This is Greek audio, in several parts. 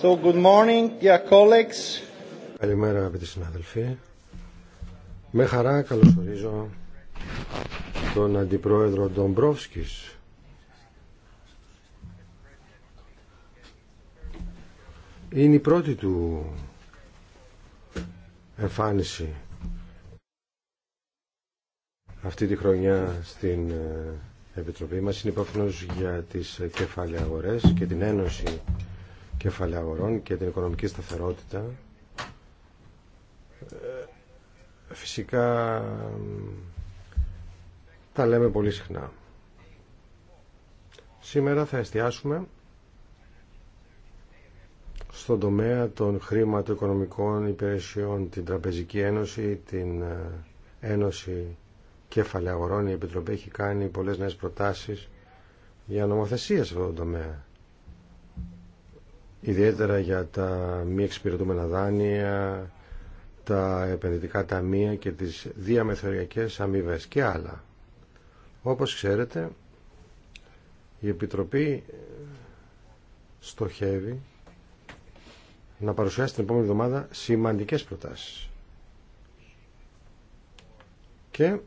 So, good morning, dear colleagues. Καλημέρα αγαπητοί συνάδελφοι. Με χαρά καλωσορίζω τον Αντιπρόεδρο Ντομπρόφσκη. Είναι η πρώτη του εμφάνιση αυτή τη χρονιά στην ε, Επιτροπή μας. Είναι για τις κεφάλαια αγορές και την Ένωση κεφαλαία και την οικονομική σταθερότητα ε, φυσικά τα λέμε πολύ συχνά. Σήμερα θα εστιάσουμε στον τομέα των χρηματοοικονομικών υπηρεσιών, την Τραπεζική Ένωση, την ε, Ένωση Κεφαλαίου Αγορών. Η Επιτροπή έχει κάνει πολλές νέες προτάσεις για νομοθεσία σε αυτό τομέα ιδιαίτερα για τα μη εξυπηρετούμενα δάνεια, τα επενδυτικά ταμεία και τις διαμεθοριακές αμοιβέ και άλλα. Όπως ξέρετε, η Επιτροπή στοχεύει να παρουσιάσει την επόμενη εβδομάδα σημαντικές προτάσεις. Και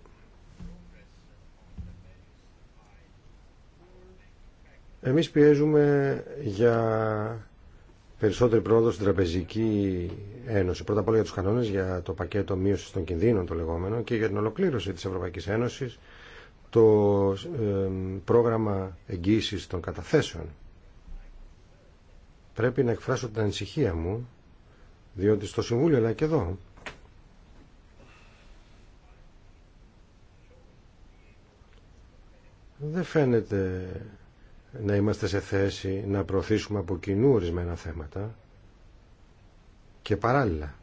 εμείς πιέζουμε για περισσότερη πρόοδο στην Τραπεζική Ένωση. Πρώτα απ' όλα για του κανόνε, για το πακέτο μείωση των κινδύνων, το λεγόμενο, και για την ολοκλήρωση τη Ευρωπαϊκή Ένωση, το πρόγραμμα εγγύηση των καταθέσεων. Πρέπει να εκφράσω την ανησυχία μου, διότι στο Συμβούλιο, αλλά και εδώ, δεν φαίνεται να είμαστε σε θέση να προωθήσουμε από κοινού ορισμένα θέματα και παράλληλα.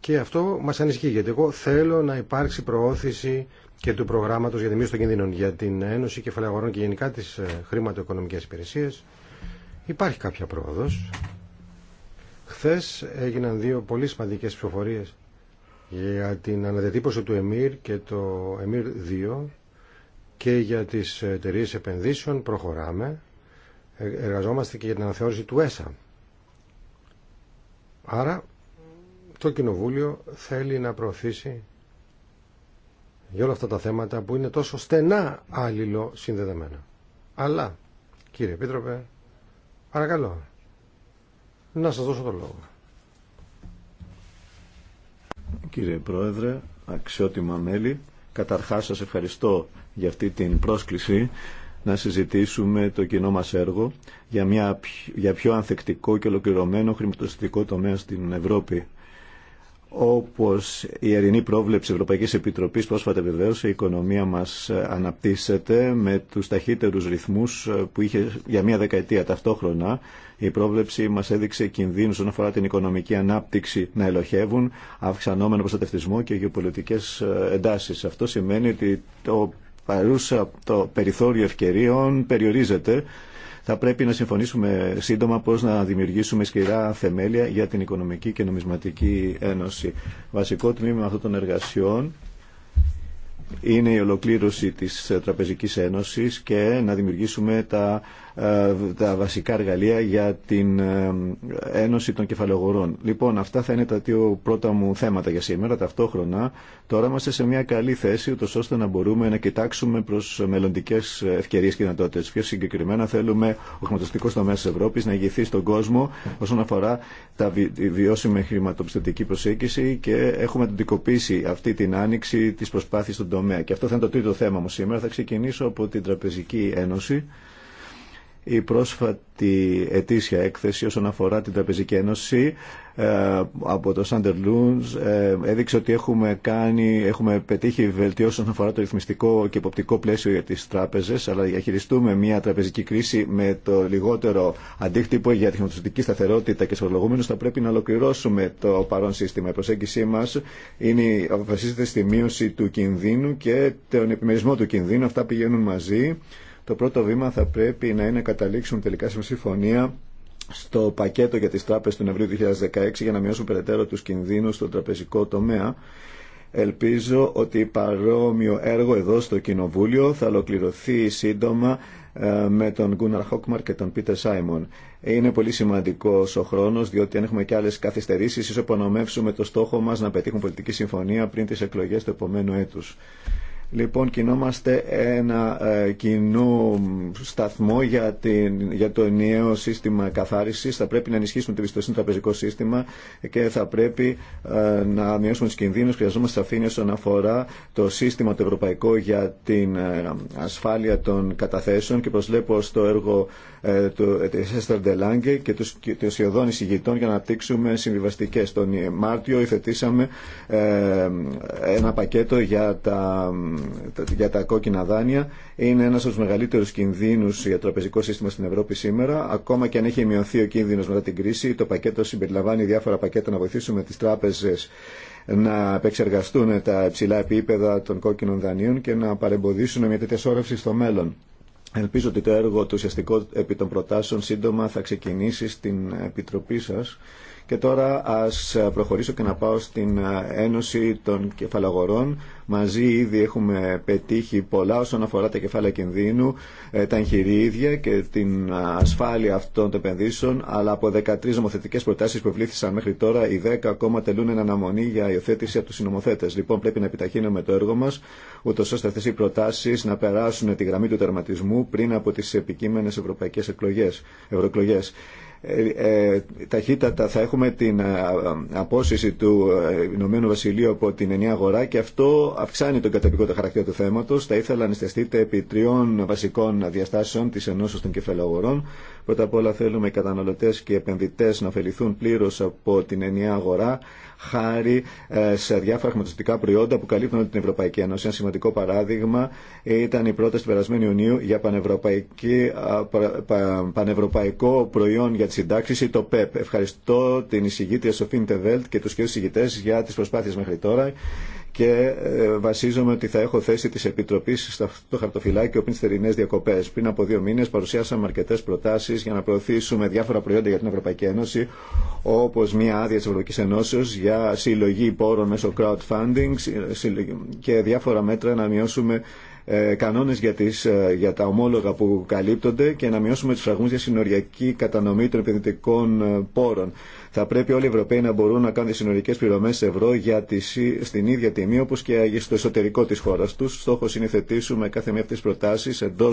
Και αυτό μας ανησυχεί, γιατί εγώ θέλω να υπάρξει προώθηση και του προγράμματος για τη μείωση των κινδύνων για την Ένωση Αγορών και γενικά τις ε, χρηματοοικονομικές υπηρεσίες. Υπάρχει κάποια πρόοδος. Χθες έγιναν δύο πολύ σημαντικέ ψηφοφορίες για την αναδιατύπωση του ΕΜΙΡ και το ΕΜΙΡ 2 και για τις εταιρείε επενδύσεων προχωράμε. Ε, εργαζόμαστε και για την αναθεώρηση του ΕΣΑ. Άρα το Κοινοβούλιο θέλει να προωθήσει για όλα αυτά τα θέματα που είναι τόσο στενά άλληλο συνδεδεμένα. Αλλά, κύριε Επίτροπε, παρακαλώ, να σας δώσω το λόγο. Κύριε Πρόεδρε, αξιότιμα μέλη, καταρχάς σας ευχαριστώ για αυτή την πρόσκληση να συζητήσουμε το κοινό μας έργο για, μια, για πιο ανθεκτικό και ολοκληρωμένο χρηματοστατικό τομέα στην Ευρώπη. Όπως η ερηνή πρόβλεψη Ευρωπαϊκής Επιτροπής πρόσφατα βεβαίως, η οικονομία μας αναπτύσσεται με τους ταχύτερους ρυθμούς που είχε για μια δεκαετία ταυτόχρονα. Η πρόβλεψη μας έδειξε κινδύνους όσον αφορά την οικονομική ανάπτυξη να ελοχεύουν, αυξανόμενο προστατευτισμό και γεωπολιτικές ε, εντάσεις. Αυτό σημαίνει ότι το παρούσα το περιθώριο ευκαιρίων περιορίζεται. Θα πρέπει να συμφωνήσουμε σύντομα πώς να δημιουργήσουμε σκληρά θεμέλια για την Οικονομική και Νομισματική Ένωση. Βασικό τμήμα αυτών των εργασιών είναι η ολοκλήρωση της Τραπεζικής Ένωσης και να δημιουργήσουμε τα ε, τα βασικά εργαλεία για την ε, Ένωση των Κεφαλαιογορών. Λοιπόν, αυτά θα είναι τα δύο πρώτα μου θέματα για σήμερα. Ταυτόχρονα, τώρα είμαστε σε μια καλή θέση, ούτως ώστε να μπορούμε να κοιτάξουμε προ μελλοντικέ ευκαιρίε και δυνατότητε. Πιο συγκεκριμένα θέλουμε ο χρηματοστικός τομέας της Ευρώπης να ηγηθεί στον κόσμο όσον αφορά τα βιώσιμη χρηματοπιστωτική προσέγγιση και έχουμε αντικοποίησει αυτή την άνοιξη τη προσπάθεια στον τομέα. Και αυτό θα είναι το τρίτο θέμα μου σήμερα. Θα ξεκινήσω από την Τραπεζική Ένωση. Η πρόσφατη ετήσια έκθεση όσον αφορά την Τραπεζική Ένωση ε, από το Σάντερ Λούνς έδειξε ότι έχουμε, κάνει, έχουμε πετύχει βελτιώσει όσον αφορά το ρυθμιστικό και υποπτικό πλαίσιο για τις τράπεζες αλλά διαχειριστούμε μια τραπεζική κρίση με το λιγότερο αντίκτυπο για τη χρηματοδοτική σταθερότητα και σωρολογούμενους θα πρέπει να ολοκληρώσουμε το παρόν σύστημα. Η προσέγγιση μας αποφασίζεται στη μείωση του κινδύνου και τον επιμερισμό του κινδύνου. Αυτά πηγαίνουν μαζί. Το πρώτο βήμα θα πρέπει να είναι να καταλήξουν τελικά σε συμφωνία στο πακέτο για τις τράπεζες του Νευρίου 2016 για να μειώσουν περαιτέρω τους κινδύνους στο τραπεζικό τομέα. Ελπίζω ότι παρόμοιο έργο εδώ στο Κοινοβούλιο θα ολοκληρωθεί σύντομα ε, με τον Γκούναρ Χόκμαρ και τον Πίτερ Σάιμον. Είναι πολύ σημαντικό ο χρόνο, διότι αν έχουμε και άλλε καθυστερήσει, ίσω υπονομεύσουμε το στόχο μα να πετύχουν πολιτική συμφωνία πριν τι εκλογέ του επομένου έτου. Λοιπόν, κινόμαστε ένα ε, κοινό σταθμό για, την, για το ενιαίο σύστημα καθάρισης. Θα πρέπει να ενισχύσουμε την πιστοσύνη στο τραπεζικό σύστημα και θα πρέπει ε, να μειώσουμε τους κινδύνους. Χρειαζόμαστε σαφήνεια όσον αφορά το σύστημα το ευρωπαϊκό για την ε, ασφάλεια των καταθέσεων και προσλέπω στο έργο του Έστερ Ντελάγκε και του σχεδόν εισηγητών για να αναπτύξουμε συμβιβαστικέ. Τον Μάρτιο υφετήσαμε ένα πακέτο για τα για τα κόκκινα δάνεια είναι ένας από τους μεγαλύτερους κινδύνους για το τραπεζικό σύστημα στην Ευρώπη σήμερα. Ακόμα και αν έχει μειωθεί ο κίνδυνος μετά την κρίση, το πακέτο συμπεριλαμβάνει διάφορα πακέτα να βοηθήσουμε τις τράπεζες να επεξεργαστούν τα υψηλά επίπεδα των κόκκινων δανείων και να παρεμποδίσουν μια τέτοια σώρευση στο μέλλον. Ελπίζω ότι το έργο του ουσιαστικό επί των προτάσεων σύντομα θα ξεκινήσει στην Επιτροπή σας και τώρα ας προχωρήσω και να πάω στην Ένωση των Κεφαλαγορών. Μαζί ήδη έχουμε πετύχει πολλά όσον αφορά τα κεφάλαια κινδύνου, ε, τα εγχειρίδια και την ασφάλεια αυτών των επενδύσεων, αλλά από 13 νομοθετικέ προτάσει που βλήθησαν μέχρι τώρα, οι 10 ακόμα τελούν εν αναμονή για υιοθέτηση από του συνομοθέτε. Λοιπόν, πρέπει να επιταχύνουμε το έργο μα, ούτω ώστε αυτέ οι προτάσει να περάσουν τη γραμμή του τερματισμού πριν από τι επικείμενε ευρωπαϊκέ εκλογέ. Ε, ε, ταχύτατα θα έχουμε την ε, απόσυση του Ηνωμένου Βασιλείου από την ενιαία αγορά και αυτό αυξάνει τον καταπικό χαρακτήρα του θέματος. Θα ήθελα να ειστεστείτε επί τριών βασικών διαστάσεων της ενώσεως των κεφαλαγορών Πρώτα απ' όλα θέλουμε οι καταναλωτές και οι επενδυτές να ωφεληθούν πλήρως από την ενιαία αγορά χάρη ε, σε διάφορα χρηματοδοτικά προϊόντα που καλύπτουν την Ευρωπαϊκή Ένωση. Ένα σημαντικό παράδειγμα ήταν η πρόταση του περασμένου Ιουνίου για πανευρωπαϊκό προϊόν για τη συντάξιση, το ΠΕΠ. Ευχαριστώ την εισηγήτρια Σοφίν Τεβέλτ και τους κύριους εισηγητές για τις προσπάθειες μέχρι τώρα και ε, βασίζομαι ότι θα έχω θέση τη Επιτροπή στο χαρτοφυλάκιο πριν τι θερινέ διακοπέ. Πριν από δύο μήνε παρουσιάσαμε αρκετέ προτάσει για να προωθήσουμε διάφορα προϊόντα για την Ευρωπαϊκή Ένωση, όπω μια άδεια τη Ευρωπαϊκή Ενώσεω για συλλογή πόρων μέσω crowdfunding και διάφορα μέτρα να μειώσουμε ε, κανόνες για, ε, για τα ομόλογα που καλύπτονται και να μειώσουμε του φραγμούς για συνοριακή κατανομή των επενδυτικών πόρων. Θα πρέπει όλοι οι Ευρωπαίοι να μπορούν να κάνουν συνολικέ πληρωμέ ευρώ για στην ίδια τιμή όπω και στο εσωτερικό τη χώρα του. Στόχο είναι να θετήσουμε κάθε μία από τι προτάσει εντό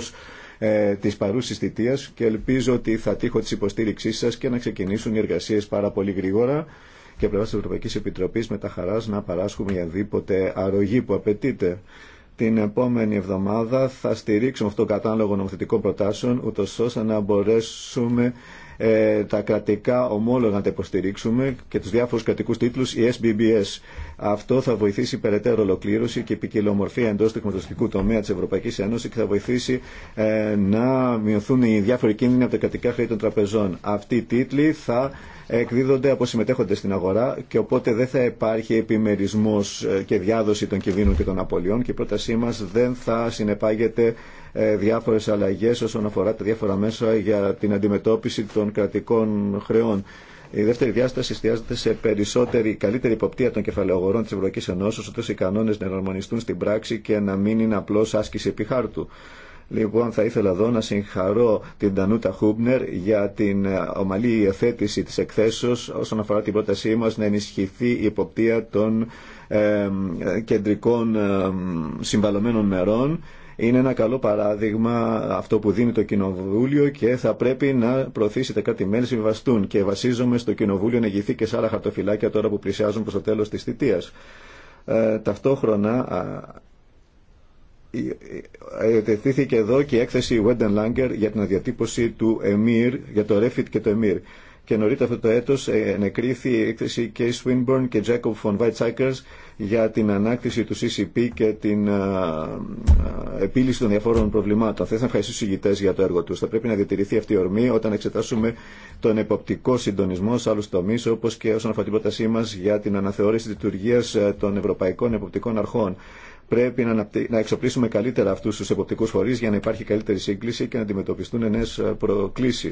ε, τη παρούση θητεία και ελπίζω ότι θα τύχω τη υποστήριξή σα και να ξεκινήσουν οι εργασίε πάρα πολύ γρήγορα και πλευρά τη Ευρωπαϊκή Επιτροπή με τα χαρά να παράσχουμε οποιαδήποτε αρρωγή που απαιτείται. Την επόμενη εβδομάδα θα στηρίξουμε αυτό το κατάλογο νομοθετικών προτάσεων, ούτω ώστε να μπορέσουμε ε, τα κρατικά ομόλογα να τα υποστηρίξουμε και τους διάφορους κρατικούς τίτλους, η SBBS. Αυτό θα βοηθήσει περαιτέρω ολοκλήρωση και επικοινομορφία εντός του χρηματοδοτικού τομέα της Ευρωπαϊκής Ένωσης και θα βοηθήσει ε, να μειωθούν οι διάφοροι κίνδυνοι από τα κρατικά χρέη των τραπεζών. Αυτοί οι τίτλοι θα εκδίδονται από συμμετέχοντες στην αγορά και οπότε δεν θα υπάρχει επιμερισμός ε, και διάδοση των κινδύνων και των απολειών και η πρότασή μας δεν θα συνεπάγεται ε, διάφορες αλλαγές όσον αφορά τα διάφορα μέσα για την αντιμετώπιση των κρατικών χρεών. Η δεύτερη διάσταση εστιάζεται σε περισσότερη, καλύτερη υποπτία των κεφαλαιογορών τη Ευρωπαϊκή Ενώσεω, ώστε οι κανόνε να εναρμονιστούν στην πράξη και να μην είναι απλώ άσκηση επιχάρτου. Λοιπόν, θα ήθελα εδώ να συγχαρώ την Τανούτα Χούμπνερ για την ε, ομαλή υιοθέτηση της εκθέσεως όσον αφορά την πρότασή μα να ενισχυθεί η υποπτία των ε, κεντρικών ε, συμβαλωμένων μερών είναι ένα καλό παράδειγμα αυτό που δίνει το Κοινοβούλιο και θα πρέπει να προωθήσει τα κρατη μέλη συμβαστούν και βασίζομαι στο Κοινοβούλιο να ηγηθεί και σε άλλα χαρτοφυλάκια τώρα που πλησιάζουν προς το τέλος της θητείας. Ε, ταυτόχρονα τεθήθηκε εδώ και η έκθεση Wenden Langer για την αδιατύπωση του Εμμύρ, για το Refit και το Εμμύρ. Και νωρίτερα αυτό το έτος ε, ενεκρίθη η έκθεση Case Winburn και Jacob von Weizsäckers για την ανάκτηση του CCP και την επίλυση των διαφόρων προβλημάτων. Θα ήθελα να ευχαριστήσω του για το έργο του. Θα πρέπει να διατηρηθεί αυτή η ορμή όταν εξετάσουμε τον εποπτικό συντονισμό σε άλλου τομεί, όπω και όσον αφορά την πρότασή μα για την αναθεώρηση της λειτουργία ε, των ευρωπαϊκών εποπτικών αρχών. Πρέπει να, να εξοπλίσουμε καλύτερα αυτού του εποπτικού φορεί για να υπάρχει καλύτερη σύγκληση και να αντιμετωπιστούν νέε προκλήσει.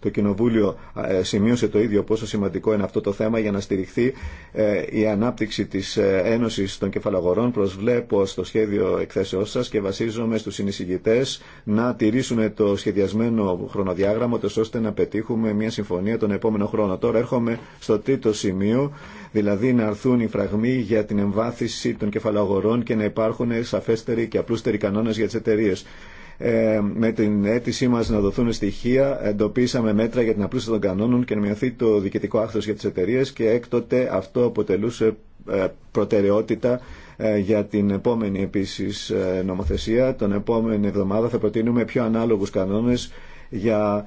Το Κοινοβούλιο ε, σημείωσε το ίδιο πόσο σημαντικό είναι αυτό το θέμα για να στηριχθεί ε, η ανάπτυξη τη ε, Ένωση των Κεφαλαγορών. Προσβλέπω στο σχέδιο εκθέσεώ σα και βασίζομαι στου συνεισηγητέ να τηρήσουν το σχεδιασμένο χρονοδιάγραμμα, ώστε να πετύχουμε μια συμφωνία τον επόμενο χρόνο. Τώρα έρχομαι στο τρίτο σημείο, δηλαδή να αρθούν οι φραγμοί για την εμβάθυνση των κεφαλαγορών και να υπάρχουν σαφέστεροι και απλούστεροι κανόνες για τις εταιρείε. Ε, με την αίτησή μα να δοθούν στοιχεία εντοπίσαμε μέτρα για την απλούστερη των κανόνων και να μειωθεί το διοικητικό άχθο για τι εταιρείε και έκτοτε αυτό αποτελούσε ε, προτεραιότητα ε, για την επόμενη επίσης ε, νομοθεσία. Τον επόμενη εβδομάδα θα προτείνουμε πιο ανάλογους κανόνες για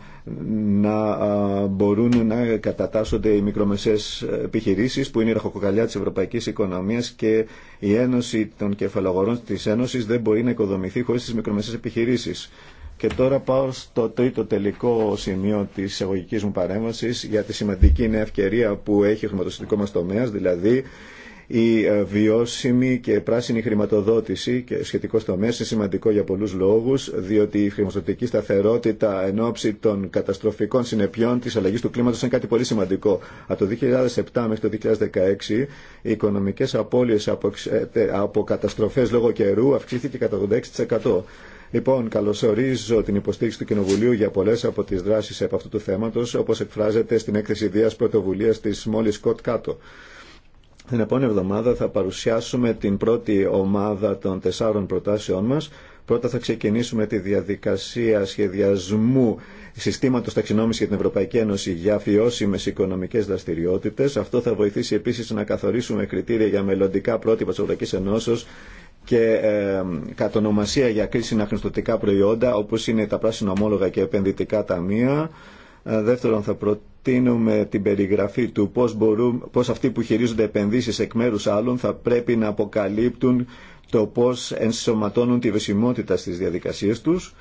να μπορούν να κατατάσσονται οι μικρομεσαίες επιχειρήσεις που είναι η ραχοκοκαλιά της ευρωπαϊκής οικονομίας και η Ένωση των Κεφαλαγορών της Ένωσης δεν μπορεί να οικοδομηθεί χωρίς τις μικρομεσαίες επιχειρήσεις. Και τώρα πάω στο τρίτο τελικό σημείο τη εισαγωγική μου παρέμβαση για τη σημαντική νέα ευκαιρία που έχει ο χρηματοστατικό μα τομέα, δηλαδή η ε, βιώσιμη και πράσινη χρηματοδότηση και σχετικό μέσο είναι σημαντικό για πολλού λόγου, διότι η χρηματοδοτική σταθερότητα εν ώψη των καταστροφικών συνεπειών τη αλλαγή του κλίματο είναι κάτι πολύ σημαντικό. Από το 2007 μέχρι το 2016, οι οικονομικέ απώλειε από ε, καταστροφέ λόγω καιρού αυξήθηκε κατά 86%. Λοιπόν, καλωσορίζω την υποστήριξη του Κοινοβουλίου για πολλέ από τι δράσει από αυτού του θέματο, όπω εκφράζεται στην έκθεση Ιδέα Πρωτοβουλία τη Μόλι Σκοτ Κάτω. Την επόμενη εβδομάδα θα παρουσιάσουμε την πρώτη ομάδα των τεσσάρων προτάσεών μας. Πρώτα θα ξεκινήσουμε τη διαδικασία σχεδιασμού συστήματος ταξινόμησης για την Ευρωπαϊκή Ένωση για βιώσιμες οικονομικές δραστηριότητες. Αυτό θα βοηθήσει επίσης να καθορίσουμε κριτήρια για μελλοντικά πρότυπα της Ευρωπαϊκής Ενώσεως και ε, κατονομασία για κρίσινα χρηστοτικά προϊόντα όπως είναι τα πράσινα ομόλογα και επενδυτικά ταμεία. Ε, δεύτερον θα προ τίνουμε την περιγραφή του πώς, μπορούν, πώς αυτοί που χειρίζονται επενδύσεις εκ μέρους άλλων θα πρέπει να αποκαλύπτουν το πώς ενσωματώνουν τη βεσιμότητα στις διαδικασίες τους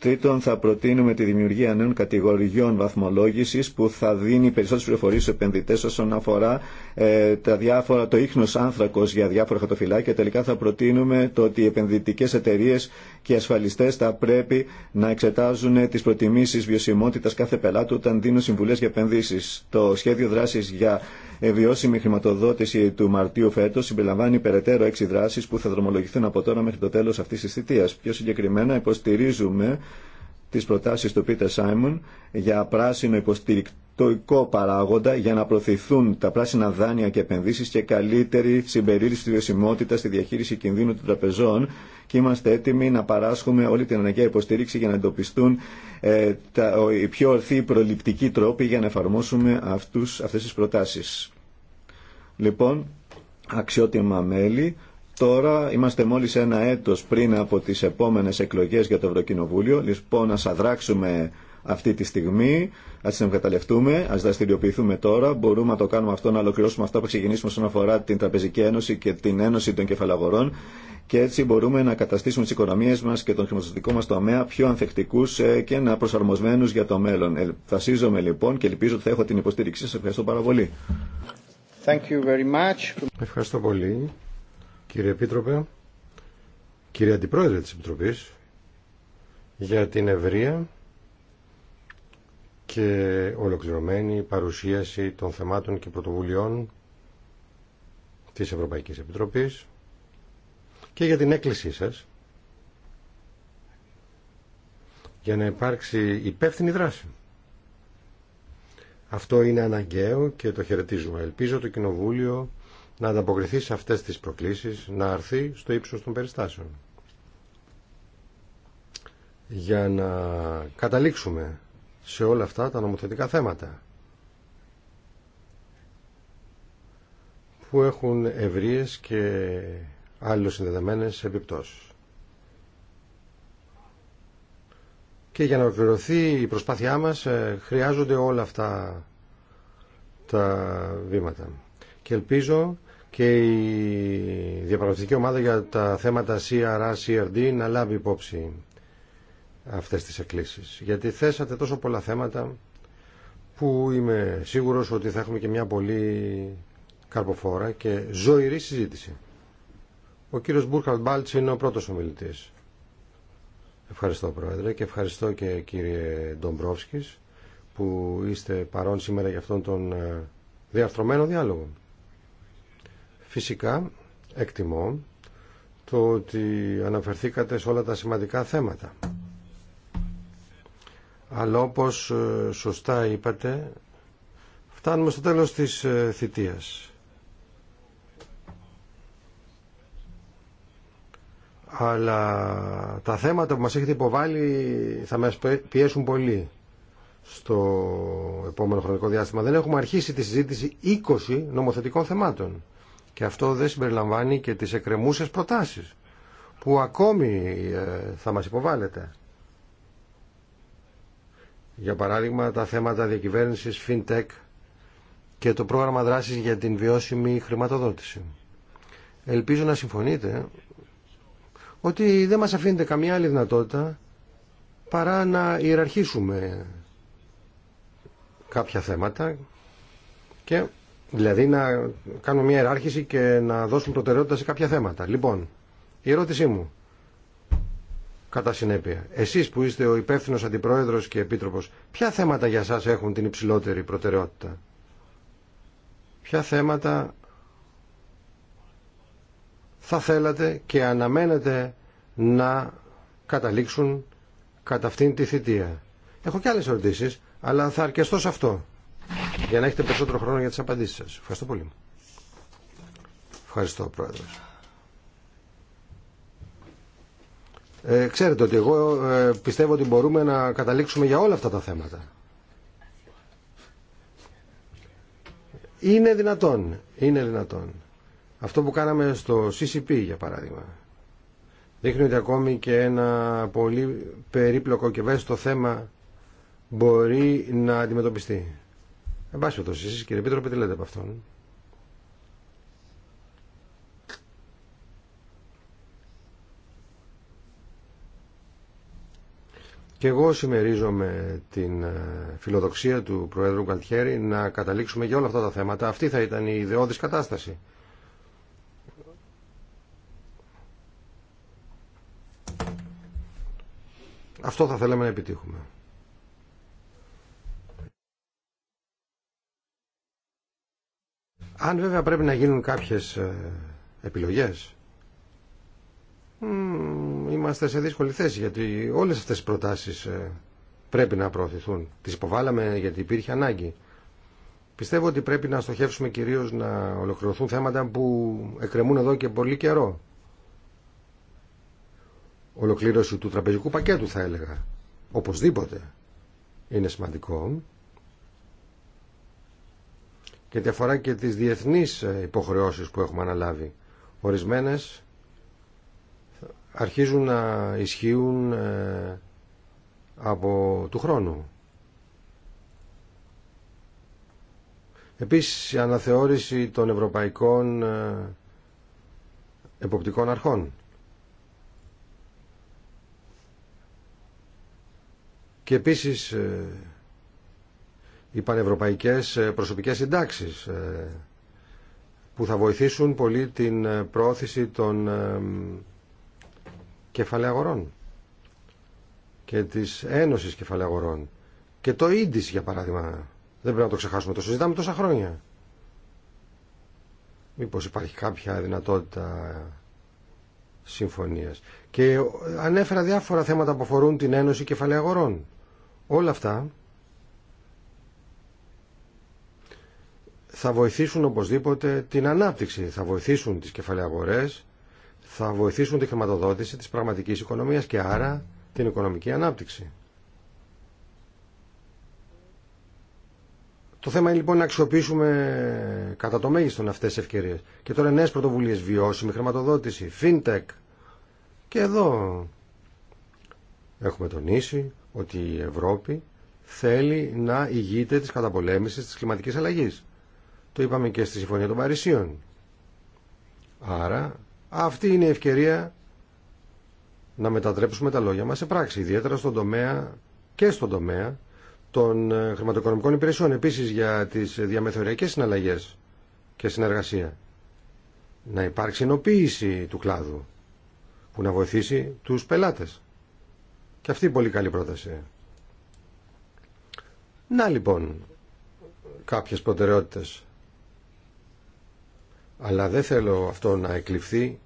Τρίτον, θα προτείνουμε τη δημιουργία νέων κατηγοριών βαθμολόγηση που θα δίνει περισσότερε πληροφορίε στου επενδυτέ όσον αφορά ε, τα διάφορα, το ίχνο άνθρακο για διάφορα χατοφυλάκια. Τελικά, θα προτείνουμε το ότι οι επενδυτικέ εταιρείε και οι ασφαλιστέ θα πρέπει να εξετάζουν τι προτιμήσει βιωσιμότητα κάθε πελάτη όταν δίνουν συμβουλέ για επενδύσει. Το σχέδιο δράση για ε, βιώσιμη χρηματοδότηση του Μαρτίου φέτο συμπεριλαμβάνει περαιτέρω έξι δράσει που θα δρομολογηθούν από τώρα μέχρι το τέλο αυτή τη θητεία. Πιο συγκεκριμένα, υποστηρίζουμε τις προτάσεις του Πίτερ Σάιμον για πράσινο υποστηρικτοϊκό παράγοντα για να προωθηθούν τα πράσινα δάνεια και επενδύσεις και καλύτερη συμπερίληψη της βιωσιμότητα στη διαχείριση κινδύνου των τραπεζών και είμαστε έτοιμοι να παράσχουμε όλη την αναγκαία υποστήριξη για να εντοπιστούν ε, τα, οι πιο ορθοί προληπτικοί τρόποι για να εφαρμόσουμε αυτούς, αυτές τις προτάσεις. Λοιπόν, αξιότιμα μέλη, Τώρα είμαστε μόλις ένα έτος πριν από τις επόμενες εκλογές για το Ευρωκοινοβούλιο. Λοιπόν, ας αδράξουμε αυτή τη στιγμή, ας την εγκαταλευτούμε, ας δραστηριοποιηθούμε τώρα. Μπορούμε να το κάνουμε αυτό, να ολοκληρώσουμε αυτό που ξεκινήσουμε όσον αφορά την Τραπεζική Ένωση και την Ένωση των Κεφαλαγορών και έτσι μπορούμε να καταστήσουμε τις οικονομίες μας και τον χρηματοδοτικό μας τομέα πιο ανθεκτικούς ε, και να προσαρμοσμένους για το μέλλον. Ελπασίζομαι λοιπόν και ελπίζω ότι θα έχω την υποστήριξή σας. Ευχαριστώ πάρα πολύ. Thank you very much. Ευχαριστώ πολύ κύριε Επίτροπε, κύριε Αντιπρόεδρε της Επιτροπής, για την ευρεία και ολοκληρωμένη παρουσίαση των θεμάτων και πρωτοβουλειών της Ευρωπαϊκής Επιτροπής και για την έκκλησή σας για να υπάρξει υπεύθυνη δράση. Αυτό είναι αναγκαίο και το χαιρετίζουμε. Ελπίζω το Κοινοβούλιο να ανταποκριθεί σε αυτές τις προκλήσεις, να αρθεί στο ύψος των περιστάσεων. Για να καταλήξουμε σε όλα αυτά τα νομοθετικά θέματα που έχουν ευρίες και άλλο συνδεδεμένες επιπτώσεις. Και για να ολοκληρωθεί η προσπάθειά μας ε, χρειάζονται όλα αυτά τα βήματα. Και ελπίζω και η διαπραγματευτική ομάδα για τα θέματα CRA, CRD να λάβει υπόψη αυτές τις εκκλήσεις. Γιατί θέσατε τόσο πολλά θέματα που είμαι σίγουρος ότι θα έχουμε και μια πολύ καρποφόρα και ζωηρή συζήτηση. Ο κύριος Μπούρχαρτ Μπάλτς είναι ο πρώτος ομιλητής. Ευχαριστώ Πρόεδρε και ευχαριστώ και κύριε Ντομπρόφσκης που είστε παρόν σήμερα για αυτόν τον ε, διαρθρωμένο διάλογο. Φυσικά εκτιμώ το ότι αναφερθήκατε σε όλα τα σημαντικά θέματα. Αλλά όπως ε, σωστά είπατε, φτάνουμε στο τέλος της ε, θητείας. Αλλά τα θέματα που μας έχετε υποβάλει θα μας πιέσουν πολύ στο επόμενο χρονικό διάστημα. Δεν έχουμε αρχίσει τη συζήτηση 20 νομοθετικών θεμάτων. Και αυτό δεν συμπεριλαμβάνει και τις εκκρεμούσες προτάσεις που ακόμη ε, θα μας υποβάλλεται. Για παράδειγμα τα θέματα διακυβέρνησης, FinTech και το πρόγραμμα δράσης για την βιώσιμη χρηματοδότηση. Ελπίζω να συμφωνείτε ότι δεν μας αφήνεται καμία άλλη δυνατότητα παρά να ιεραρχήσουμε κάποια θέματα και Δηλαδή να κάνουν μια εράρχηση και να δώσουν προτεραιότητα σε κάποια θέματα. Λοιπόν, η ερώτησή μου, κατά συνέπεια, εσείς που είστε ο υπεύθυνος αντιπρόεδρος και επίτροπος, ποια θέματα για σας έχουν την υψηλότερη προτεραιότητα. Ποια θέματα θα θέλατε και αναμένετε να καταλήξουν κατά αυτήν τη θητεία. Έχω και άλλες ερωτήσεις, αλλά θα αρκεστώ σε αυτό για να έχετε περισσότερο χρόνο για τις απαντήσεις σας. Ευχαριστώ πολύ. Ευχαριστώ, Πρόεδρε. Ε, ξέρετε ότι εγώ ε, πιστεύω ότι μπορούμε να καταλήξουμε για όλα αυτά τα θέματα. Είναι δυνατόν, είναι δυνατόν. Αυτό που κάναμε στο CCP, για παράδειγμα, δείχνει ότι ακόμη και ένα πολύ περίπλοκο και βέστο θέμα μπορεί να αντιμετωπιστεί. Εν πάση περιπτώσει, εσεί κύριε Επίτροπε, τι λέτε από αυτόν. Και εγώ συμμερίζομαι την ε, φιλοδοξία του Προέδρου Καλτιέρη να καταλήξουμε για όλα αυτά τα θέματα. Αυτή θα ήταν η ιδεώδης κατάσταση. Αυτό θα θέλαμε να επιτύχουμε. Αν βέβαια πρέπει να γίνουν κάποιες ε, επιλογές, είμαστε σε δύσκολη θέση γιατί όλες αυτές οι προτάσεις ε, πρέπει να προωθηθούν. Τις υποβάλαμε γιατί υπήρχε ανάγκη. Πιστεύω ότι πρέπει να στοχεύσουμε κυρίως να ολοκληρωθούν θέματα που εκκρεμούν εδώ και πολύ καιρό. Ολοκλήρωση του τραπεζικού πακέτου θα έλεγα. Οπωσδήποτε είναι σημαντικό γιατί αφορά και τις διεθνείς ε, υποχρεώσεις που έχουμε αναλάβει. Ορισμένες αρχίζουν να ισχύουν ε, από του χρόνου. Επίσης η αναθεώρηση των ευρωπαϊκών ε, εποπτικών αρχών. Και επίσης οι πανευρωπαϊκές ε, προσωπικές συντάξεις ε, που θα βοηθήσουν πολύ την ε, πρόθεση των κεφαλαίων αγορών και της Ένωσης Κεφαλαίων Αγορών και το ίντις για παράδειγμα δεν πρέπει να το ξεχάσουμε το συζητάμε τόσα χρόνια μήπως υπάρχει κάποια δυνατότητα συμφωνίας και ανέφερα διάφορα θέματα που αφορούν την Ένωση Κεφαλαίων Αγορών όλα αυτά θα βοηθήσουν οπωσδήποτε την ανάπτυξη, θα βοηθήσουν τις κεφαλαιαγορές, θα βοηθήσουν τη χρηματοδότηση της πραγματικής οικονομίας και άρα την οικονομική ανάπτυξη. Το θέμα είναι λοιπόν να αξιοποιήσουμε κατά το μέγιστον αυτές τις ευκαιρίες. Και τώρα νέες πρωτοβουλίες, βιώσιμη χρηματοδότηση, fintech. Και εδώ έχουμε τονίσει ότι η Ευρώπη θέλει να ηγείται της καταπολέμησης της κλιματικής αλλαγής. Το είπαμε και στη Συμφωνία των Παρισίων. Άρα αυτή είναι η ευκαιρία να μετατρέψουμε τα λόγια μας σε πράξη, ιδιαίτερα στον τομέα και στον τομέα των ε, χρηματοοικονομικών υπηρεσιών, επίσης για τις διαμεθοριακές συναλλαγές και συνεργασία. Να υπάρξει ενοποίηση του κλάδου που να βοηθήσει τους πελάτες. Και αυτή η πολύ καλή πρόταση. Να λοιπόν κάποιες προτεραιότητες αλλά δεν θέλω αυτό να εκλειφθεί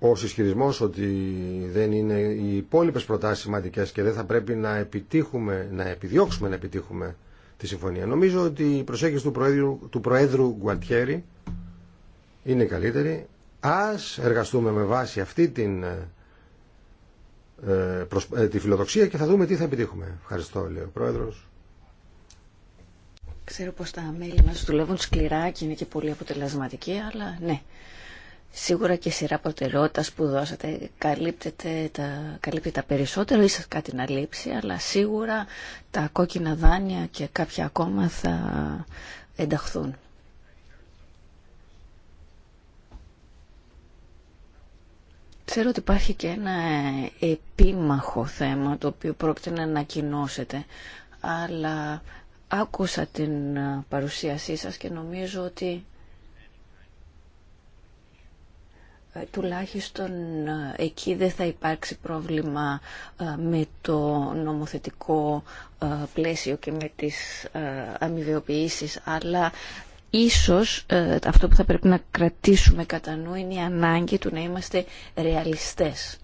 ο ισχυρισμό ότι δεν είναι οι υπόλοιπε προτάσει σημαντικέ και δεν θα πρέπει να επιτύχουμε, να επιδιώξουμε να επιτύχουμε τη συμφωνία. Νομίζω ότι η προσέγγιση του Προέδρου, του Προέδρου Γκουαντιέρη είναι καλύτερη. Ας εργαστούμε με βάση αυτή την, ε, ε, ε, τη φιλοδοξία και θα δούμε τι θα επιτύχουμε. Ευχαριστώ, λέει ο Πρόεδρος. Ξέρω πως τα μέλη μας δουλεύουν σκληρά και είναι και πολύ αποτελεσματικοί, αλλά ναι. Σίγουρα και η σειρά προτεραιότητας που δώσατε καλύπτεται τα, καλύπτεται τα ίσως κάτι να λείψει, αλλά σίγουρα τα κόκκινα δάνεια και κάποια ακόμα θα ενταχθούν. Ξέρω ότι υπάρχει και ένα επίμαχο θέμα το οποίο πρόκειται να ανακοινώσετε, αλλά Άκουσα την ε, παρουσίασή σας και νομίζω ότι ε, τουλάχιστον ε, εκεί δεν θα υπάρξει πρόβλημα με το νομοθετικό πλαίσιο και με τις αμοιβαιοποιήσεις, αλλά ίσως αυτό που θα πρέπει να κρατήσουμε κατά νου είναι η ανάγκη του να είμαστε ρεαλιστές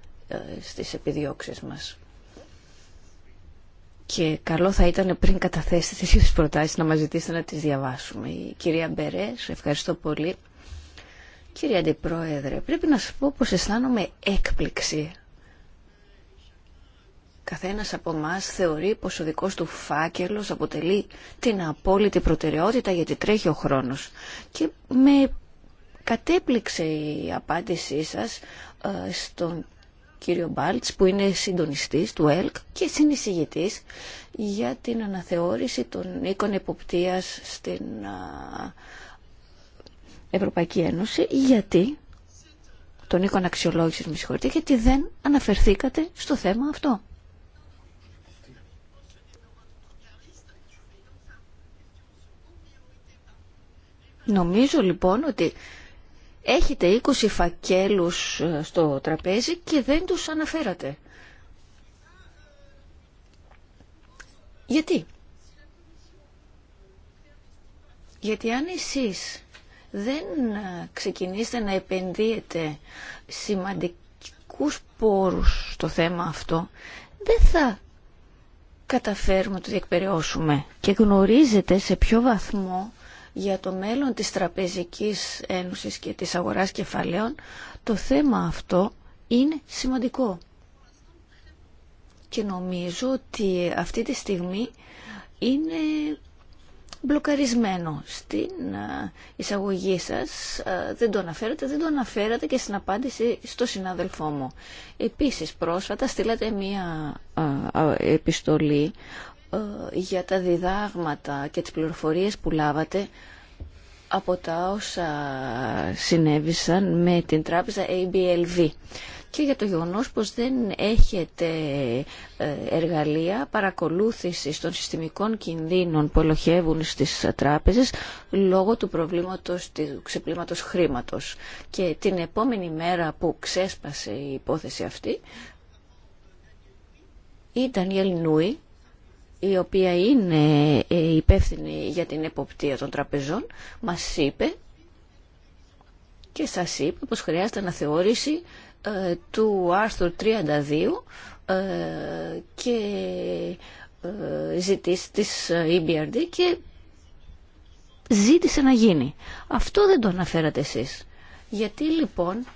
στις επιδιώξεις μας και καλό θα ήταν πριν καταθέσετε τις ίδιες προτάσεις να μας ζητήσετε να τις διαβάσουμε. Η κυρία Μπέρε, ευχαριστώ πολύ. Κύριε Αντιπρόεδρε, πρέπει να σας πω πως αισθάνομαι έκπληξη. Καθένας από εμά θεωρεί πως ο δικός του φάκελος αποτελεί την απόλυτη προτεραιότητα γιατί τρέχει ο χρόνος. Και με κατέπληξε η απάντησή σας ε, στον κύριο Μπάλτς που είναι συντονιστής του ΕΛΚ και συνεισηγητής για την αναθεώρηση των οίκων εποπτεία στην Ευρωπαϊκή Ένωση γιατί τον οίκων αξιολόγησης με γιατί δεν αναφερθήκατε στο θέμα αυτό. Νομίζω λοιπόν ότι έχετε 20 φακέλους ε, στο τραπέζι και δεν τους αναφέρατε. Γιατί? Γιατί αν εσείς δεν ε, ξεκινήσετε να επενδύετε σημαντικούς πόρους στο θέμα αυτό, δεν θα καταφέρουμε να το διεκπαιρεώσουμε. Και γνωρίζετε σε ποιο βαθμό για το μέλλον της Τραπεζικής Ένωσης και της αγοράς κεφαλαίων, το θέμα αυτό είναι σημαντικό. Και νομίζω ότι αυτή τη στιγμή είναι μπλοκαρισμένο στην ε, εισαγωγή σας. Ε, δεν το αναφέρατε, δεν το αναφέρατε και στην απάντηση στο συνάδελφό μου. Επίσης, πρόσφατα στείλατε μία ε, επιστολή ε, για τα διδάγματα και τις πληροφορίες που λάβατε από τα όσα συνέβησαν με την τράπεζα ABLV και για το γεγονός πως δεν έχετε ε, εργαλεία παρακολούθησης των συστημικών κινδύνων που ελοχεύουν στις τράπεζες λόγω του προβλήματος του ξεπλήματος χρήματος. Και την επόμενη μέρα που ξέσπασε η υπόθεση αυτή η Ντανιέλ Νούι η οποία είναι ε, υπεύθυνη για την εποπτεία των τραπεζών, μας είπε και σας είπε πως χρειάζεται να ε, του άρθρου 32 ε, και ε, ζητήσει της EBRD ε, και ζήτησε να γίνει. Αυτό δεν το αναφέρατε εσείς. Γιατί λοιπόν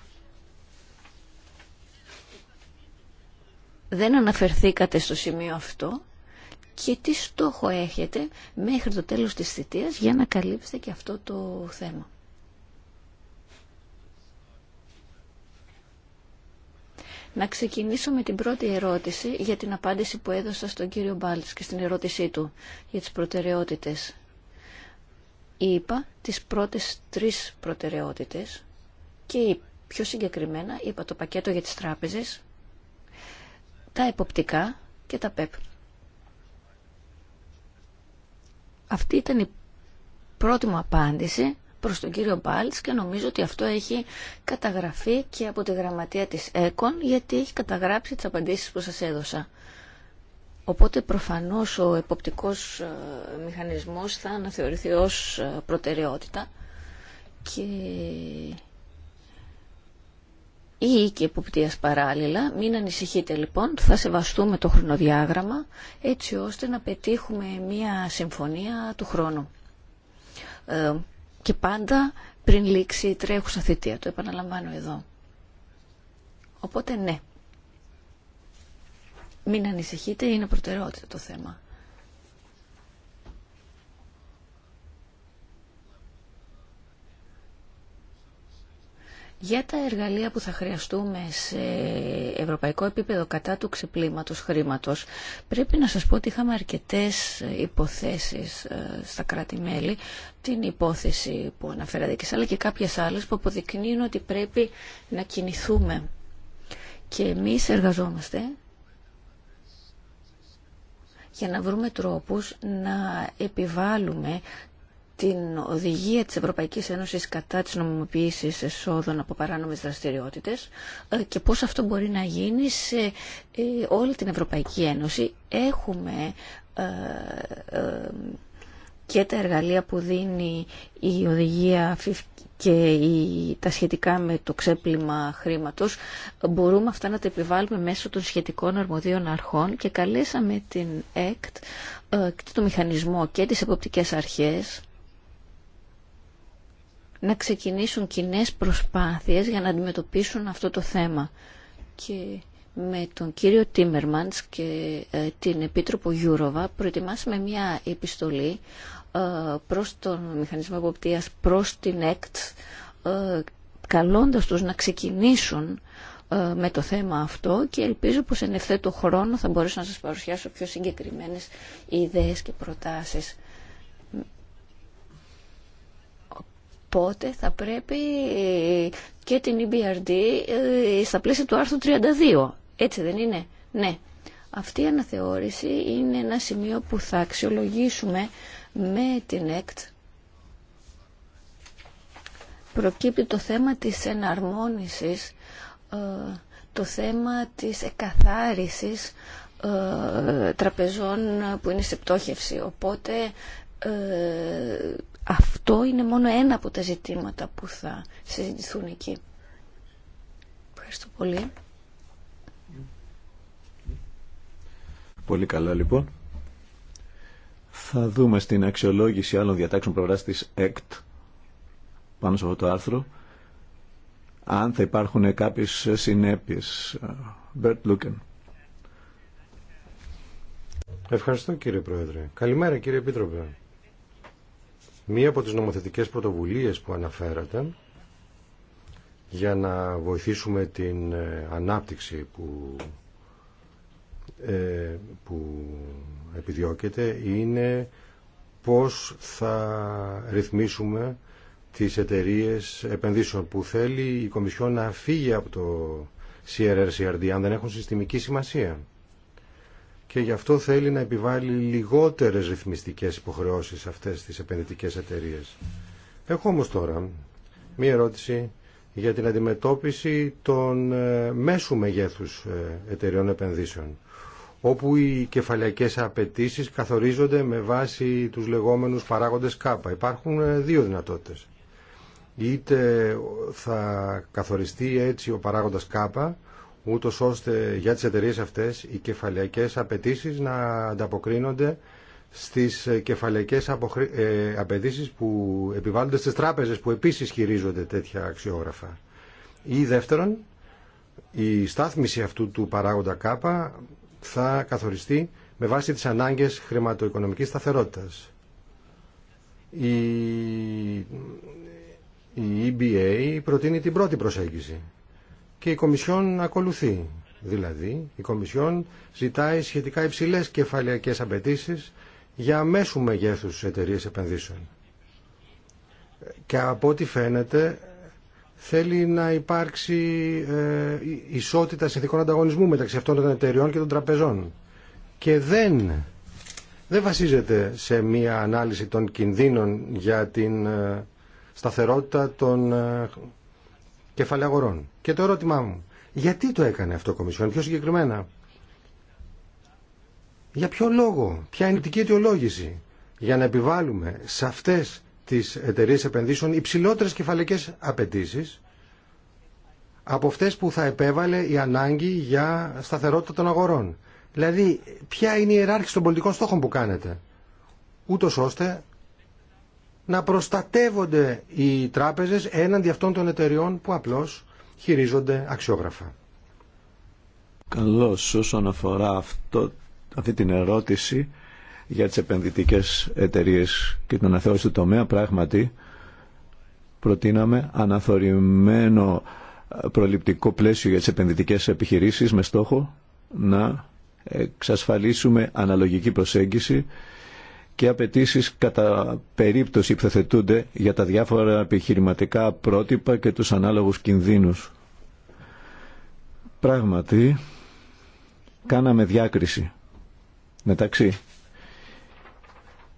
δεν αναφερθήκατε στο σημείο αυτό και τι στόχο έχετε μέχρι το τέλος της θητείας για να καλύψετε και αυτό το θέμα. Να ξεκινήσω με την πρώτη ερώτηση για την απάντηση που έδωσα στον κύριο Μπάλτς και στην ερώτησή του για τις προτεραιότητες. Είπα τις πρώτες τρεις προτεραιότητες και πιο συγκεκριμένα είπα το πακέτο για τις τράπεζες, τα εποπτικά και τα ΠΕΠ. Αυτή ήταν η πρώτη μου απάντηση προς τον κύριο Μπάλτς και νομίζω ότι αυτό έχει καταγραφεί και από τη γραμματεία της ΕΚΟΝ γιατί έχει καταγράψει τις απαντήσεις που σας έδωσα. Οπότε προφανώς ο εποπτικός ε, μηχανισμός θα αναθεωρηθεί ως ε, προτεραιότητα και ή και υποπτίας παράλληλα. Μην ανησυχείτε λοιπόν, θα σεβαστούμε το χρονοδιάγραμμα έτσι ώστε να πετύχουμε μια συμφωνία του χρόνου. Ε, και πάντα πριν λήξει η τρέχουσα θητεία. Το επαναλαμβάνω εδώ. Οπότε ναι. Μην ανησυχείτε, είναι προτεραιότητα το θέμα. Για τα εργαλεία που θα χρειαστούμε σε ευρωπαϊκό επίπεδο κατά του ξεπλήματος χρήματος, πρέπει να σας πω ότι είχαμε αρκετές υποθέσεις ε, στα κράτη-μέλη, την υπόθεση που αναφέρατε και αλλά και κάποιες άλλες που αποδεικνύουν ότι πρέπει να κινηθούμε. Και εμείς εργαζόμαστε για να βρούμε τρόπους να επιβάλλουμε την οδηγία της Ευρωπαϊκής Ένωσης κατά της νομιμοποίησης εσόδων από παράνομες δραστηριότητες ε, και πώς αυτό μπορεί να γίνει σε ε, όλη την Ευρωπαϊκή Ένωση. Έχουμε ε, και τα εργαλεία που δίνει η οδηγία και τα σχετικά με το ξέπλυμα χρήματος μπορούμε αυτά να τα επιβάλλουμε μέσω των σχετικών αρμοδίων αρχών και καλέσαμε την ΕΚΤ, το μηχανισμό και τις εποπτικές αρχές να ξεκινήσουν κοινέ προσπάθειες για να αντιμετωπίσουν αυτό το θέμα. Και με τον κύριο Τίμερμαντς και ε, την Επίτροπο Γιούροβα προετοιμάσαμε μια επιστολή ε, προς τον Μηχανισμό Εποπτείας, προς την ΕΚΤ, ε, καλώντας τους να ξεκινήσουν με το θέμα αυτό και ελπίζω πως εν ευθέτω χρόνο θα μπορέσω να σας παρουσιάσω πιο συγκεκριμένες ιδέες και προτάσεις. Οπότε θα πρέπει και την EBRD ε, στα πλαίσια του άρθρου 32. Έτσι δεν είναι. Ναι. Αυτή η αναθεώρηση είναι ένα σημείο που θα αξιολογήσουμε με την ΕΚΤ. Προκύπτει το θέμα της εναρμόνισης, ε, το θέμα της εκαθάρισης ε, τραπεζών που είναι σε πτώχευση. Οπότε αυτό είναι μόνο ένα από τα ζητήματα που θα συζητηθούν εκεί. Ευχαριστώ πολύ. Πολύ καλά λοιπόν. Θα δούμε στην αξιολόγηση άλλων διατάξεων προβράσης της ΕΚΤ πάνω σε αυτό το άρθρο αν θα υπάρχουν κάποιες συνέπειες. Μπερτ Λούκεν. Ευχαριστώ κύριε Πρόεδρε. Καλημέρα κύριε Επίτροπε. Μία από τις νομοθετικές πρωτοβουλίες που αναφέρατε για να βοηθήσουμε την ε, ανάπτυξη που, ε, που επιδιώκεται είναι πώς θα ρυθμίσουμε τις εταιρείες επενδύσεων που θέλει η Κομισιόν να φύγει από το CRR-CRD αν δεν έχουν συστημική σημασία και γι' αυτό θέλει να επιβάλλει λιγότερες ρυθμιστικές υποχρεώσεις αυτές τις επενδυτικές εταιρείες. Έχω όμως τώρα μία ερώτηση για την αντιμετώπιση των ε, μέσου μεγέθους ε, εταιρεών επενδύσεων όπου οι κεφαλιακές απαιτήσεις καθορίζονται με βάση τους λεγόμενους παράγοντες ΚΑΠΑ. Υπάρχουν ε, δύο δυνατότητες. Είτε θα καθοριστεί έτσι ο παράγοντας ΚΑΠΑ ούτω ώστε για τις εταιρείε αυτές οι κεφαλαιακές απαιτήσει να ανταποκρίνονται στις κεφαλαικές ε, απαιτήσει που επιβάλλονται στις τράπεζες που επίσης χειρίζονται τέτοια αξιόγραφα. Ή δεύτερον, η στάθμιση αυτού του παράγοντα ΚΑΠΑ θα καθοριστεί με βάση τις ανάγκες χρηματοοικονομικής σταθερότητας. Η, η EBA προτείνει την πρώτη προσέγγιση και η Κομισιόν ακολουθεί. Δηλαδή, η Κομισιόν ζητάει σχετικά υψηλέ κεφαλαιακές απαιτήσει για αμέσου μεγέθου εταιρείε επενδύσεων. Και από ό,τι φαίνεται, θέλει να υπάρξει ε, ισότητα συνθηκών ανταγωνισμού μεταξύ αυτών των εταιριών και των τραπεζών. Και δεν, δεν βασίζεται σε μία ανάλυση των κινδύνων για την ε, σταθερότητα των ε, και το ερώτημά μου, γιατί το έκανε αυτό η Κομισιόν, πιο συγκεκριμένα. Για ποιο λόγο, ποια είναι η δική αιτιολόγηση για να επιβάλλουμε σε αυτές τις εταιρείε επενδύσεων υψηλότερες κεφαλικές απαιτήσει από αυτές που θα επέβαλε η ανάγκη για σταθερότητα των αγορών. Δηλαδή, ποια είναι η ιεράρχηση των πολιτικών στόχων που κάνετε, ούτω ώστε να προστατεύονται οι τράπεζες έναντι αυτών των εταιριών που απλώς χειρίζονται αξιόγραφα. Καλώς όσον αφορά αυτό, αυτή την ερώτηση για τις επενδυτικές εταιρείες και την αναθεώρηση του τομέα πράγματι προτείναμε αναθωρημένο προληπτικό πλαίσιο για τις επενδυτικές επιχειρήσεις με στόχο να εξασφαλίσουμε αναλογική προσέγγιση και απαιτήσει κατά περίπτωση που για τα διάφορα επιχειρηματικά πρότυπα και τους ανάλογους κινδύνους. Πράγματι, κάναμε διάκριση μεταξύ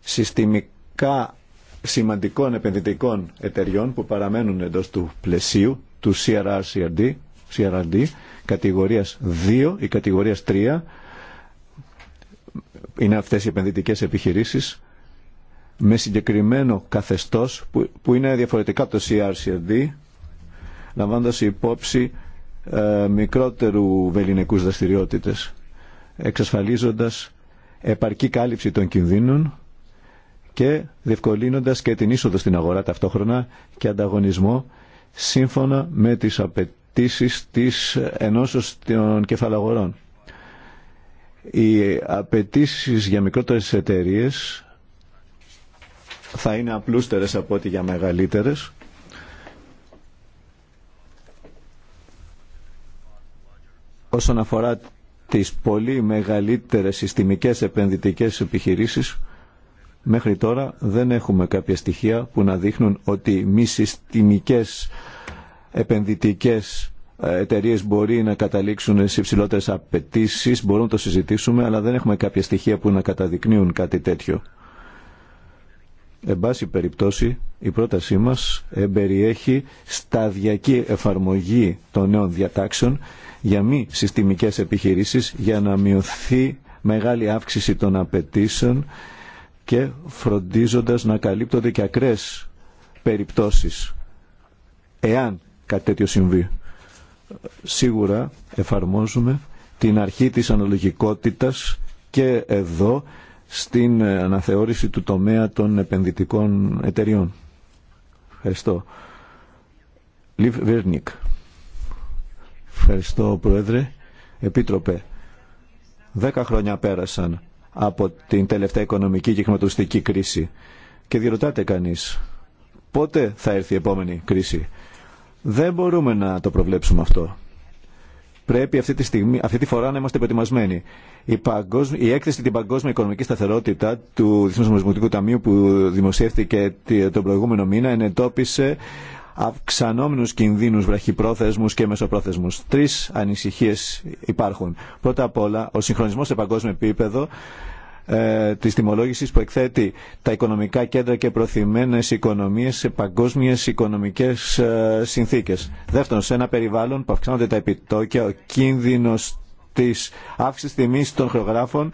συστημικά σημαντικών επενδυτικών εταιριών που παραμένουν εντός του πλαισίου του CRR-CRD, CRRD, κατηγορίας 2 ή κατηγορίας 3 είναι αυτές οι επενδυτικές επιχειρήσεις με συγκεκριμένο καθεστώς που, είναι διαφορετικά από το CRCD λαμβάνοντας υπόψη ε, μικρότερου βεληνικούς δραστηριότητες εξασφαλίζοντας επαρκή κάλυψη των κινδύνων και διευκολύνοντας και την είσοδο στην αγορά ταυτόχρονα και ανταγωνισμό σύμφωνα με τις απαιτήσει της ενώσεως των κεφαλαγορών. Οι απαιτήσει για μικρότερες εταιρείε θα είναι απλούστερες από ό,τι για μεγαλύτερες. Όσον αφορά τις πολύ μεγαλύτερες συστημικές επενδυτικές επιχειρήσεις, μέχρι τώρα δεν έχουμε κάποια στοιχεία που να δείχνουν ότι μη συστημικές επενδυτικές ε, εταιρείε μπορεί να καταλήξουν σε υψηλότερε απαιτήσει, μπορούμε να το συζητήσουμε, αλλά δεν έχουμε κάποια στοιχεία που να καταδεικνύουν κάτι τέτοιο. Εν πάση περιπτώσει, η πρότασή μας εμπεριέχει σταδιακή εφαρμογή των νέων διατάξεων για μη συστημικές επιχειρήσεις για να μειωθεί μεγάλη αύξηση των απαιτήσεων και φροντίζοντας να καλύπτονται και ακραίες περιπτώσεις εάν κάτι τέτοιο συμβεί σίγουρα εφαρμόζουμε την αρχή της αναλογικότητας και εδώ στην αναθεώρηση του τομέα των επενδυτικών εταιριών. Ευχαριστώ. Λιβ Βέρνικ. Ευχαριστώ Πρόεδρε. Επίτροπε, δέκα χρόνια πέρασαν από την τελευταία οικονομική και χρηματοστική κρίση και διερωτάται κανείς πότε θα έρθει η επόμενη κρίση. Δεν μπορούμε να το προβλέψουμε αυτό. Πρέπει αυτή τη, στιγμή, αυτή τη φορά να είμαστε προετοιμασμένοι. Η, η έκθεση την Παγκόσμια Οικονομική Σταθερότητα του Διεθνούς Ταμείου που δημοσιεύτηκε τον προηγούμενο μήνα ενετόπισε αυξανόμενους κινδύνους βραχυπρόθεσμους και μεσοπρόθεσμους. Τρεις ανησυχίες υπάρχουν. Πρώτα απ' όλα, ο συγχρονισμός σε παγκόσμιο επίπεδο ε, της τιμολόγησης που εκθέτει τα οικονομικά κέντρα και προθυμένε οικονομίες σε παγκόσμιες οικονομικές συνθήκε. συνθήκες. Δεύτερον, σε ένα περιβάλλον που αυξάνονται τα επιτόκια, ο κίνδυνο, της αύξηση τιμή των χρεογράφων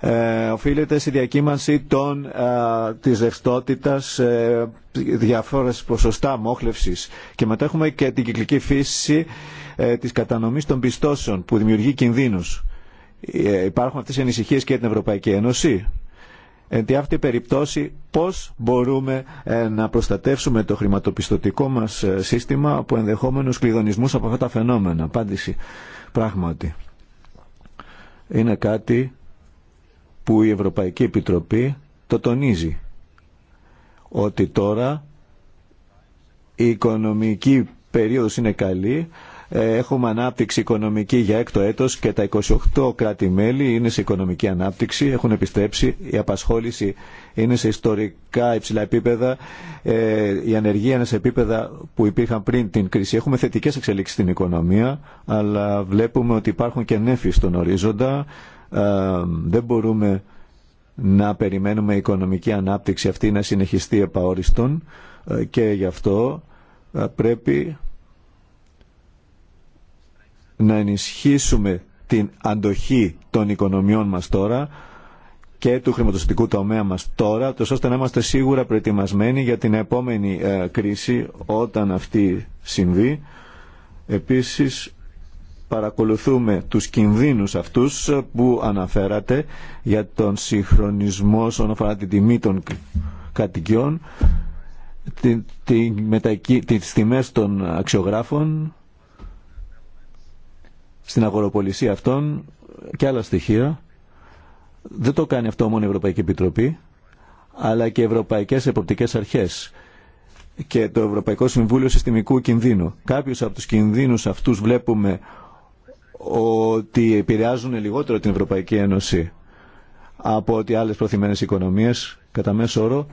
ε, οφείλεται στη διακύμανση των, ε, της ρευστότητας ε, διαφόρες ποσοστά μόχλευσης. Και μετά έχουμε και την κυκλική φύση ε, της κατανομής των πιστώσεων που δημιουργεί κινδύνους ε, υπάρχουν αυτές οι ανησυχίες και την Ευρωπαϊκή Ένωση. Εν τη αυτή περιπτώσει πώς μπορούμε ε, να προστατεύσουμε το χρηματοπιστωτικό μας ε, σύστημα από ενδεχόμενους κλειδονισμούς από αυτά τα φαινόμενα. Απάντηση πράγματι. Είναι κάτι που η Ευρωπαϊκή Επιτροπή το τονίζει ότι τώρα η οικονομική περίοδος είναι καλή Έχουμε ανάπτυξη οικονομική για έκτο έτος και τα 28 κράτη-μέλη είναι σε οικονομική ανάπτυξη, έχουν επιστρέψει, η απασχόληση είναι σε ιστορικά υψηλά επίπεδα, ε, η ανεργία είναι σε επίπεδα που υπήρχαν πριν την κρίση. Έχουμε θετικές εξελίξεις στην οικονομία, αλλά βλέπουμε ότι υπάρχουν και νέφοι στον ορίζοντα. Ε, δεν μπορούμε να περιμένουμε η οικονομική ανάπτυξη αυτή να συνεχιστεί επαόριστον ε, και γι' αυτό πρέπει να ενισχύσουμε την αντοχή των οικονομιών μας τώρα και του χρηματοστικού τομέα μας τώρα, τόσο ώστε να είμαστε σίγουρα προετοιμασμένοι για την επόμενη ε, κρίση όταν αυτή συμβεί. Επίσης, παρακολουθούμε τους κινδύνους αυτούς ε, που αναφέρατε για τον συγχρονισμό όσον αφορά την τιμή των κατοικιών, τις τιμές των αξιογράφων στην αγοροπολισία αυτών και άλλα στοιχεία. Δεν το κάνει αυτό μόνο η Ευρωπαϊκή Επιτροπή, αλλά και οι Ευρωπαϊκές Εποπτικές Αρχές και το Ευρωπαϊκό Συμβούλιο Συστημικού Κινδύνου. Κάποιους από τους κινδύνους αυτούς βλέπουμε ότι επηρεάζουν λιγότερο την Ευρωπαϊκή Ένωση από ότι άλλες προθυμένες οικονομίες, κατά μέσο όρο,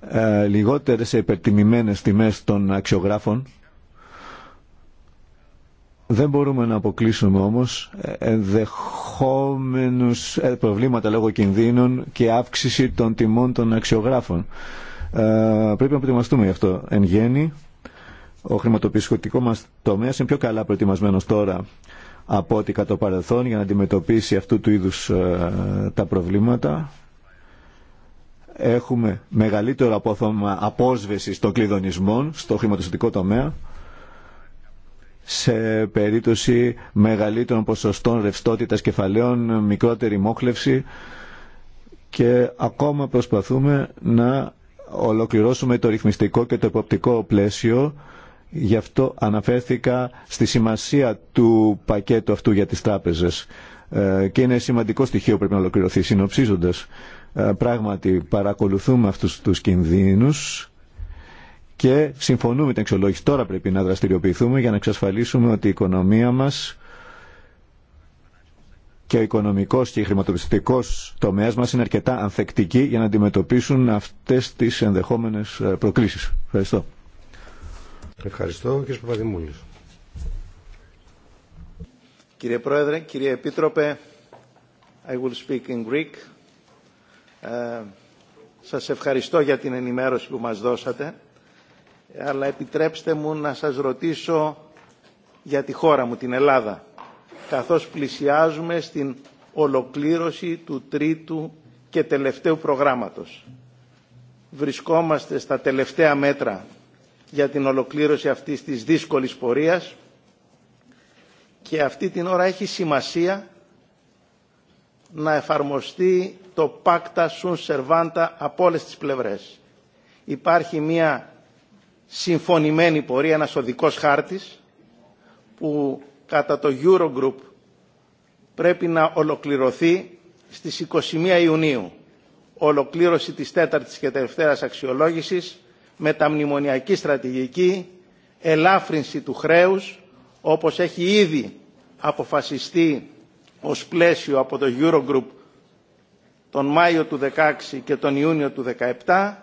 ε, λιγότερες υπερτιμημένες τιμές των αξιογράφων δεν μπορούμε να αποκλείσουμε όμως ε, ενδεχόμενους ε, προβλήματα λόγω κινδύνων και αύξηση των τιμών των αξιογράφων. Ε, πρέπει να προετοιμαστούμε γι' αυτό. Εν γέννη, ο χρηματοπιστωτικό μας τομέας είναι πιο καλά προετοιμασμένος τώρα από ό,τι κατά παρελθόν για να αντιμετωπίσει αυτού του είδους τα προβλήματα. Έχουμε μεγαλύτερο απόθωμα απόσβεσης των κλειδονισμών στο χρηματοπιστωτικό τομέα σε περίπτωση μεγαλύτερων ποσοστών ρευστότητας κεφαλαίων, μικρότερη μόχλευση και ακόμα προσπαθούμε να ολοκληρώσουμε το ρυθμιστικό και το εποπτικό πλαίσιο. Γι' αυτό αναφέρθηκα στη σημασία του πακέτου αυτού για τις τράπεζες. Ε, και είναι σημαντικό στοιχείο που πρέπει να ολοκληρωθεί. Συνοψίζοντας, ε, πράγματι παρακολουθούμε αυτούς τους κινδύνους και συμφωνούμε με την εξολόγηση, Τώρα πρέπει να δραστηριοποιηθούμε για να εξασφαλίσουμε ότι η οικονομία μας και ο οικονομικός και χρηματοπιστωτικός τομέας μας είναι αρκετά ανθεκτικοί για να αντιμετωπίσουν αυτές τις ενδεχόμενες ε, προκλήσεις. Ευχαριστώ. Ευχαριστώ κύριε Παπαδημούλης. Κύριε Πρόεδρε, κύριε Επίτροπε, I will speak in Greek. Ε, σας ευχαριστώ για την ενημέρωση που μας δώσατε αλλά επιτρέψτε μου να σας ρωτήσω για τη χώρα μου, την Ελλάδα, καθώς πλησιάζουμε στην ολοκλήρωση του τρίτου και τελευταίου προγράμματος. Βρισκόμαστε στα τελευταία μέτρα για την ολοκλήρωση αυτής της δύσκολης πορείας και αυτή την ώρα έχει σημασία να εφαρμοστεί το Pacta Sunt Servanta από όλες τις πλευρές. Υπάρχει μια συμφωνημένη πορεία, ένας οδικός χάρτης που κατά το Eurogroup πρέπει να ολοκληρωθεί στις 21 Ιουνίου. Ολοκλήρωση της τέταρτης και τελευταίας αξιολόγησης με τα μνημονιακή στρατηγική, ελάφρυνση του χρέους, όπως έχει ήδη αποφασιστεί ως πλαίσιο από το Eurogroup τον Μάιο του 16 και τον Ιούνιο του 2017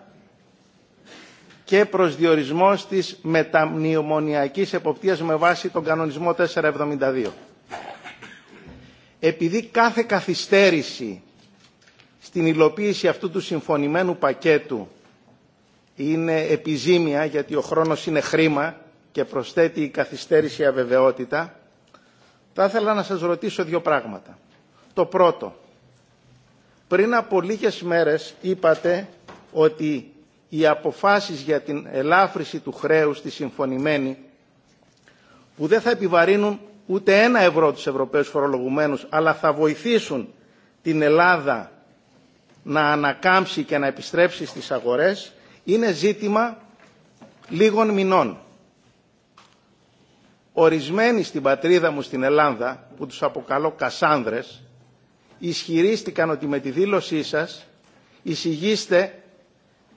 και προσδιορισμός της μεταμνημονιακής εποπτείας με βάση τον κανονισμό 472. Επειδή κάθε καθυστέρηση στην υλοποίηση αυτού του συμφωνημένου πακέτου είναι επιζήμια γιατί ο χρόνος είναι χρήμα και προσθέτει η καθυστέρηση αβεβαιότητα, θα ήθελα να σας ρωτήσω δύο πράγματα. Το πρώτο, πριν από λίγες μέρες είπατε ότι οι αποφάσεις για την ελάφρυση του χρέους στη συμφωνημένη που δεν θα επιβαρύνουν ούτε ένα ευρώ τους Ευρωπαίους φορολογουμένους αλλά θα βοηθήσουν την Ελλάδα να ανακάμψει και να επιστρέψει στις αγορές είναι ζήτημα λίγων μηνών. Ορισμένοι στην πατρίδα μου στην Ελλάδα, που τους αποκαλώ Κασάνδρες, ισχυρίστηκαν ότι με τη δήλωσή σας εισηγήστε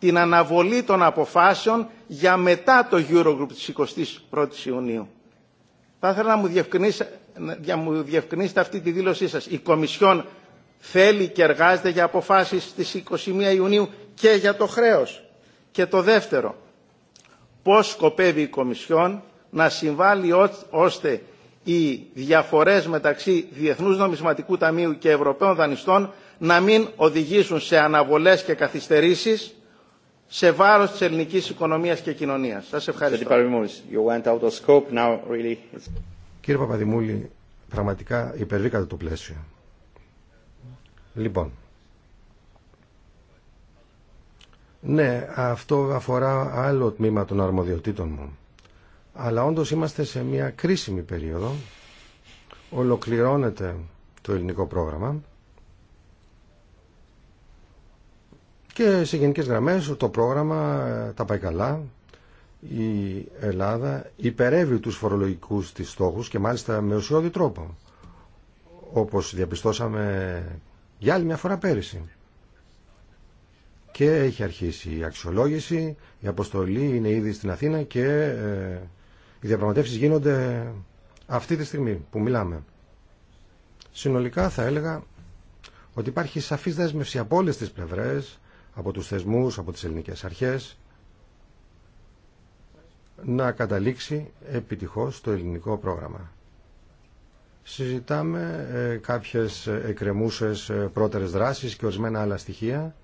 την αναβολή των αποφάσεων για μετά το Eurogroup της 21ης Ιουνίου. Θα ήθελα να μου, να μου διευκρινίσετε αυτή τη δήλωσή σας. Η Κομισιόν θέλει και εργάζεται για αποφάσεις της 21 Ιουνίου και για το χρέος. Και το δεύτερο, πώς σκοπεύει η Κομισιόν να συμβάλλει ώστε οι διαφορές μεταξύ Διεθνούς Νομισματικού Ταμείου και Ευρωπαίων Δανειστών να μην οδηγήσουν σε αναβολές και καθυστερήσεις σε βάρος της ελληνικής οικονομίας και κοινωνίας. Σας ευχαριστώ. Κύριε Παπαδημούλη, πραγματικά υπερβήκατε το πλαίσιο. Λοιπόν, ναι, αυτό αφορά άλλο τμήμα των αρμοδιοτήτων μου. Αλλά όντως είμαστε σε μια κρίσιμη περίοδο. Ολοκληρώνεται το ελληνικό πρόγραμμα Και σε γενικές γραμμές το πρόγραμμα ε, τα πάει καλά. Η Ελλάδα υπερεύει τους φορολογικούς της στόχους και μάλιστα με ουσιώδη τρόπο. Όπως διαπιστώσαμε για άλλη μια φορά πέρυσι. Και έχει αρχίσει η αξιολόγηση, η αποστολή είναι ήδη στην Αθήνα και ε, οι διαπραγματεύσεις γίνονται αυτή τη στιγμή που μιλάμε. Συνολικά θα έλεγα ότι υπάρχει σαφής δέσμευση από όλες τις πλευρές από τους θεσμούς, από τις ελληνικές αρχές, να καταλήξει επιτυχώς το ελληνικό πρόγραμμα. Συζητάμε ε, κάποιες εκκρεμούσες ε, πρώτερες δράσεις και ορισμένα άλλα στοιχεία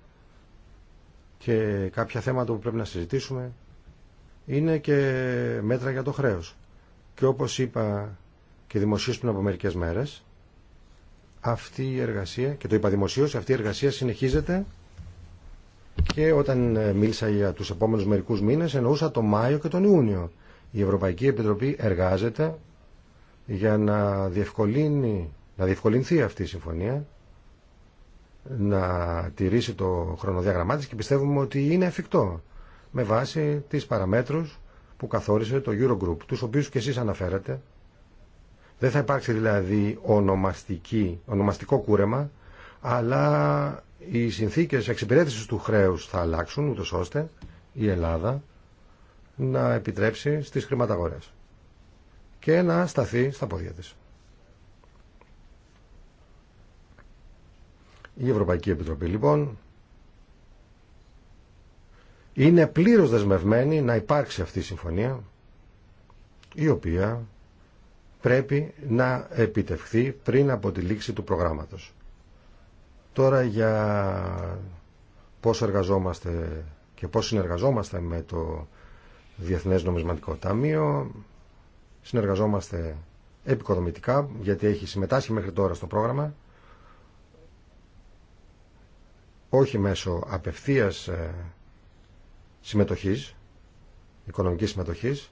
και κάποια θέματα που πρέπει να συζητήσουμε είναι και μέτρα για το χρέος. Και όπως είπα και δημοσίως πριν από μερικές μέρες, αυτή η εργασία, και το είπα δημοσίως, αυτή η εργασία συνεχίζεται και όταν ε, μίλησα για τους επόμενους μερικούς μήνες εννοούσα τον Μάιο και τον Ιούνιο. Η Ευρωπαϊκή Επιτροπή εργάζεται για να, διευκολύνει, να διευκολυνθεί αυτή η συμφωνία, να τηρήσει το χρονοδιάγραμμά της και πιστεύουμε ότι είναι εφικτό με βάση τις παραμέτρους που καθόρισε το Eurogroup, τους οποίους και εσείς αναφέρατε. Δεν θα υπάρξει δηλαδή ονομαστική, ονομαστικό κούρεμα, αλλά οι συνθήκες εξυπηρέτησης του χρέους θα αλλάξουν ούτως ώστε η Ελλάδα να επιτρέψει στις χρηματαγορές και να σταθεί στα πόδια της. Η Ευρωπαϊκή Επιτροπή λοιπόν είναι πλήρως δεσμευμένη να υπάρξει αυτή η συμφωνία η οποία πρέπει να επιτευχθεί πριν από τη λήξη του προγράμματος. Τώρα για πώς εργαζόμαστε και πώς συνεργαζόμαστε με το Διεθνές Νομισματικό Ταμείο. Συνεργαζόμαστε επικοδομητικά, γιατί έχει συμμετάσχει μέχρι τώρα στο πρόγραμμα. Όχι μέσω απευθείας ε, συμμετοχής, οικονομικής συμμετοχής,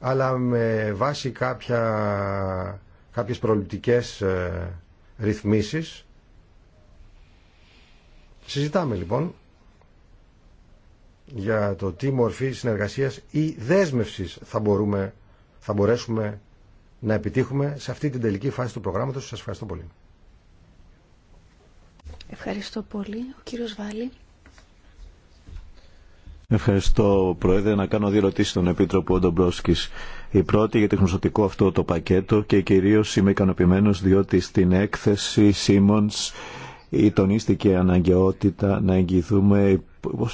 αλλά με βάση κάποια, κάποιες προληπτικές ε, ρυθμίσεις. Συζητάμε λοιπόν για το τι μορφή συνεργασίας ή δέσμευσης θα, μπορούμε, θα μπορέσουμε να επιτύχουμε σε αυτή την τελική φάση του προγράμματος. Σας ευχαριστώ πολύ. Ευχαριστώ πολύ. Ο κύριος Βάλη. Ευχαριστώ, Πρόεδρε. Να κάνω δύο ερωτήσει στον Επίτροπο Ντομπρόσκης. Η πρώτη για το γνωστοτικό αυτό το πακέτο και κυρίως είμαι ικανοποιημένο διότι στην έκθεση Σίμονς η τονιστηκε αναγκαιοτητα να εγγυηθούμε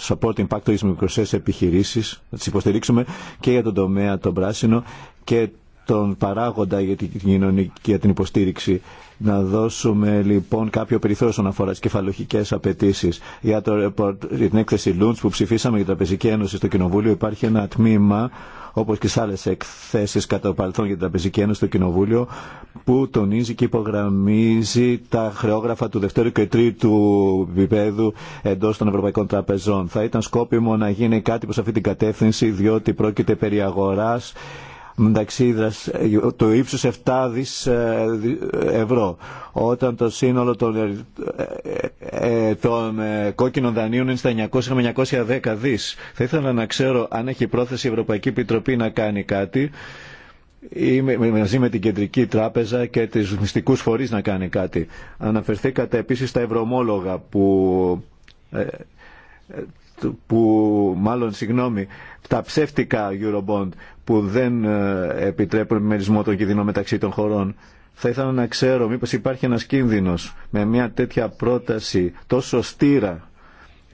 support impact στις μικροσές επιχειρήσεις, να τις υποστηρίξουμε και για τον τομέα τον πράσινο και τον παράγοντα για την, κοινωνική, για την υποστήριξη. Να δώσουμε λοιπόν κάποιο περιθώριο όσον αφορά τι κεφαλοχικέ απαιτήσει. Για, την έκθεση Λούντ που ψηφίσαμε για την Τραπεζική Ένωση στο Κοινοβούλιο υπάρχει ένα τμήμα όπω και σε άλλε εκθέσει κατά το παρελθόν για την Τραπεζική Ένωση στο Κοινοβούλιο, που τονίζει και υπογραμμίζει τα χρεόγραφα του δευτέρου και τρίτου επίπεδου εντό των Ευρωπαϊκών Τραπεζών. Θα ήταν σκόπιμο να γίνει κάτι προ αυτή την κατεύθυνση, διότι πρόκειται περί αγοράς μεταξύ ε, το ύψος 7 δις ε, ευρώ όταν το σύνολο των, ε, κόκκινων δανείων είναι στα 900 με 910 δις. Θα ήθελα να ξέρω αν έχει πρόθεση η Ευρωπαϊκή Επιτροπή να κάνει κάτι ή μαζί με την Κεντρική Τράπεζα και τις μυστικούς φορείς να κάνει κάτι. Αναφερθήκατε επίσης στα ευρωμόλογα που που μάλλον συγγνώμη, τα ψεύτικα Eurobond που δεν ε, επιτρέπουν μερισμό των κινδυνών μεταξύ των χωρών. Θα ήθελα να ξέρω μήπως υπάρχει ένας κίνδυνος με μια τέτοια πρόταση τόσο στήρα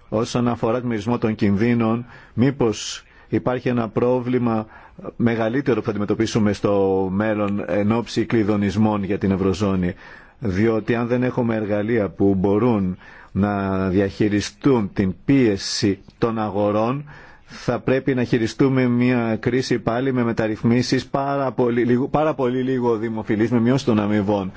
όσον αφορά τον μερισμό των κινδύνων, μήπως υπάρχει ένα πρόβλημα μεγαλύτερο που θα αντιμετωπίσουμε στο μέλλον εν ώψη κλειδονισμών για την Ευρωζώνη. Διότι αν δεν έχουμε εργαλεία που μπορούν να διαχειριστούν την πίεση των αγορών θα πρέπει να χειριστούμε μια κρίση πάλι με μεταρρυθμίσεις πάρα πολύ λίγο, πάρα πολύ δημοφιλής με μειώση των αμοιβών.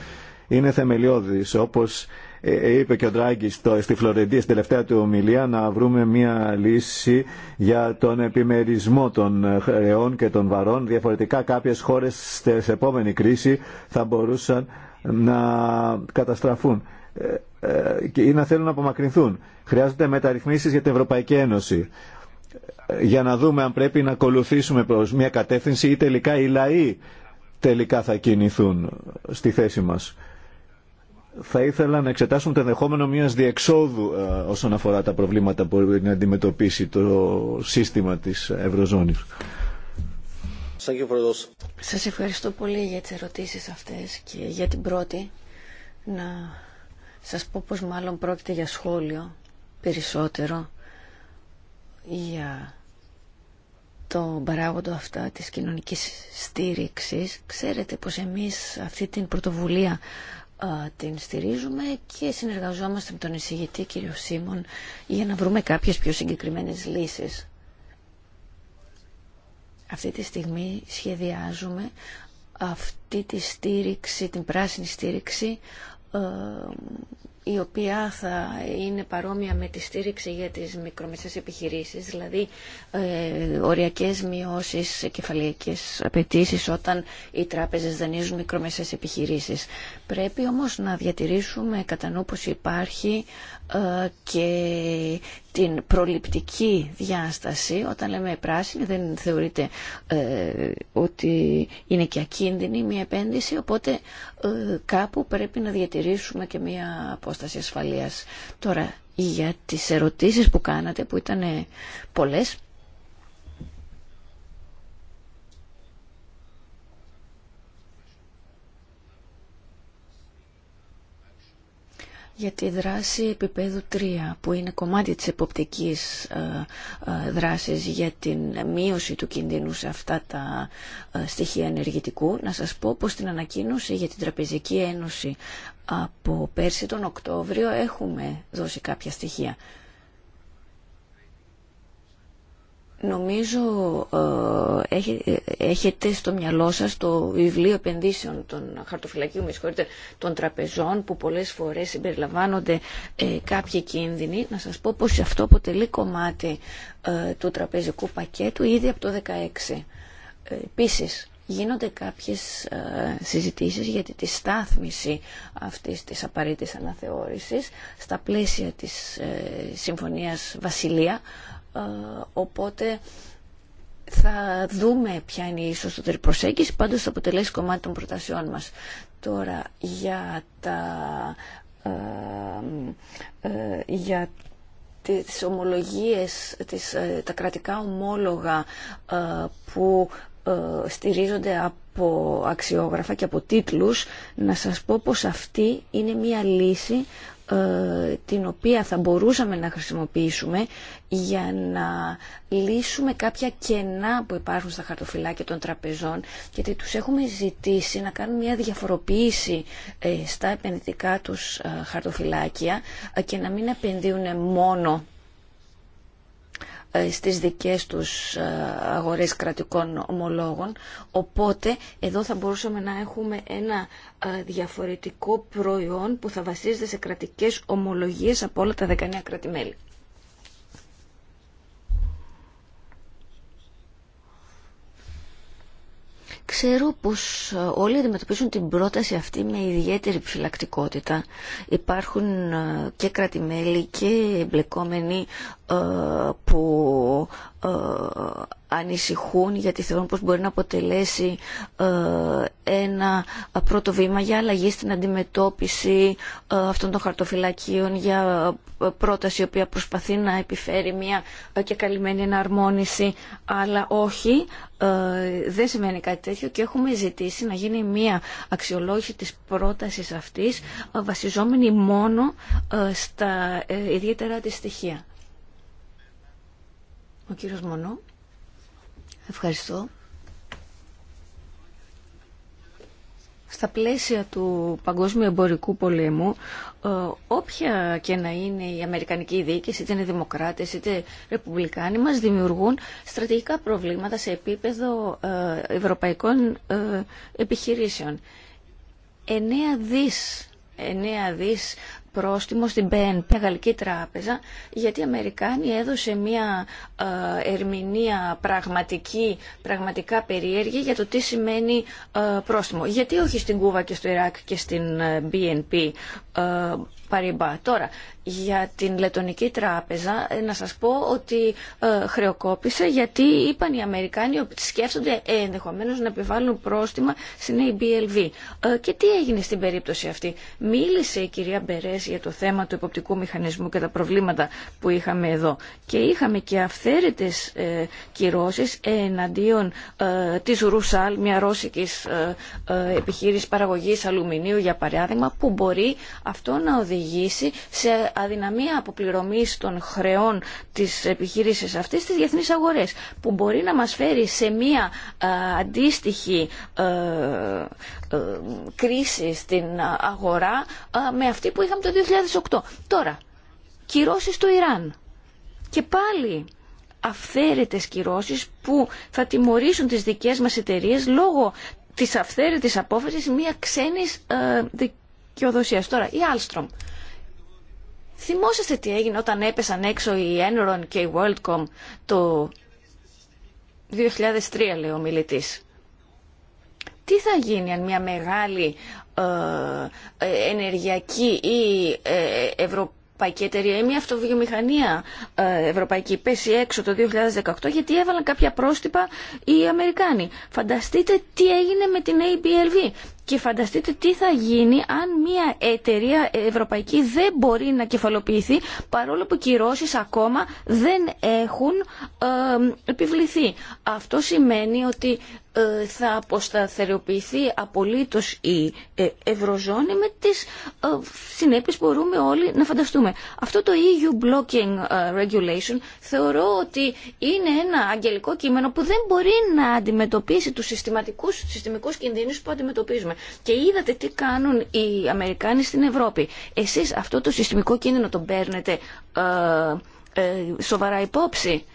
Είναι θεμελιώδης όπως ε, ε, είπε και ο Ντράγκη στη Φλωρεντία στην τελευταία του ομιλία να βρούμε μια λύση για τον επιμερισμό των χρεών και των βαρών. Διαφορετικά κάποιες χώρες σε επόμενη κρίση θα μπορούσαν να καταστραφούν και ε, ε, ή να θέλουν να απομακρυνθούν. Χρειάζονται μεταρρυθμίσεις για την Ευρωπαϊκή Ένωση για να δούμε αν πρέπει να ακολουθήσουμε προς μια κατεύθυνση ή τελικά οι λαοί τελικά θα κινηθούν στη θέση μας. Θα ήθελα να εξετάσουμε το ενδεχόμενο μιας διεξόδου ε, όσον αφορά τα προβλήματα που μπορεί να αντιμετωπίσει το σύστημα της Ευρωζώνης. Σας ευχαριστώ πολύ για τις ερωτήσεις αυτές και για την πρώτη να σας πω πως μάλλον πρόκειται για σχόλιο περισσότερο για το παράγοντο αυτά της κοινωνικής στήριξης. Ξέρετε πως εμείς αυτή την πρωτοβουλία την στηρίζουμε και συνεργαζόμαστε με τον εισηγητή κύριο Σίμων για να βρούμε κάποιες πιο συγκεκριμένες λύσεις. Αυτή τη στιγμή σχεδιάζουμε αυτή τη στήριξη, την πράσινη στήριξη ε, η οποία θα είναι παρόμοια με τη στήριξη για τις μικρομεσαίες επιχειρήσεις, δηλαδή ε, οριακές μειώσεις κεφαλαϊκές απαιτήσει όταν οι τράπεζες δανείζουν μικρομεσαίες επιχειρήσεις. Πρέπει όμως να διατηρήσουμε κατά νου υπάρχει ε, και την προληπτική διάσταση όταν λέμε πράσινη δεν θεωρείται ε, ότι είναι και ακίνδυνη μια επένδυση οπότε ε, κάπου πρέπει να διατηρήσουμε και μια απόσταση ασφαλείας. Τώρα για τις ερωτήσεις που κάνατε που ήταν πολλές για τη δράση επίπεδου 3 που είναι κομμάτι της εποπτικής ε, ε, δράσης για την μείωση του κινδύνου σε αυτά τα ε, στοιχεία ενεργητικού να σας πω πως την ανακοίνωση για την Τραπεζική Ένωση από πέρσι τον Οκτώβριο έχουμε δώσει κάποια στοιχεία Νομίζω ε, έχετε στο μυαλό σας το βιβλίο επενδύσεων των χαρτοφυλακίου, με συγχωρείτε, των τραπεζών που πολλές φορές συμπεριλαμβάνονται ε, κάποιοι κίνδυνοι. Να σας πω πως αυτό αποτελεί κομμάτι ε, του τραπεζικού πακέτου ήδη από το 2016. Ε, επίσης, γίνονται κάποιες ε, συζητήσεις για τη στάθμιση αυτής της απαραίτητης αναθεώρησης στα πλαίσια της Συμφωνίας Βασιλεία οπότε θα δούμε ποια είναι η σωστότερη προσέγγιση, πάντως θα αποτελέσει κομμάτι των προτασιών μας. Τώρα για τα... Ε, για τις ομολογίες, ε, τα κρατικά ομόλογα ε, που ε, στηρίζονται από αξιόγραφα και από τίτλους, να σας πω πως αυτή είναι μία λύση ε, την οποία θα μπορούσαμε να χρησιμοποιήσουμε για να λύσουμε κάποια κενά που υπάρχουν στα χαρτοφυλάκια των τραπεζών γιατί τους έχουμε ζητήσει να κάνουν μια διαφοροποίηση ε, στα επενδυτικά τους ε, χαρτοφυλάκια και να μην επενδύουν μόνο ε, στις δικές τους ε, αγορές κρατικών ομολόγων. Οπότε εδώ θα μπορούσαμε να έχουμε ένα ε, διαφορετικό προϊόν που θα βασίζεται σε κρατικές ομολογίες από όλα τα 19 κράτη-μέλη. Ξέρω πως ε, όλοι αντιμετωπίζουν την πρόταση αυτή με ιδιαίτερη φυλακτικότητα. Υπάρχουν ε, και κρατημέλη και εμπλεκόμενοι ε, που ε, ανησυχούν γιατί θεωρούν πως μπορεί να αποτελέσει ε, ένα πρώτο βήμα για αλλαγή στην αντιμετώπιση ε, αυτών των χαρτοφυλακίων για πρόταση η οποία προσπαθεί να επιφέρει μια και καλυμμένη εναρμόνιση αλλά όχι δεν σημαίνει κάτι τέτοιο και έχουμε ζητήσει να γίνει μια αξιολόγηση της πρότασης αυτής βασιζόμενη μόνο στα ιδιαίτερα της στοιχεία. Ο κύριος Μονό. Ευχαριστώ. Στα πλαίσια του Παγκόσμιου Εμπορικού Πολέμου, ε, όποια και να είναι η Αμερικανική διοίκηση, είτε είναι δημοκράτες είτε ρεπουμπλικάνοι, μας δημιουργούν στρατηγικά προβλήματα σε επίπεδο ε, ευρωπαϊκών ε, επιχειρήσεων. 9 δις 9 πρόστιμο στην BNP, Γαλλική Τράπεζα, γιατί η Αμερικάνη έδωσε μια ε, ερμηνεία πραγματική, πραγματικά περίεργη για το τι σημαίνει ε, πρόστιμο. Γιατί όχι στην Κούβα και στο Ιράκ και στην BNP ε, Παριμπά. Τώρα, για την Λετονική Τράπεζα ε, να σας πω ότι ε, χρεοκόπησε γιατί είπαν οι Αμερικάνοι ότι σκέφτονται ε, ενδεχομένως να επιβάλλουν πρόστιμα στην ABLV. Ε, και τι έγινε στην περίπτωση αυτή. Μίλησε η κυρία Μπερές για το θέμα του υποπτικού μηχανισμού και τα προβλήματα που είχαμε εδώ. Και είχαμε και αυθαίρετες ε, κυρώσεις εναντίον της Ρουσάλ, μια ρώσικης επιχείρηση παραγωγής αλουμινίου για παράδειγμα, που μπορεί αυτό να οδηγήσει σε αδυναμία αποπληρωμής των χρεών της επιχείρησης αυτής στις διεθνείς αγορές που μπορεί να μας φέρει σε μία ε, αντίστοιχη ε, ε, κρίση στην αγορά με αυτή που είχαμε το 2008. Τώρα, κυρώσεις στο Ιράν. Και πάλι αυθαίρετες κυρώσεις που θα τιμωρήσουν τις δικές μας εταιρείε λόγω της αυθαίρετης απόφασης μια ξένης δικαιοδοσίας. Τώρα, η Άλστρομ. Θυμόσαστε τι έγινε όταν έπεσαν έξω η Enron και η WorldCom το 2003, λέει ο μιλητής. Τι θα γίνει αν μια μεγάλη ε, ε, ενεργειακή ή ε, ευρωπαϊκή εταιρεία ή μια αυτοβιομηχανία ε, ευρωπαϊκή πέσει έξω το 2018 γιατί έβαλαν κάποια πρόστιπα οι Αμερικάνοι. Φανταστείτε τι έγινε με την ABLV και φανταστείτε τι θα γίνει αν μια εταιρεία ευρωπαϊκή δεν μπορεί να κεφαλοποιηθεί παρόλο που κυρώσει ακόμα δεν έχουν επιβληθεί. Αυτό σημαίνει ότι ε, θα αποσταθεροποιηθεί απολύτως η ε, ευρωζώνη με τις ε, συνέπειες που μπορούμε όλοι να φανταστούμε. Αυτό το EU Blocking Regulation θεωρώ ότι είναι ένα αγγελικό κείμενο που δεν μπορεί να αντιμετωπίσει τους συστηματικούς, συστημικούς κινδύνους που αντιμετωπίζουμε. Και είδατε τι κάνουν οι Αμερικάνοι στην Ευρώπη. Εσείς αυτό το συστημικό κίνδυνο τον παίρνετε ε, ε, σοβαρά υπόψη.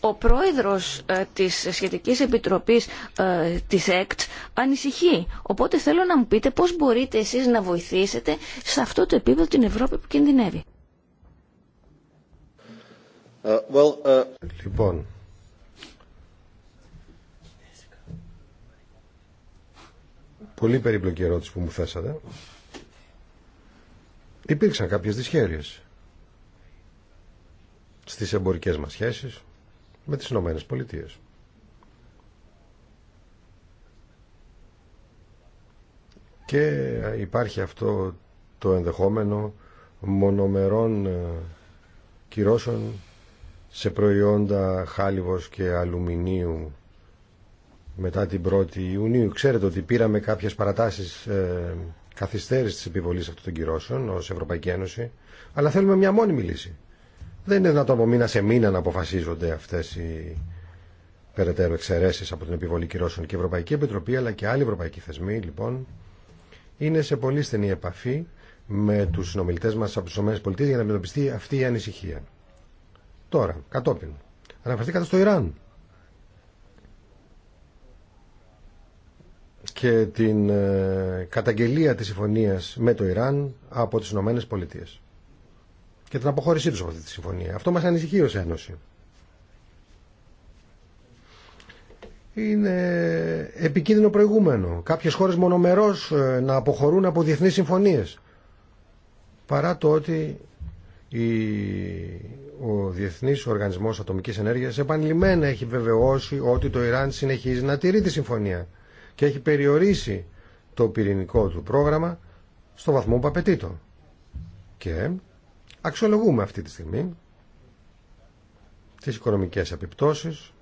Ο πρόεδρος ε, της σχετικής επιτροπής ε, της ΕΚΤ ανησυχεί. Οπότε θέλω να μου πείτε πώς μπορείτε εσείς να βοηθήσετε σε αυτό το επίπεδο την Ευρώπη που κινδυνεύει. Λοιπόν, πολύ περίπλοκη ερώτηση που μου θέσατε. Υπήρξαν κάποιες δυσχέρειες στις εμπορικές μας σχέσεις με τις Ηνωμένες Πολιτείες. Και υπάρχει αυτό το ενδεχόμενο μονομερών ε, κυρώσεων σε προϊόντα χάλιβος και αλουμινίου μετά την 1η Ιουνίου. Ξέρετε ότι πήραμε κάποιες παρατάσεις ε, καθυστέρηση της επιβολής αυτών των κυρώσεων ως Ευρωπαϊκή Ένωση, αλλά θέλουμε μια μόνιμη λύση. Δεν είναι δυνατόν από μήνα σε μήνα να αποφασίζονται αυτές οι περαιτέρω εξαιρέσει από την επιβολή κυρώσεων και η Ευρωπαϊκή Επιτροπή αλλά και άλλοι ευρωπαϊκοί θεσμοί λοιπόν είναι σε πολύ στενή επαφή με τους συνομιλητές μας από τις ΗΠΑ για να αντιμετωπιστεί αυτή η ανησυχία. Τώρα, κατόπιν, αναφερθήκατε στο Ιράν. και την ε, καταγγελία της συμφωνίας με το Ιράν από τις Ηνωμένες Πολιτείες και την αποχώρησή τους από αυτή τη συμφωνία. Αυτό μας ανησυχεί ως Ένωση. Είναι επικίνδυνο προηγούμενο. Κάποιες χώρες μονομερώς ε, να αποχωρούν από διεθνείς συμφωνίες. Παρά το ότι η... ο Διεθνής Οργανισμός Ατομικής Ενέργειας επανειλημμένα έχει βεβαιώσει ότι το Ιράν συνεχίζει να τηρεί τη συμφωνία και έχει περιορίσει το πυρηνικό του πρόγραμμα στο βαθμό που απαιτεί Και αξιολογούμε αυτή τη στιγμή τις οικονομικές επιπτώσεις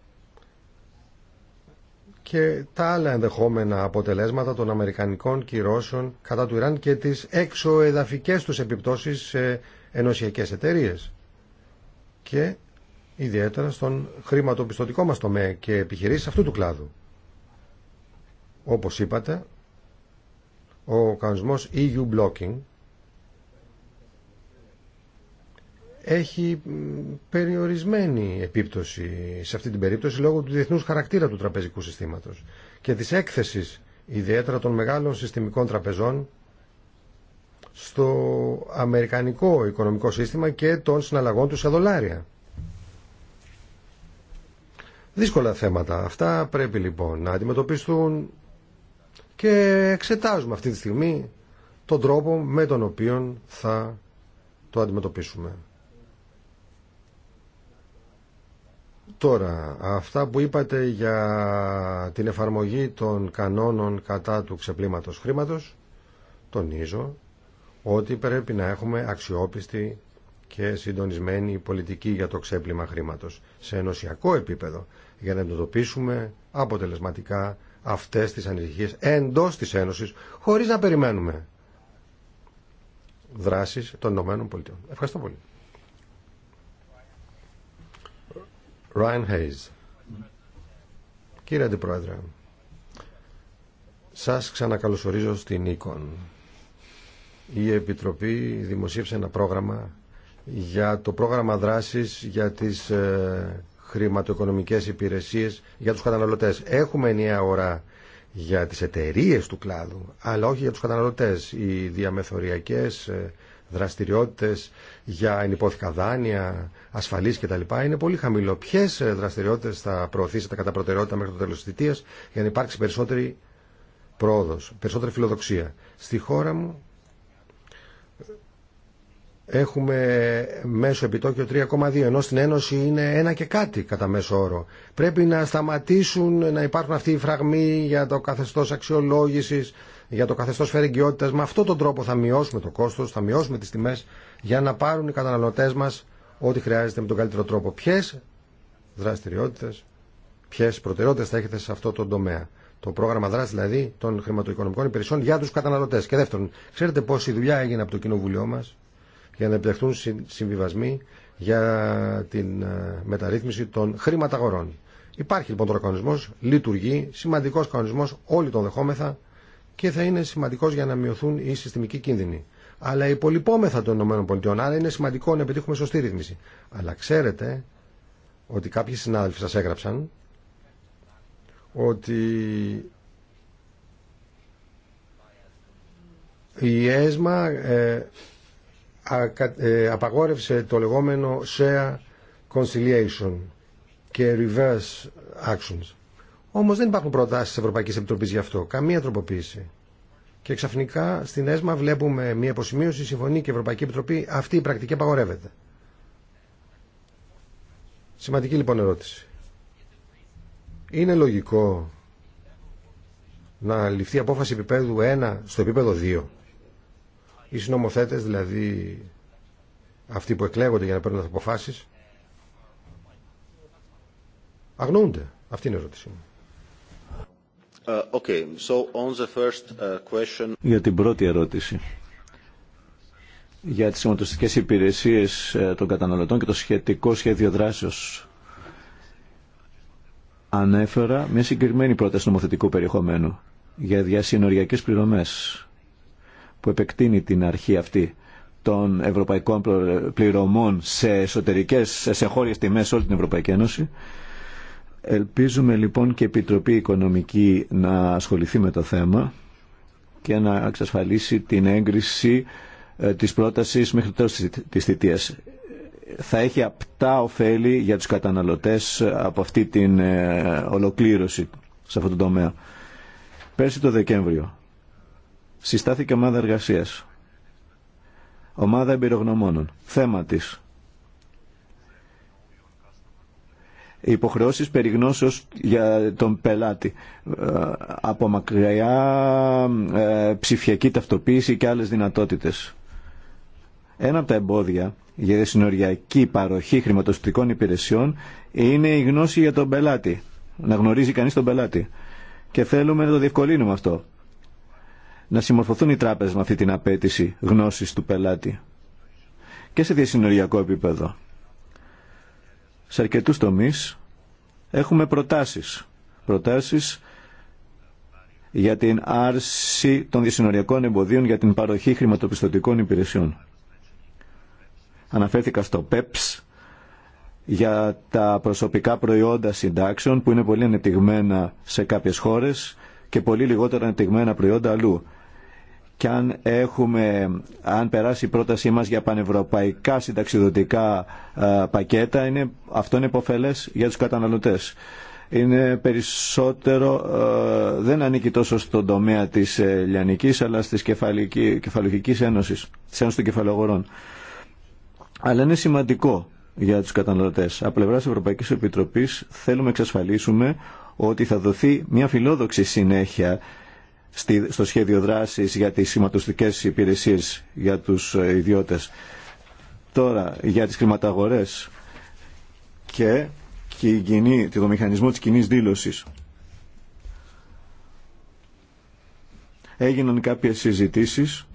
και τα άλλα ενδεχόμενα αποτελέσματα των Αμερικανικών κυρώσεων κατά του Ιράν και τις εξωεδαφικές τους επιπτώσεις σε ενωσιακές εταιρείε και ιδιαίτερα στον χρηματοπιστωτικό μας τομέα και επιχειρήσεις αυτού του κλάδου. Όπως είπατε, ο κανονισμός EU blocking έχει περιορισμένη επίπτωση σε αυτή την περίπτωση λόγω του διεθνούς χαρακτήρα του τραπεζικού συστήματος και της έκθεσης ιδιαίτερα των μεγάλων συστημικών τραπεζών στο αμερικανικό οικονομικό σύστημα και των συναλλαγών του σε δολάρια. Δύσκολα θέματα. Αυτά πρέπει λοιπόν να αντιμετωπιστούν και εξετάζουμε αυτή τη στιγμή τον τρόπο με τον οποίο θα το αντιμετωπίσουμε. Τώρα, αυτά που είπατε για την εφαρμογή των κανόνων κατά του ξεπλήματος χρήματος, τονίζω ότι πρέπει να έχουμε αξιόπιστη και συντονισμένη πολιτική για το ξέπλυμα χρήματος σε ενωσιακό επίπεδο για να εντοπίσουμε αποτελεσματικά αυτές τις ανησυχίες εντός της Ένωσης χωρίς να περιμένουμε δράσεις των Ηνωμένων Πολιτειών. Ευχαριστώ πολύ. Ryan Hayes. Κύριε Αντιπρόεδρε, σας ξανακαλωσορίζω στην Οίκον. Η Επιτροπή δημοσίευσε ένα πρόγραμμα για το πρόγραμμα δράσης για τις ε, χρηματοοικονομικές υπηρεσίες για τους καταναλωτές. Έχουμε ενιαία αγορά για τις εταιρείε του κλάδου, αλλά όχι για τους καταναλωτές. Οι διαμεθοριακές ε, δραστηριότητες για ενυπόθηκα δάνεια, ασφαλής κτλ. είναι πολύ χαμηλό. Ποιε ε, δραστηριότητες θα προωθήσετε κατά προτεραιότητα μέχρι το τέλος της θητείας για να υπάρξει περισσότερη πρόοδος, περισσότερη φιλοδοξία. Στη χώρα μου έχουμε μέσο επιτόκιο 3,2 ενώ στην Ένωση είναι ένα και κάτι κατά μέσο όρο. Πρέπει να σταματήσουν να υπάρχουν αυτοί οι φραγμοί για το καθεστώς αξιολόγηση, για το καθεστώς φερεγγιότητας. Με αυτόν τον τρόπο θα μειώσουμε το κόστος, θα μειώσουμε τις τιμές για να πάρουν οι καταναλωτές μας ό,τι χρειάζεται με τον καλύτερο τρόπο. Ποιε δραστηριότητες, ποιε προτεραιότητες θα έχετε σε αυτό το τομέα. Το πρόγραμμα δράση δηλαδή των χρηματοοικονομικών υπηρεσιών για του καταναλωτέ. Και δεύτερον, ξέρετε πόση δουλειά έγινε από το κοινοβουλίο μα για να επιτευχθούν συμβιβασμοί για την ε, μεταρρύθμιση των χρηματαγορών. Υπάρχει λοιπόν τώρα κανονισμό, λειτουργεί, σημαντικό κανονισμό, όλοι τον δεχόμεθα και θα είναι σημαντικό για να μειωθούν οι συστημικοί κίνδυνοι. Αλλά υπολοιπόμεθα των ΗΠΑ, άρα είναι σημαντικό να επιτύχουμε σωστή ρύθμιση. Αλλά ξέρετε ότι κάποιοι συνάδελφοι σα έγραψαν ότι η ΕΣΜΑ ε, ε, απαγόρευσε το λεγόμενο share conciliation και reverse actions. Όμω, δεν υπάρχουν προτάσει τη ευρωπαϊκή επιτροπή γι' αυτό. Καμία τροποποίηση. Και ξαφνικά στην ΕΣΜΑ βλέπουμε μια υποσημείωση, συμφωνεί και η Ευρωπαϊκή Επιτροπή. Αυτή η πρακτική απαγορεύεται. Σημαντική λοιπόν ερώτηση. Είναι λογικό να ληφθεί απόφαση επίπεδου 1 στο επίπεδο 2 οι συνομοθέτες, δηλαδή αυτοί που εκλέγονται για να παίρνουν τις αποφάσεις, αγνοούνται. Αυτή είναι η ερώτησή μου. Ε, okay. So on the first uh, question... Για την πρώτη ερώτηση για τις σηματοστικές υπηρεσίες ε, των καταναλωτών και το σχετικό σχέδιο δράσεως. Ανέφερα μια συγκεκριμένη πρόταση νομοθετικού περιεχομένου για διασυνοριακές πληρωμές που επεκτείνει την αρχή αυτή των ευρωπαϊκών πληρωμών σε εσωτερικές, σε χώριες τιμές σε όλη την Ευρωπαϊκή Ένωση. Ελπίζουμε λοιπόν και η Επιτροπή Οικονομική να ασχοληθεί με το θέμα και να εξασφαλίσει την έγκριση ε, της πρότασης μέχρι τέλος της θητείας. Θα έχει απτά ωφέλη για τους καταναλωτές ε, από αυτή την ε, ολοκλήρωση σε αυτό το τομέα. Πέρσι το Δεκέμβριο συστάθηκε ομάδα εργασίας. Ομάδα εμπειρογνωμόνων. Θέμα της. Οι υποχρεώσεις για τον πελάτη. Ε, από μακριά ε, ψηφιακή ταυτοποίηση και άλλες δυνατότητες. Ένα από τα εμπόδια για τη συνοριακή παροχή χρηματοστικών υπηρεσιών είναι η γνώση για τον πελάτη. Να γνωρίζει κανείς τον πελάτη. Και θέλουμε να το διευκολύνουμε αυτό να συμμορφωθούν οι τράπεζες με αυτή την απέτηση γνώσης του πελάτη και σε διασυνοριακό επίπεδο. Σε αρκετού τομεί έχουμε προτάσεις. Προτάσεις για την άρση των διασυνοριακών εμποδίων για την παροχή χρηματοπιστωτικών υπηρεσιών. Αναφέρθηκα στο PEPS για τα προσωπικά προϊόντα συντάξεων που είναι πολύ ανεπτυγμένα σε κάποιες χώρες και πολύ λιγότερα ανεπτυγμένα προϊόντα αλλού και αν, έχουμε, αν περάσει η πρότασή μας για πανευρωπαϊκά συνταξιδοτικά ε, πακέτα, είναι, αυτό είναι υποφελές για τους καταναλωτές. Είναι περισσότερο, ε, δεν ανήκει τόσο στον τομέα της ε, Λιανικής, αλλά της Κεφαλογικής Ένωσης, της Ένωσης των Κεφαλογορών. Αλλά είναι σημαντικό για τους καταναλωτές. Από πλευρά της Ευρωπαϊκής Επιτροπής θέλουμε να εξασφαλίσουμε ότι θα δοθεί μια φιλόδοξη συνέχεια στο σχέδιο δράσης για τις σηματοστικές υπηρεσίες για τους ε, ιδιώτες. Τώρα, για τις χρηματαγορέ και, και κοινή, το μηχανισμό της κοινή δήλωσης. Έγιναν κάποιες συζητήσεις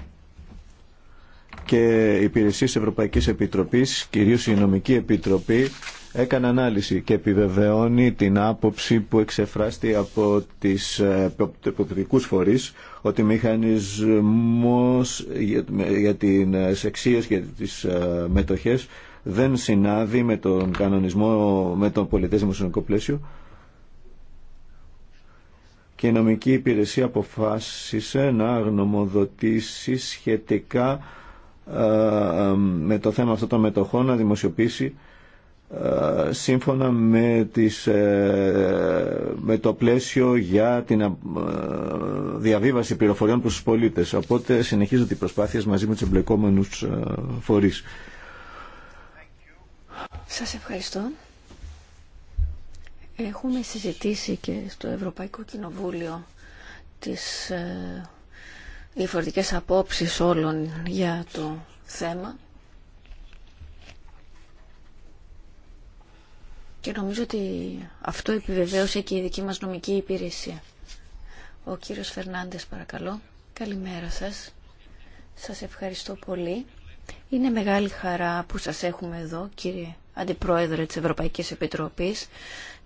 και υπηρεσίες Ευρωπαϊκής Επιτροπής, κυρίως η Νομική Επιτροπή, έκανε ανάλυση και επιβεβαιώνει την άποψη που εξεφράστη από τις ε, προπτικούς φορείς ότι μηχανισμός για την ε, εξίες και τις ε, μετοχές δεν συνάδει με τον κανονισμό, με τον πολιτές δημοσιονομικό πλαίσιο και η νομική υπηρεσία αποφάσισε να γνωμοδοτήσει σχετικά με το θέμα αυτών των μετοχών να δημοσιοποιήσει σύμφωνα με, τις, ε, με το πλαίσιο για την ε, διαβίβαση πληροφοριών προς τους πολίτες. Οπότε συνεχίζονται οι προσπάθειες μαζί με τους εμπλεκόμενους ε, φορείς. Σας ευχαριστώ. Έχουμε συζητήσει και στο Ευρωπαϊκό Κοινοβούλιο τις διαφορετικές απόψεις όλων για το θέμα. Και νομίζω ότι αυτό επιβεβαίωσε και η δική μας νομική υπηρεσία. Ο κύριος Φερνάντες παρακαλώ. Καλημέρα σας. Σας ευχαριστώ πολύ. Είναι μεγάλη χαρά που σας έχουμε εδώ κύριε Αντιπρόεδρε της Ευρωπαϊκής Επιτροπής.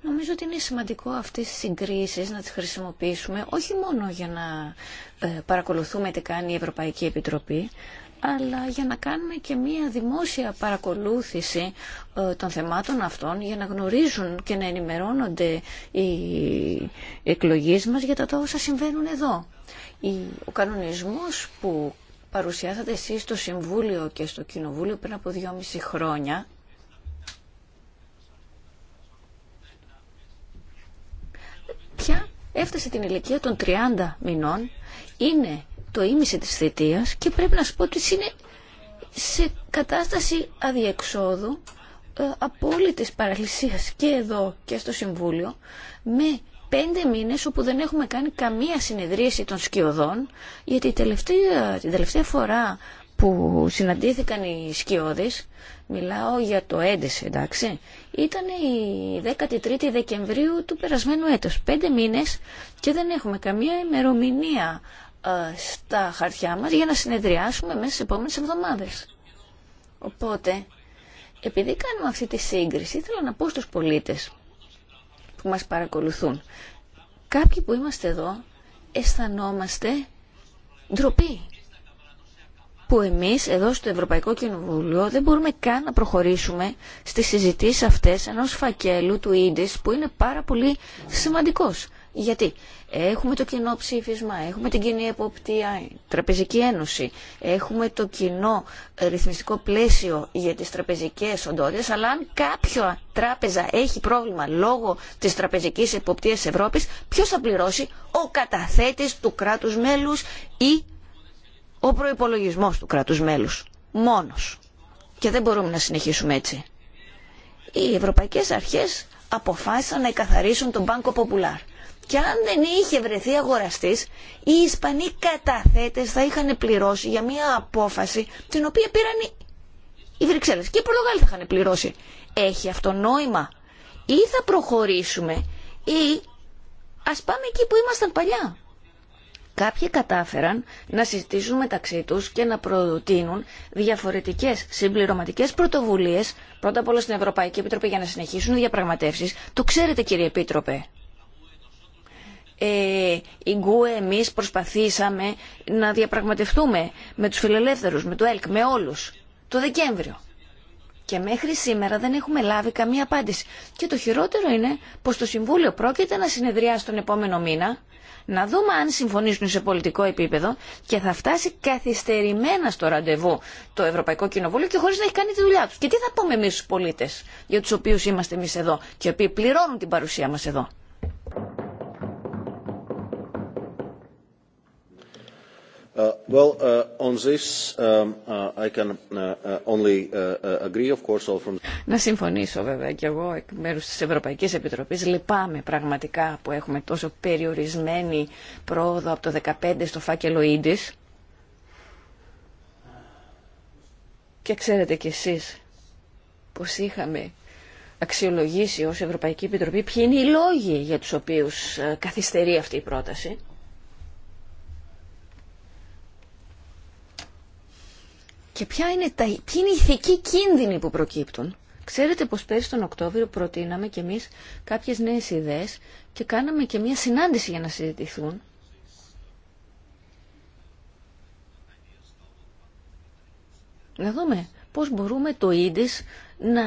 Νομίζω ότι είναι σημαντικό αυτές τις συγκρίσεις να τις χρησιμοποιήσουμε όχι μόνο για να ε, παρακολουθούμε τι κάνει η Ευρωπαϊκή Επιτροπή, αλλά για να κάνουμε και μία δημόσια παρακολούθηση ε, των θεμάτων αυτών για να γνωρίζουν και να ενημερώνονται οι εκλογείς μας για τα όσα συμβαίνουν εδώ. Ο κανονισμός που παρουσιάσατε εσείς στο Συμβούλιο και στο Κοινοβούλιο πριν από δυόμιση χρόνια πια έφτασε την ηλικία των 30 μηνών είναι το ίμιση της θητείας και πρέπει να σου πω ότι είναι σε κατάσταση αδιεξόδου ε, απόλυτης παραλυσίας και εδώ και στο Συμβούλιο με πέντε μήνες όπου δεν έχουμε κάνει καμία συνεδρίαση των σκιωδών γιατί τελευταία, την τελευταία φορά που συναντήθηκαν οι σκιώδεις μιλάω για το έντες εντάξει ήταν η 13η Δεκεμβρίου του περασμένου έτους πέντε μήνες και δεν έχουμε καμία ημερομηνία ε, στα χαρτιά μας για να συνεδριάσουμε μέσα στις επόμενες εβδομάδες. Οπότε, επειδή κάνουμε αυτή τη σύγκριση, ήθελα να πω στους πολίτες που μας παρακολουθούν. Κάποιοι που είμαστε εδώ αισθανόμαστε ντροπή που εμείς εδώ στο Ευρωπαϊκό Κοινοβούλιο δεν μπορούμε καν να προχωρήσουμε στις συζητήσεις αυτές ενός φακέλου του Ίντες που είναι πάρα πολύ σημαντικός. Γιατί Έχουμε το κοινό ψήφισμα, έχουμε την κοινή εποπτεία, τραπεζική ένωση, έχουμε το κοινό ρυθμιστικό πλαίσιο για τις τραπεζικές οντότητες, αλλά αν κάποια τράπεζα έχει πρόβλημα λόγω της τραπεζικής εποπτείας της Ευρώπης, ποιος θα πληρώσει, ο καταθέτης του κράτους μέλους ή ο προϋπολογισμός του κράτους μέλους, μόνος. Και δεν μπορούμε να συνεχίσουμε έτσι. Οι ευρωπαϊκές αρχές αποφάσισαν να εκαθαρίσουν τον Banco Popular και αν δεν είχε βρεθεί αγοραστής, οι Ισπανοί καταθέτες θα είχαν πληρώσει για μια απόφαση την οποία πήραν οι Βρυξέλλες. Και οι Πορτογάλοι θα είχαν πληρώσει. Έχει αυτό νόημα. Ή θα προχωρήσουμε ή ας πάμε εκεί που ήμασταν παλιά. Κάποιοι κατάφεραν να συζητήσουν μεταξύ τους και να προτείνουν διαφορετικές συμπληρωματικές πρωτοβουλίες, πρώτα απ' όλα στην Ευρωπαϊκή Επιτροπή για να συνεχίσουν οι διαπραγματεύσεις. Το ξέρετε κύριε Επίτροπε ε, η Γκουε εμείς προσπαθήσαμε να διαπραγματευτούμε με τους φιλελεύθερους, με το ΕΛΚ, με όλους, το Δεκέμβριο. Και μέχρι σήμερα δεν έχουμε λάβει καμία απάντηση. Και το χειρότερο είναι πως το Συμβούλιο πρόκειται να συνεδριάσει τον επόμενο μήνα, να δούμε αν συμφωνήσουν σε πολιτικό επίπεδο και θα φτάσει καθυστερημένα στο ραντεβού το Ευρωπαϊκό Κοινοβούλιο και χωρίς να έχει κάνει τη δουλειά τους. Και τι θα πούμε εμείς του πολίτες για τους οποίους είμαστε εμείς εδώ και οι οποίοι πληρώνουν την παρουσία μας εδώ. Uh, well, uh, on this um, uh, I can only agree, of course, from... Να συμφωνήσω βέβαια και εγώ εκ μέρους της Ευρωπαϊκής Επιτροπής. Λυπάμαι πραγματικά που έχουμε τόσο περιορισμένη πρόοδο από το 2015 στο φάκελο Ίντις. Και ξέρετε κι εσείς πως είχαμε αξιολογήσει ως Ευρωπαϊκή Επιτροπή ποιοι είναι οι λόγοι για τους οποίους ε, καθυστερεί αυτή η πρόταση. Και ποια είναι τα, ποιοι είναι οι ηθικοί κίνδυνοι που προκύπτουν. Ξέρετε πως πέρσι τον Οκτώβριο προτείναμε και εμείς κάποιες νέες ιδέες και κάναμε και μια συνάντηση για να συζητηθούν. Να δούμε πώς μπορούμε το ίντις να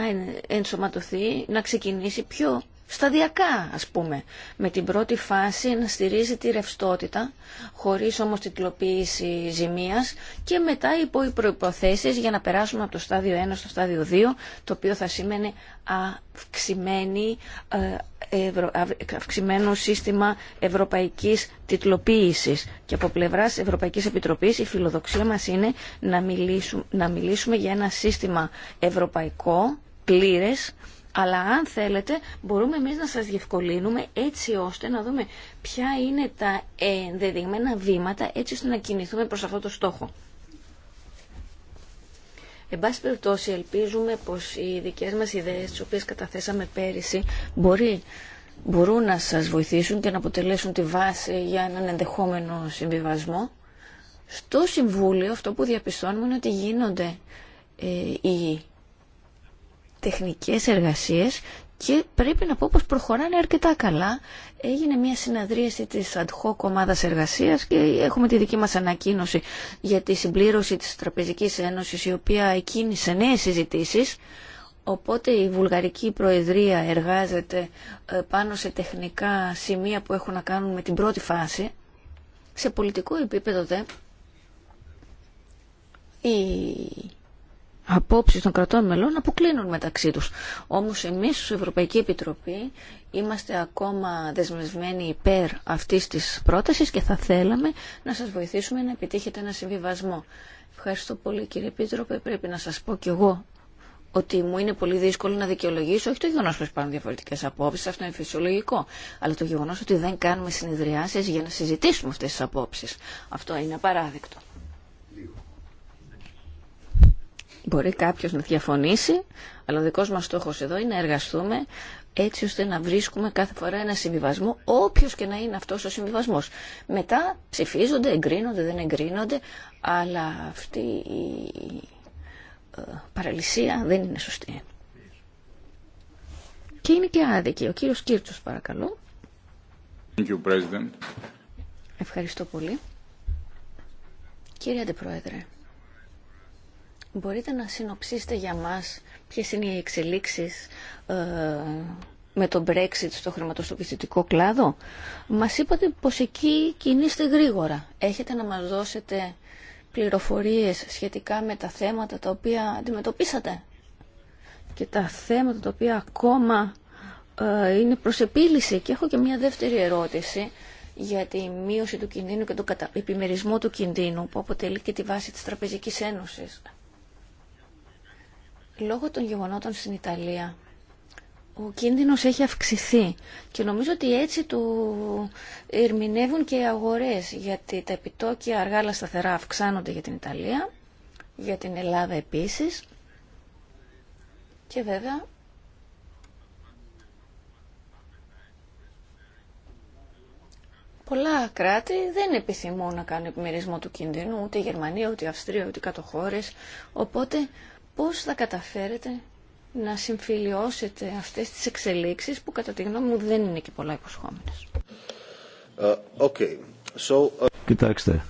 ενσωματωθεί, να ξεκινήσει πιο σταδιακά ας πούμε με την πρώτη φάση να στηρίζει τη ρευστότητα χωρίς όμως την κλοποίηση ζημίας και μετά υπό οι προϋποθέσεις για να περάσουμε από το στάδιο 1 στο στάδιο 2 το οποίο θα σήμαινε αυξημένη, ε, αυξημένο σύστημα ευρωπαϊκής τιτλοποίησης και από πλευράς Ευρωπαϊκής Επιτροπής η φιλοδοξία μας είναι να μιλήσουμε, να μιλήσουμε για ένα σύστημα ευρωπαϊκό πλήρες αλλά αν θέλετε μπορούμε εμείς να σας διευκολύνουμε έτσι ώστε να δούμε ποια είναι τα ενδεδειγμένα βήματα έτσι ώστε να κινηθούμε προς αυτό το στόχο. Εν πάση περιπτώσει ελπίζουμε πως οι δικές μας ιδέες τις οποίες καταθέσαμε πέρυσι μπορεί, μπορούν να σας βοηθήσουν και να αποτελέσουν τη βάση για έναν ενδεχόμενο συμβιβασμό. Στο Συμβούλιο αυτό που διαπιστώνουμε είναι ότι γίνονται ε, οι τεχνικές εργασίες και πρέπει να πω πως προχωράνε αρκετά καλά. Έγινε μια συναδρίαση της ad hoc ομάδας εργασίας και έχουμε τη δική μας ανακοίνωση για τη συμπλήρωση της Τραπεζικής Ένωσης η οποία εκκίνησε νέες συζητήσεις. Οπότε η Βουλγαρική Προεδρία εργάζεται ε, πάνω σε τεχνικά σημεία που έχουν να κάνουν με την πρώτη φάση. Σε πολιτικό επίπεδο δε, απόψεις των κρατών μελών αποκλίνουν μεταξύ τους. Όμως εμείς ως Ευρωπαϊκή Επιτροπή είμαστε ακόμα δεσμευμένοι υπέρ αυτής της πρότασης και θα θέλαμε να σας βοηθήσουμε να επιτύχετε ένα συμβιβασμό. Ευχαριστώ πολύ κύριε Επίτροπε. Πρέπει να σας πω κι εγώ ότι μου είναι πολύ δύσκολο να δικαιολογήσω όχι το γεγονό ότι υπάρχουν διαφορετικέ απόψει, αυτό είναι φυσιολογικό, αλλά το γεγονό ότι δεν κάνουμε συνεδριάσει για να συζητήσουμε αυτέ τι απόψει. Αυτό είναι απαράδεκτο. Μπορεί κάποιος να διαφωνήσει, αλλά ο δικός μας στόχος εδώ είναι να εργαστούμε έτσι ώστε να βρίσκουμε κάθε φορά ένα συμβιβασμό, όποιος και να είναι αυτός ο συμβιβασμός. Μετά ψηφίζονται, εγκρίνονται, δεν εγκρίνονται, αλλά αυτή η ε, παραλυσία δεν είναι σωστή. Και είναι και άδικη. Ο κύριος Κίρτσος, παρακαλώ. Thank you, Ευχαριστώ πολύ. Κύριε Αντιπρόεδρε, Μπορείτε να συνοψίσετε για μας ποιες είναι οι εξελίξεις ε, με το Brexit στο χρηματοστοπιστικό κλάδο. Μας είπατε πως εκεί κινείστε γρήγορα. Έχετε να μας δώσετε πληροφορίες σχετικά με τα θέματα τα οποία αντιμετωπίσατε και τα θέματα τα οποία ακόμα ε, είναι προς επίλυση. Και έχω και μια δεύτερη ερώτηση για τη μείωση του κινδύνου και τον επιμερισμό του κινδύνου που αποτελεί και τη βάση της Τραπεζικής Ένωσης. Λόγω των γεγονότων στην Ιταλία, ο κίνδυνος έχει αυξηθεί και νομίζω ότι έτσι του ερμηνεύουν και οι αγορές γιατί τα επιτόκια αργά αλλά σταθερά αυξάνονται για την Ιταλία, για την Ελλάδα επίσης και βέβαια πολλά κράτη δεν επιθυμούν να κάνουν επιμερισμό του κινδύνου, ούτε η Γερμανία, ούτε η Αυστρία, ούτε οι κατοχώρες. Οπότε πώς θα καταφέρετε να συμφιλιώσετε αυτές τις εξελίξεις που κατά τη γνώμη μου δεν είναι και πολλά υποσχόμενες. Okay. Ε, so, ε, Κοιτάξτε,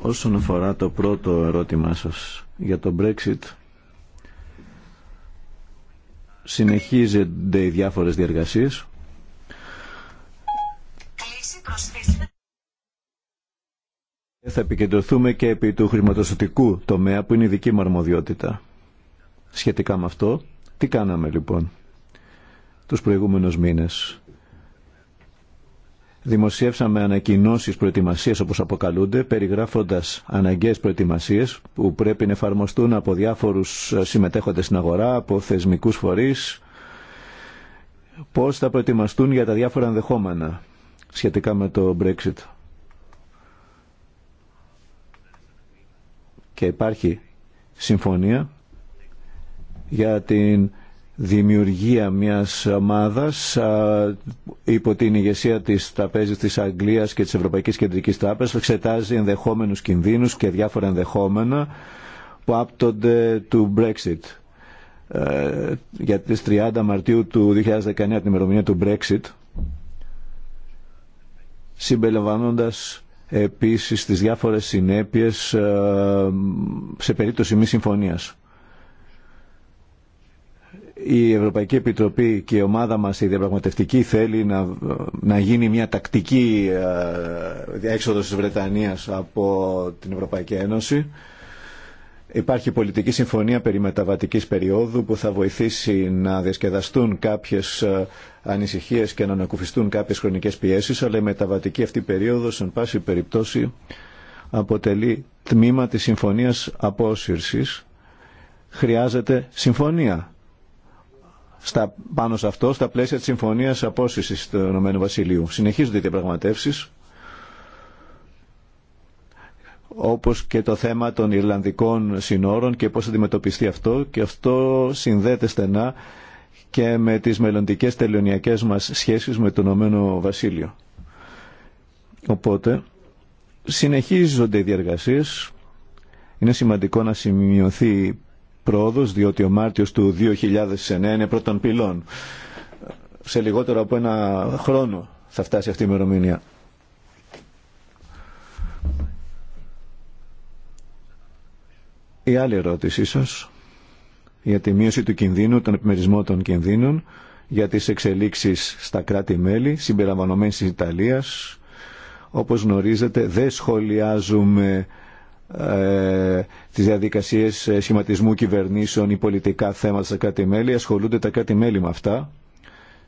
όσον αφορά το πρώτο ερώτημά σας για το Brexit, συνεχίζονται οι διάφορες διεργασίες. Θα επικεντρωθούμε και επί του χρηματοστοτικού τομέα που είναι η δική μου αρμοδιότητα σχετικά με αυτό. Τι κάναμε λοιπόν τους προηγούμενους μήνες. Δημοσιεύσαμε ανακοινώσεις προετοιμασίες όπως αποκαλούνται, περιγράφοντας αναγκαίες προετοιμασίες που πρέπει να εφαρμοστούν από διάφορους συμμετέχοντες στην αγορά, από θεσμικούς φορείς, πώς θα προετοιμαστούν για τα διάφορα ενδεχόμενα σχετικά με το Brexit. Και υπάρχει συμφωνία για την δημιουργία μιας ομάδας υπό την ηγεσία της Τραπέζης της Αγγλίας και της Ευρωπαϊκής Κεντρικής Τράπεζας εξετάζει ενδεχόμενους κινδύνους και διάφορα ενδεχόμενα που άπτονται του Brexit. Ε, για τις 30 Μαρτίου του 2019 την ημερομηνία του Brexit συμπεριλαμβάνοντας επίσης τις διάφορες συνέπειες ε, σε περίπτωση μη συμφωνίας η Ευρωπαϊκή Επιτροπή και η ομάδα μας η διαπραγματευτική θέλει να, να γίνει μια τακτική ε, έξοδος της Βρετανίας από την Ευρωπαϊκή Ένωση. Υπάρχει πολιτική συμφωνία περί μεταβατικής περίοδου που θα βοηθήσει να διασκεδαστούν κάποιες ε, ανησυχίες και να ανακουφιστούν κάποιες χρονικές πιέσεις, αλλά η μεταβατική αυτή περίοδος, εν πάση περιπτώσει, αποτελεί τμήμα της συμφωνίας απόσυρσης. Χρειάζεται συμφωνία στα, πάνω σε αυτό στα πλαίσια της συμφωνίας απόσυσης του Ηνωμένου Βασιλείου. Συνεχίζονται οι διαπραγματεύσεις όπως και το θέμα των Ιρλανδικών συνόρων και πώς αντιμετωπιστεί αυτό και αυτό συνδέεται στενά και με τις μελλοντικές τελειωνιακές μας σχέσεις με το Ηνωμένο Βασίλειο. Οπότε συνεχίζονται οι διαργασίες. Είναι σημαντικό να σημειωθεί πρόοδος διότι ο Μάρτιος του 2009 είναι πρώτον πυλών. Σε λιγότερο από ένα χρόνο θα φτάσει αυτή η ημερομηνία. Η άλλη ερώτηση ίσως για τη μείωση του κινδύνου, τον επιμερισμό των κινδύνων, για τις εξελίξεις στα κράτη-μέλη, συμπεριλαμβανομένης της Ιταλίας. Όπως γνωρίζετε δεν σχολιάζουμε ε, τις διαδικασίες ε, σχηματισμού κυβερνήσεων ή πολιτικά θέματα στα κάτι μελη Ασχολούνται τα κάτι μελη με αυτά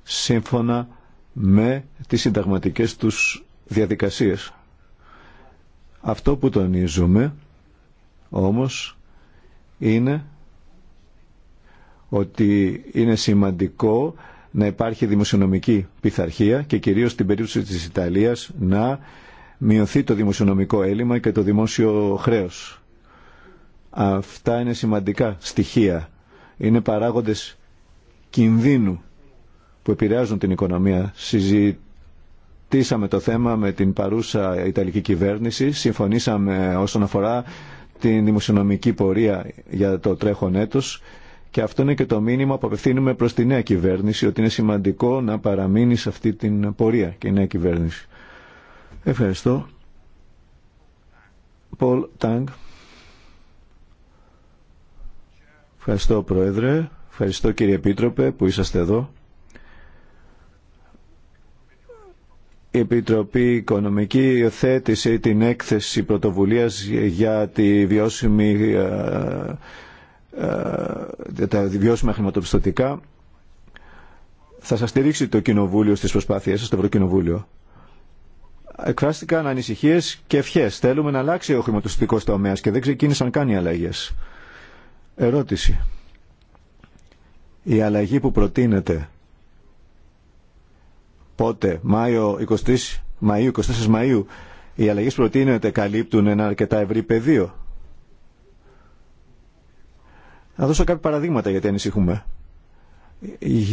σύμφωνα με τις συνταγματικές τους διαδικασίες. Αυτό που τονίζουμε όμως είναι ότι είναι σημαντικό να υπάρχει δημοσιονομική πειθαρχία και κυρίως στην περίπτωση της Ιταλίας να μειωθεί το δημοσιονομικό έλλειμμα και το δημόσιο χρέος. Αυτά είναι σημαντικά στοιχεία. Είναι παράγοντες κινδύνου που επηρεάζουν την οικονομία. Συζητήσαμε το θέμα με την παρούσα Ιταλική κυβέρνηση, συμφωνήσαμε όσον αφορά την δημοσιονομική πορεία για το τρέχον έτος και αυτό είναι και το μήνυμα που απευθύνουμε προς τη νέα κυβέρνηση ότι είναι σημαντικό να παραμείνει σε αυτή την πορεία και η νέα κυβέρνηση. Ευχαριστώ. Πολ Τάγκ. Ευχαριστώ Πρόεδρε. Ευχαριστώ κύριε Επίτροπε που είσαστε εδώ. Η Επιτροπή Οικονομική υιοθέτησε την έκθεση πρωτοβουλίας για τη βιώσιμη, ε, ε, τα βιώσιμα χρηματοπιστωτικά. Θα σας στηρίξει το Κοινοβούλιο στις προσπάθειές σας, το Ευρωκοινοβούλιο εκφράστηκαν ανησυχίε και ευχέ. Θέλουμε να αλλάξει ο χρηματοστικό τομέα και δεν ξεκίνησαν καν οι αλλαγέ. Ερώτηση. Η αλλαγή που προτείνεται πότε, Μάιο 23 Μαΐου, 24 Μαΐου, οι αλλαγές που προτείνεται καλύπτουν ένα αρκετά ευρύ πεδίο. Να δώσω κάποια παραδείγματα γιατί ανησυχούμε.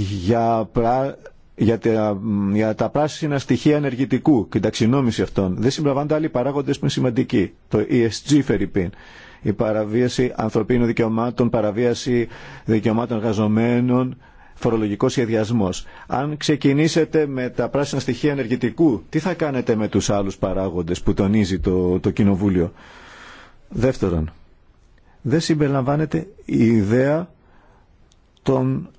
Για, πρα για τα, για τα πράσινα στοιχεία ενεργητικού και την ταξινόμηση αυτών. Δεν συμπεριλαμβάνονται άλλοι παράγοντε που είναι σημαντικοί. Το ESG, Φερρυπίν. Η παραβίαση ανθρωπίνων δικαιωμάτων, παραβίαση δικαιωμάτων εργαζομένων, φορολογικό σχεδιασμό. Αν ξεκινήσετε με τα πράσινα στοιχεία ενεργητικού, τι θα κάνετε με του άλλου παράγοντε που τονίζει το, το Κοινοβούλιο. Δεύτερον, δεν συμπεριλαμβάνεται η ιδέα των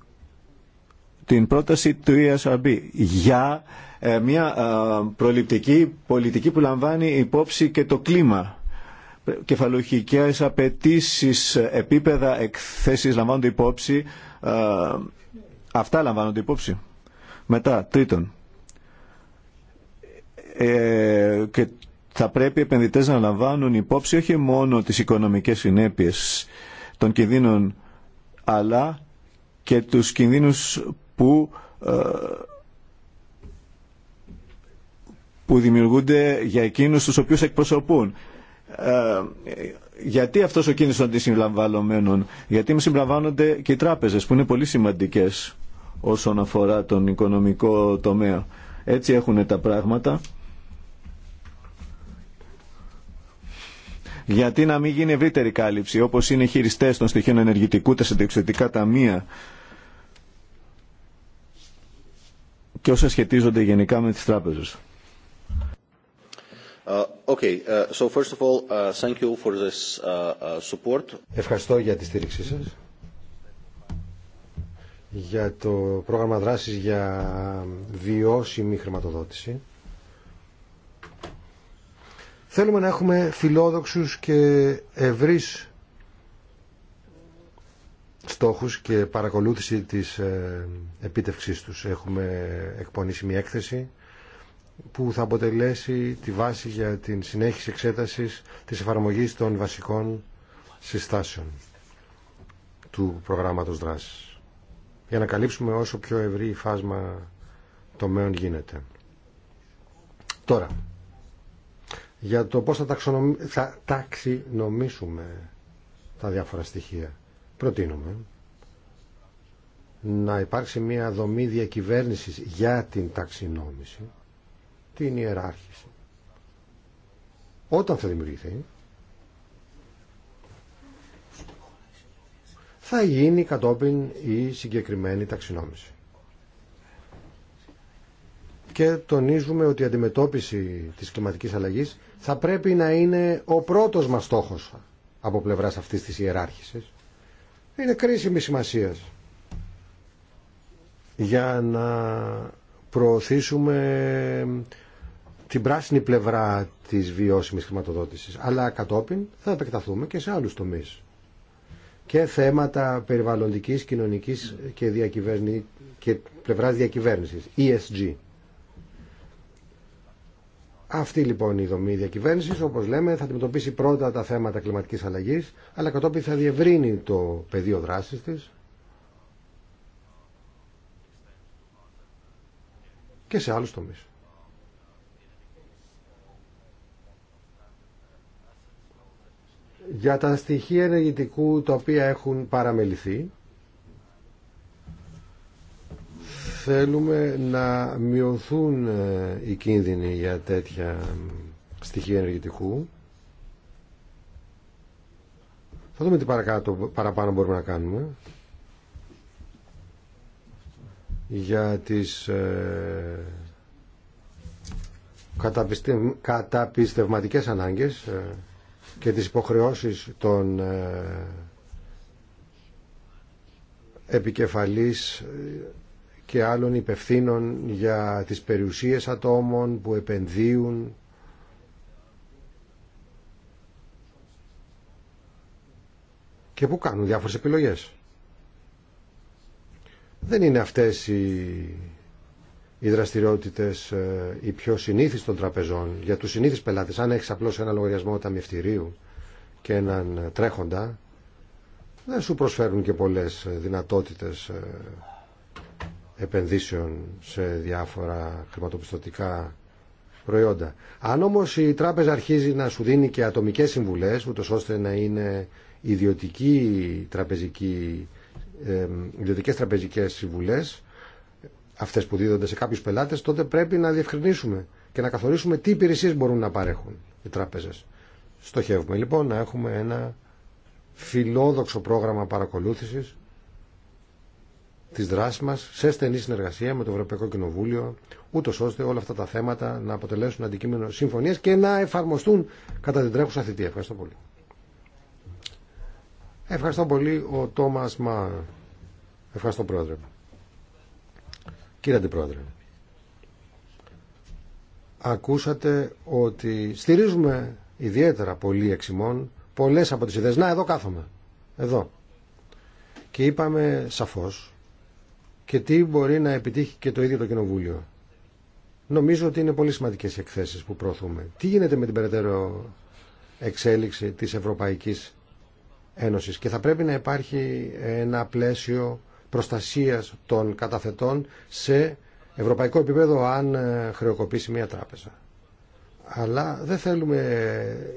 την πρόταση του ESRB για ε, μια ε, προληπτική πολιτική που λαμβάνει υπόψη και το κλίμα. Κεφαλουχικές απαιτήσει, επίπεδα εκθέσεις λαμβάνονται υπόψη. Ε, αυτά λαμβάνονται υπόψη. Μετά, τρίτον, και θα πρέπει οι επενδυτές να λαμβάνουν υπόψη όχι μόνο τις οικονομικές συνέπειες των κινδύνων, αλλά και τους κινδύνους που, ε, που δημιουργούνται για εκείνους τους οποίους εκπροσωπούν. Ε, γιατί αυτός ο κίνδυνος των γιατί με συμπλαμβάνονται και οι τράπεζες που είναι πολύ σημαντικές όσον αφορά τον οικονομικό τομέα. Έτσι έχουν τα πράγματα. Γιατί να μην γίνει ευρύτερη κάλυψη, όπως είναι οι χειριστές των στοιχείων ενεργητικού, τα συντεξιωτικά ταμεία, και όσα σχετίζονται γενικά με τις τράπεζες. Ευχαριστώ για τη στήριξή σας. Για το πρόγραμμα δράσης για βιώσιμη χρηματοδότηση. Θέλουμε να έχουμε φιλόδοξους και ευρύς στόχους και παρακολούθηση της ε, επίτευξής τους. Έχουμε εκπονήσει μια έκθεση που θα αποτελέσει τη βάση για την συνέχιση εξέτασης της εφαρμογής των βασικών συστάσεων του προγράμματος δράσης για να καλύψουμε όσο πιο ευρύ φάσμα τομέων γίνεται. Τώρα, για το πώς θα, ταξινομήσουμε τα διάφορα στοιχεία προτείνουμε να υπάρξει μια δομή διακυβέρνησης για την ταξινόμηση, την ιεράρχηση. Όταν θα δημιουργηθεί, θα γίνει κατόπιν η συγκεκριμένη ταξινόμηση. Και τονίζουμε ότι η αντιμετώπιση της κλιματικής αλλαγής θα πρέπει να είναι ο πρώτος μας στόχος από πλευράς αυτής της ιεράρχησης είναι κρίσιμη σημασία για να προωθήσουμε την πράσινη πλευρά της βιώσιμης χρηματοδότησης. Αλλά κατόπιν θα επεκταθούμε και σε άλλους τομείς. Και θέματα περιβαλλοντικής, κοινωνικής και, διακυβέρνη... και πλευράς διακυβέρνησης, ESG. Αυτή λοιπόν η δομή διακυβέρνηση, όπω λέμε, θα αντιμετωπίσει πρώτα τα θέματα κλιματική αλλαγή, αλλά κατόπιν θα διευρύνει το πεδίο δράση τη. και σε άλλους τομείς. Για τα στοιχεία ενεργητικού τα οποία έχουν παραμεληθεί, θέλουμε να μειωθούν ε, οι κίνδυνοι για τέτοια στοιχεία ενεργητικού. Θα δούμε τι παρακάτω, παραπάνω μπορούμε να κάνουμε για τις ε, καταπιστε, καταπιστευματικές ανάγκες ε, και τις υποχρεώσεις των ε, επικεφαλής ε, και άλλων υπευθύνων για τις περιουσίες ατόμων που επενδύουν και που κάνουν διάφορες επιλογές. Δεν είναι αυτές οι, οι δραστηριότητες ε, οι πιο συνήθεις των τραπεζών. Για τους συνήθεις πελάτες, αν έχεις απλώς ένα λογαριασμό ταμιευτηρίου και έναν τρέχοντα, δεν σου προσφέρουν και πολλές δυνατότητες ε, επενδύσεων σε διάφορα χρηματοπιστωτικά προϊόντα. Αν όμως η τράπεζα αρχίζει να σου δίνει και ατομικές συμβουλές, ούτως ώστε να είναι ιδιωτική τραπεζική, ιδιωτικές τραπεζικές συμβουλές, αυτές που δίδονται σε κάποιους πελάτες, τότε πρέπει να διευκρινίσουμε και να καθορίσουμε τι υπηρεσίες μπορούν να παρέχουν οι τράπεζες. Στοχεύουμε λοιπόν να έχουμε ένα φιλόδοξο πρόγραμμα παρακολούθησης τις δράση μας σε στενή συνεργασία με το Ευρωπαϊκό Κοινοβούλιο, ούτως ώστε όλα αυτά τα θέματα να αποτελέσουν αντικείμενο συμφωνίας και να εφαρμοστούν κατά την τρέχουσα θητεία. Ευχαριστώ πολύ. Ευχαριστώ πολύ ο Τόμας Μα. Ευχαριστώ πρόεδρε. Κύριε Αντιπρόεδρε, ακούσατε ότι στηρίζουμε ιδιαίτερα πολύ ημών πολλές από τις ιδέες. Να, εδώ κάθομαι. Εδώ. Και είπαμε σαφώς και τι μπορεί να επιτύχει και το ίδιο το Κοινοβούλιο. Νομίζω ότι είναι πολύ σημαντικές οι εκθέσεις που προωθούμε. Τι γίνεται με την περαιτέρω εξέλιξη της Ευρωπαϊκής Ένωσης και θα πρέπει να υπάρχει ένα πλαίσιο προστασίας των καταθετών σε ευρωπαϊκό επίπεδο αν ε, χρεοκοπήσει μια τράπεζα. Αλλά δεν θέλουμε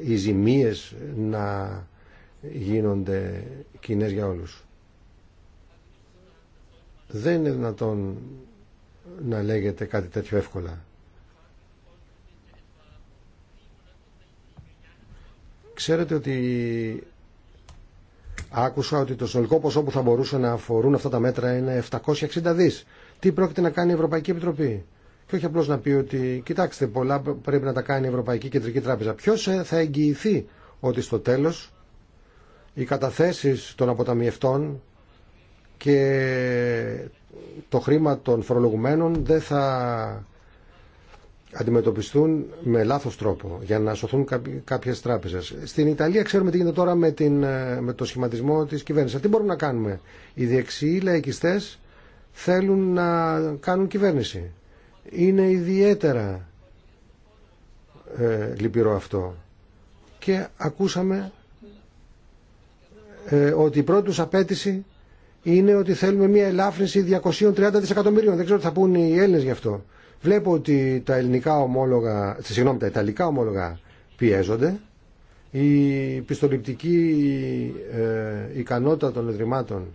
ε, οι ζημίες να γίνονται κοινέ για όλους. Δεν είναι δυνατόν να λέγεται κάτι τέτοιο εύκολα. Ξέρετε ότι άκουσα ότι το συνολικό ποσό που θα μπορούσε να αφορούν αυτά τα μέτρα είναι 760 δις. Τι πρόκειται να κάνει η Ευρωπαϊκή Επιτροπή. Και όχι απλώς να πει ότι κοιτάξτε πολλά πρέπει να τα κάνει η Ευρωπαϊκή Κεντρική Τράπεζα. Ποιος ε, θα εγγυηθεί ότι στο τέλος οι καταθέσεις των αποταμιευτών και το χρήμα των φορολογουμένων δεν θα αντιμετωπιστούν με λάθος τρόπο για να σωθούν κάποιες τράπεζες. Στην Ιταλία ξέρουμε τι γίνεται τώρα με, την, το σχηματισμό της κυβέρνησης. Τι μπορούμε να κάνουμε. Οι δεξιοί λαϊκιστές θέλουν να κάνουν κυβέρνηση. Είναι ιδιαίτερα ε, λυπηρό αυτό. Και ακούσαμε ε, ότι η πρώτη τους απέτηση είναι ότι θέλουμε μια ελάφρυνση 230 δισεκατομμυρίων. Δεν ξέρω τι θα πούνε οι Έλληνε γι' αυτό. Βλέπω ότι τα ελληνικά ομόλογα, συγγνώμη, τα ιταλικά ομόλογα πιέζονται. Η πιστοληπτική ε, ικανότητα των ιδρυμάτων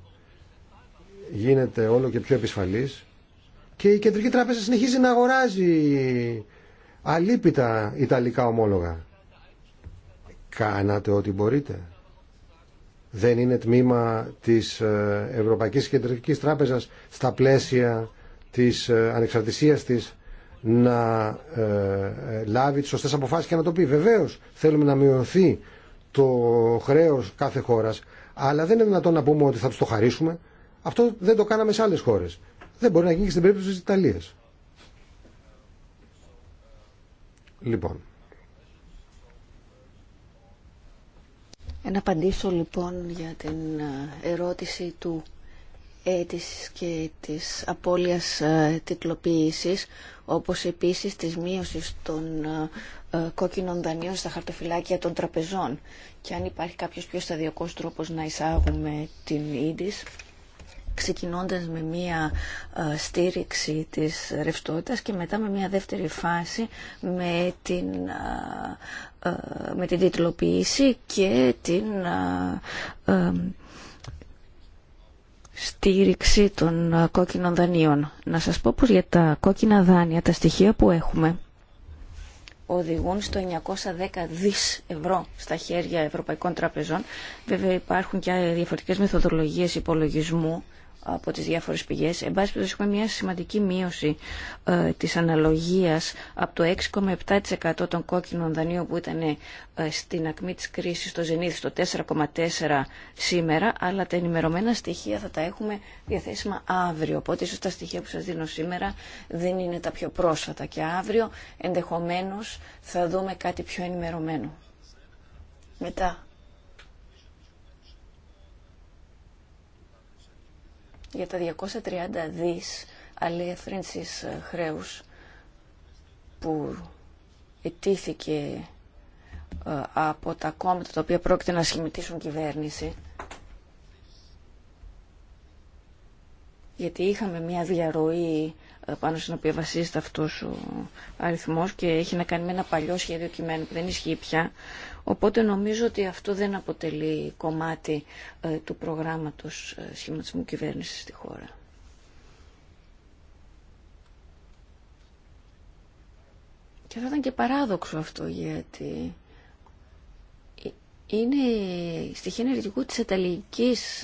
γίνεται όλο και πιο επισφαλής και η Κεντρική Τράπεζα συνεχίζει να αγοράζει αλίπητα ιταλικά ομόλογα. Κάνατε ό,τι μπορείτε δεν είναι τμήμα της ε, Ευρωπαϊκής Κεντρικής Τράπεζας στα πλαίσια της ε, ανεξαρτησίας της να ε, λάβει τις σωστές αποφάσεις και να το πει. Βεβαίως θέλουμε να μειωθεί το χρέος κάθε χώρας, αλλά δεν είναι δυνατόν να πούμε ότι θα τους το χαρίσουμε. Αυτό δεν το κάναμε σε άλλες χώρες. Δεν μπορεί να γίνει και στην περίπτωση της Ιταλίας. Λοιπόν, Ε, να απαντήσω λοιπόν για την ε, ερώτηση του έτης και της απώλειας ε, τιτλοποίησης, όπως επίσης της μείωσης των κόκκινων δανείων στα χαρτοφυλάκια των τραπεζών. Και αν υπάρχει κάποιος πιο σταδιακός τρόπος να εισάγουμε την ίδις, ξεκινώντας με μία ε, στήριξη της ρευστότητας και μετά με μία δεύτερη φάση με την, ε, ε, με την τίτλοποίηση και την στήριξη των κόκκινων δανείων. Να σας πω πως για τα κόκκινα δάνεια, τα στοιχεία που έχουμε, οδηγούν στο 910 δις ευρώ στα χέρια ευρωπαϊκών τραπεζών. Βέβαια υπάρχουν και διαφορετικές μεθοδολογίες υπολογισμού από τις διάφορες πηγές. Εν πάση περιπτώσει έχουμε μια σημαντική μείωση ε, της αναλογίας από το 6,7% των κόκκινων δανείων που ήταν ε, στην ακμή της κρίσης στο Ζενίδη στο 4,4% σήμερα, αλλά τα ενημερωμένα στοιχεία θα τα έχουμε διαθέσιμα αύριο. Οπότε ίσως τα στοιχεία που σας δίνω σήμερα δεν είναι τα πιο πρόσφατα και αύριο ενδεχομένως θα δούμε κάτι πιο ενημερωμένο. Μετά, για τα 230 δις αλληλευθρύνσης ε, χρέους που ετήθηκε ε, από τα κόμματα τα οποία πρόκειται να σχημητήσουν κυβέρνηση γιατί είχαμε μια διαρροή ε, πάνω στην οποία βασίζεται αυτός ο αριθμός και έχει να κάνει με ένα παλιό σχέδιο κειμένου που δεν ισχύει πια Οπότε νομίζω ότι αυτό δεν αποτελεί κομμάτι ε, του προγράμματος ε, σχηματισμού κυβέρνησης στη χώρα. Και θα ήταν και παράδοξο αυτό γιατί ε, είναι στοιχεία ενεργητικού της ιταλικής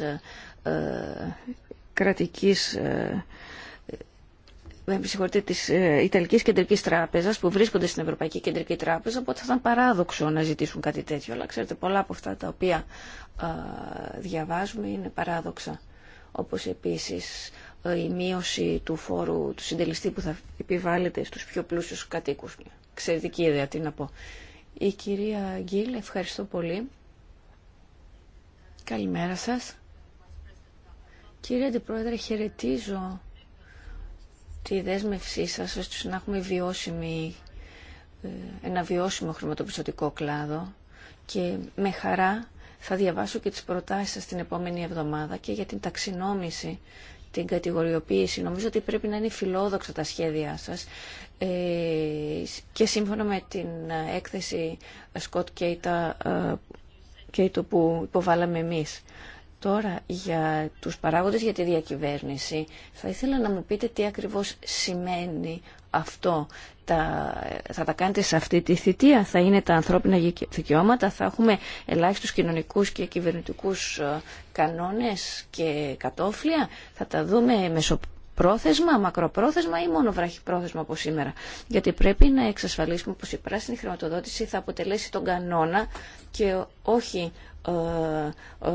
ε, κρατικής συγχωρείτε, της ε, Ιταλικής Κεντρικής Τράπεζας που βρίσκονται στην Ευρωπαϊκή Κεντρική Τράπεζα, οπότε θα ήταν παράδοξο να ζητήσουν κάτι τέτοιο. Αλλά ξέρετε, πολλά από αυτά τα οποία διαβάζουμε είναι παράδοξα. Όπως επίσης ε, η μείωση του φόρου του συντελεστή που θα επιβάλλεται στους πιο πλούσιους κατοίκους. Ξερδική ιδέα, τι να πω. Η κυρία Γκίλ, ευχαριστώ πολύ. Καλημέρα σας. Κύριε Αντιπρόεδρε, χαιρετίζω τη δέσμευσή σας ώστε να έχουμε βιώσιμη, ε, ένα βιώσιμο χρηματοπιστωτικό κλάδο και με χαρά θα διαβάσω και τις προτάσεις σας την επόμενη εβδομάδα και για την ταξινόμηση, την κατηγοριοποίηση. Νομίζω ότι πρέπει να είναι φιλόδοξα τα σχέδιά σας ε, και σύμφωνα με την έκθεση Scott το ε, που υποβάλαμε εμείς. Τώρα για τους παράγοντες για τη διακυβέρνηση θα ήθελα να μου πείτε τι ακριβώς σημαίνει αυτό. Τα, θα τα κάνετε σε αυτή τη θητεία, θα είναι τα ανθρώπινα δικαιώματα, θα έχουμε ελάχιστους κοινωνικούς και κυβερνητικούς ε, κανόνες και κατόφλια, θα τα δούμε μεσοπρόθεσμα, μακροπρόθεσμα ή μόνο βραχυπρόθεσμα από σήμερα. Γιατί πρέπει να εξασφαλίσουμε πως η πράσινη χρηματοδότηση θα αποτελέσει τον κανόνα και όχι ε, ε,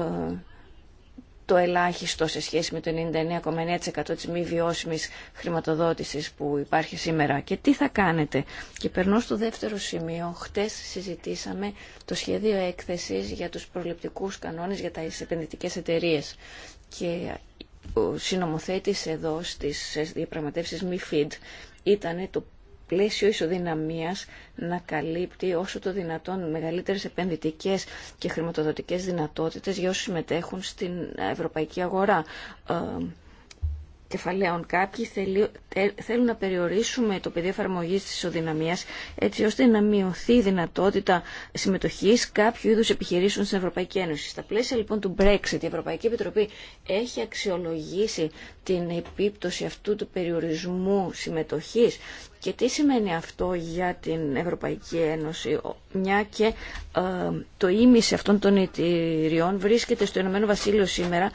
το ελάχιστο σε σχέση με το 99,9% της μη βιώσιμης χρηματοδότησης που υπάρχει σήμερα. Και τι θα κάνετε. Και περνώ στο δεύτερο σημείο. Χτες συζητήσαμε το σχέδιο έκθεσης για τους προληπτικούς κανόνες για τις επενδυτικές εταιρείε. Και ο συνομοθέτης εδώ στις διαπραγματεύσεις MIFID ήταν το πλαίσιο ισοδυναμίας να καλύπτει όσο το δυνατόν μεγαλύτερες επενδυτικές και χρηματοδοτικές δυνατότητες για όσους συμμετέχουν στην ευρωπαϊκή αγορά ε, κεφαλαίων. Κάποιοι θέλουν, να περιορίσουμε το πεδίο εφαρμογή τη ισοδυναμία έτσι ώστε να μειωθεί η δυνατότητα συμμετοχή κάποιου είδου επιχειρήσεων στην Ευρωπαϊκή Ένωση. Στα πλαίσια λοιπόν του Brexit, η Ευρωπαϊκή Επιτροπή έχει αξιολογήσει την επίπτωση αυτού του περιορισμού συμμετοχή και τι σημαίνει αυτό για την Ευρωπαϊκή Ένωση, μια και ε, το ίμιση αυτών των εταιριών βρίσκεται στο Ηνωμένο Βασίλειο σήμερα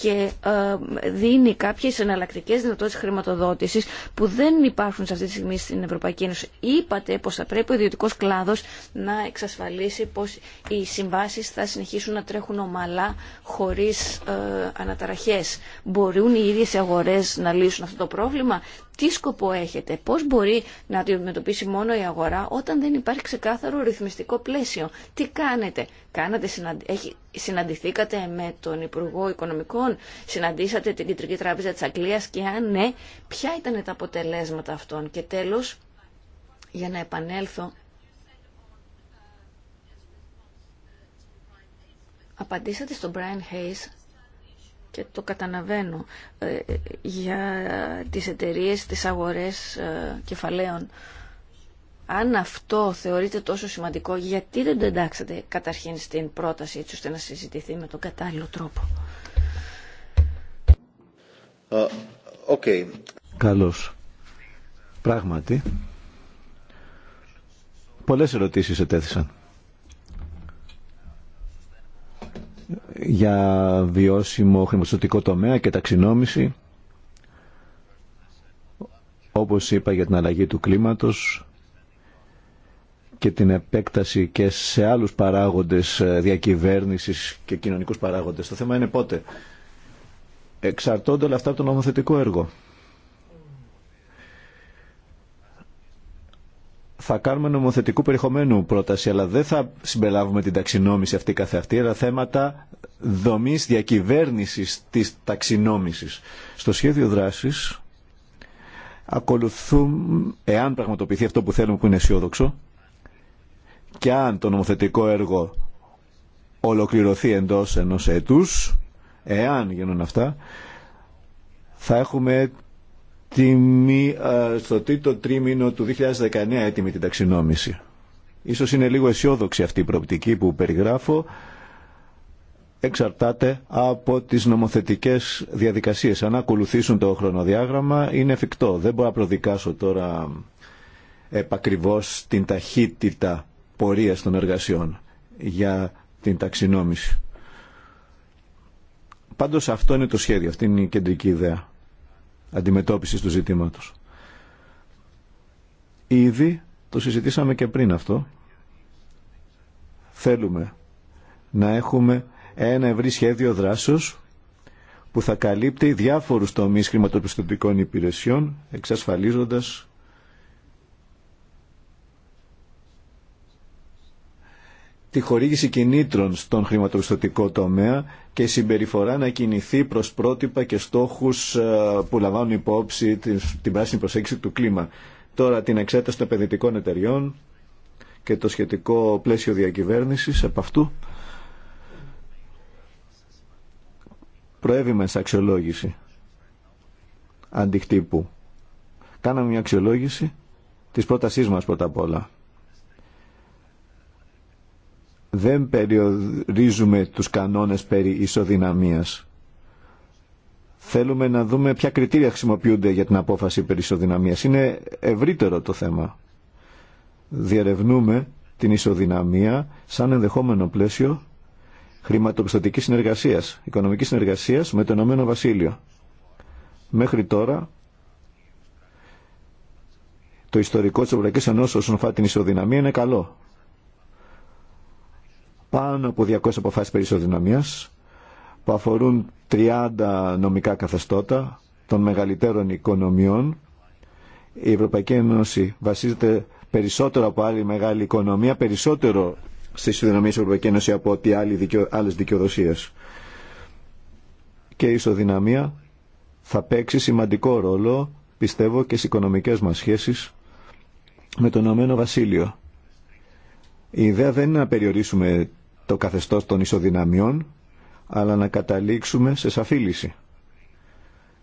και ε, δίνει κάποιες εναλλακτικές δυνατότητες χρηματοδότησης που δεν υπάρχουν σε αυτή τη στιγμή στην Ευρωπαϊκή Ένωση. Είπατε πως θα πρέπει ο ιδιωτικός κλάδος να εξασφαλίσει πως οι συμβάσεις θα συνεχίσουν να τρέχουν ομαλά χωρίς ε, αναταραχές. Μπορούν οι ίδιες οι αγορές να λύσουν αυτό το πρόβλημα. Τι σκοπό έχετε, πώς μπορεί να αντιμετωπίσει μόνο η αγορά όταν δεν υπάρχει ξεκάθαρο ρυθμιστικό πλαίσιο. Τι κάνετε, κάνατε, συναντηθήκατε με τον Υπουργό Οικονομικών, συναντήσατε την Κεντρική Τράπεζα τη Αγγλία και αν ναι, ποια ήταν τα αποτελέσματα αυτών. Και τέλος, για να επανέλθω απαντήσατε στον Brian Hayes και το καταλαβαίνω ε, για τις εταιρείες, τις αγορές ε, κεφαλαίων. Αν αυτό θεωρείται τόσο σημαντικό, γιατί δεν το εντάξατε καταρχήν στην πρόταση έτσι ώστε να συζητηθεί με τον κατάλληλο τρόπο. Uh, okay. Καλώς. Πράγματι, πολλές ερωτήσεις ετέθησαν. για βιώσιμο χρηματοδοτικό τομέα και ταξινόμηση όπως είπα για την αλλαγή του κλίματος και την επέκταση και σε άλλους παράγοντες ε, διακυβέρνησης και κοινωνικούς παράγοντες. Το θέμα είναι πότε. Εξαρτώνται όλα αυτά από το νομοθετικό έργο. θα κάνουμε νομοθετικού περιεχομένου πρόταση, αλλά δεν θα συμπεριλάβουμε την ταξινόμηση αυτή καθεαυτή, αλλά θέματα δομή διακυβέρνηση τη ταξινόμησης. Στο σχέδιο δράση ακολουθούμε, εάν πραγματοποιηθεί αυτό που θέλουμε που είναι αισιόδοξο, και αν το νομοθετικό έργο ολοκληρωθεί εντός ενός έτους, εάν γίνουν αυτά, θα έχουμε τιμή, ε, στο τρίτο τρίμηνο του 2019 έτοιμη την ταξινόμηση. Ίσως είναι λίγο αισιόδοξη αυτή η προοπτική που περιγράφω. Εξαρτάται από τις νομοθετικές διαδικασίες. Αν ακολουθήσουν το χρονοδιάγραμμα είναι εφικτό. Δεν μπορώ να προδικάσω τώρα επακριβώς την ταχύτητα πορείας των εργασιών για την ταξινόμηση. Πάντως αυτό είναι το σχέδιο, αυτή είναι η κεντρική ιδέα αντιμετώπισης του ζητήματος. Ήδη το συζητήσαμε και πριν αυτό. Θέλουμε να έχουμε ένα ευρύ σχέδιο δράσεως που θα καλύπτει διάφορους τομείς χρηματοπιστωτικών υπηρεσιών εξασφαλίζοντας τη χορήγηση κινήτρων στον χρηματοπιστωτικό τομέα και συμπεριφορά να κινηθεί προς πρότυπα και στόχους ε, που λαμβάνουν υπόψη την πράσινη προσέγγιση του κλίμα. Τώρα την εξέταση των επενδυτικών εταιριών και το σχετικό πλαίσιο διακυβέρνησης από αυτού προέβημε σε αξιολόγηση αντιχτύπου. Κάναμε μια αξιολόγηση της πρότασής μας πρώτα απ' όλα δεν περιορίζουμε τους κανόνες περί ισοδυναμίας. Θέλουμε να δούμε ποια κριτήρια χρησιμοποιούνται για την απόφαση περί ισοδυναμίας. Είναι ευρύτερο το θέμα. Διερευνούμε την ισοδυναμία σαν ενδεχόμενο πλαίσιο χρηματοπιστωτικής συνεργασίας, οικονομικής συνεργασίας με το Ηνωμένο Βασίλειο. Μέχρι τώρα το ιστορικό της Ευρωπαϊκή Ενώσης όσον αφορά την ισοδυναμία είναι καλό πάνω από 200 αποφάσεις περί ισοδυναμίας που αφορούν 30 νομικά καθεστώτα των μεγαλύτερων οικονομιών. Η Ευρωπαϊκή Ένωση βασίζεται περισσότερο από άλλη μεγάλη οικονομία, περισσότερο στι ισοδυναμίε της Ευρωπαϊκής Ένωση από ότι άλλε δικαιοδοσίε. Και η ισοδυναμία θα παίξει σημαντικό ρόλο, πιστεύω, και στις οικονομικέ μα σχέσει με το Ηνωμένο Βασίλειο. Η ιδέα δεν είναι να περιορίσουμε το καθεστώς των ισοδυναμιών, αλλά να καταλήξουμε σε σαφήλιση,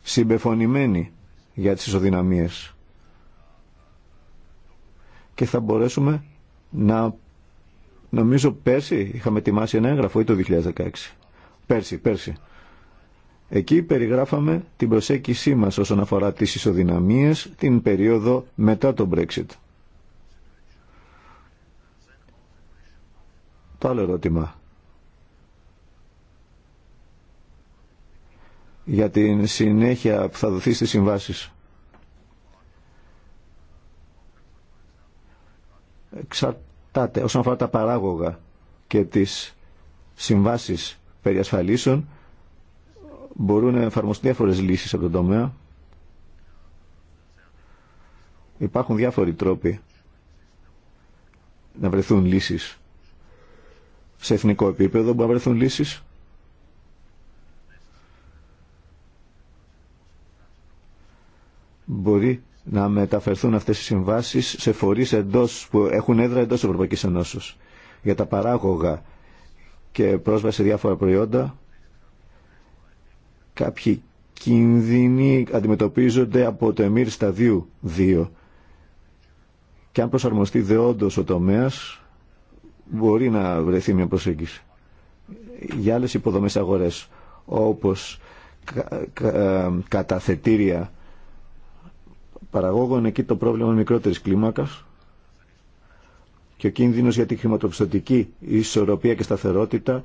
συμπεφωνημένη για τις ισοδυναμίες. Και θα μπορέσουμε να, νομίζω πέρσι είχαμε ετοιμάσει ένα έγγραφο ή το 2016. Πέρσι, πέρσι. Εκεί περιγράφαμε την προσέγγισή μας όσον αφορά τις ισοδυναμίες την περίοδο μετά το Brexit. Το άλλο ερώτημα. Για την συνέχεια που θα δοθεί στις συμβάσεις. Εξαρτάται όσον αφορά τα παράγωγα και τις συμβάσεις περί ασφαλίσεων μπορούν να εφαρμοστούν διάφορες λύσεις από τον τομέα. Υπάρχουν διάφοροι τρόποι να βρεθούν λύσεις σε εθνικό επίπεδο μπορεί να βρεθούν λύσεις. Μπορεί να μεταφερθούν αυτές οι συμβάσεις σε φορείς εντός, που έχουν έδρα εντός Ευρωπαϊκής Ενώσεως. Για τα παράγωγα και πρόσβαση σε διάφορα προϊόντα, κάποιοι κίνδυνοι αντιμετωπίζονται από το στα σταδίου 2. Και αν προσαρμοστεί δεόντως ο τομέας, μπορεί να βρεθεί μια προσέγγιση για άλλες υποδομές αγορές όπως ε, καταθετήρια παραγόγων εκεί το πρόβλημα μικρότερης κλίμακας και ο κίνδυνος για τη χρηματοπιστωτική ισορροπία και σταθερότητα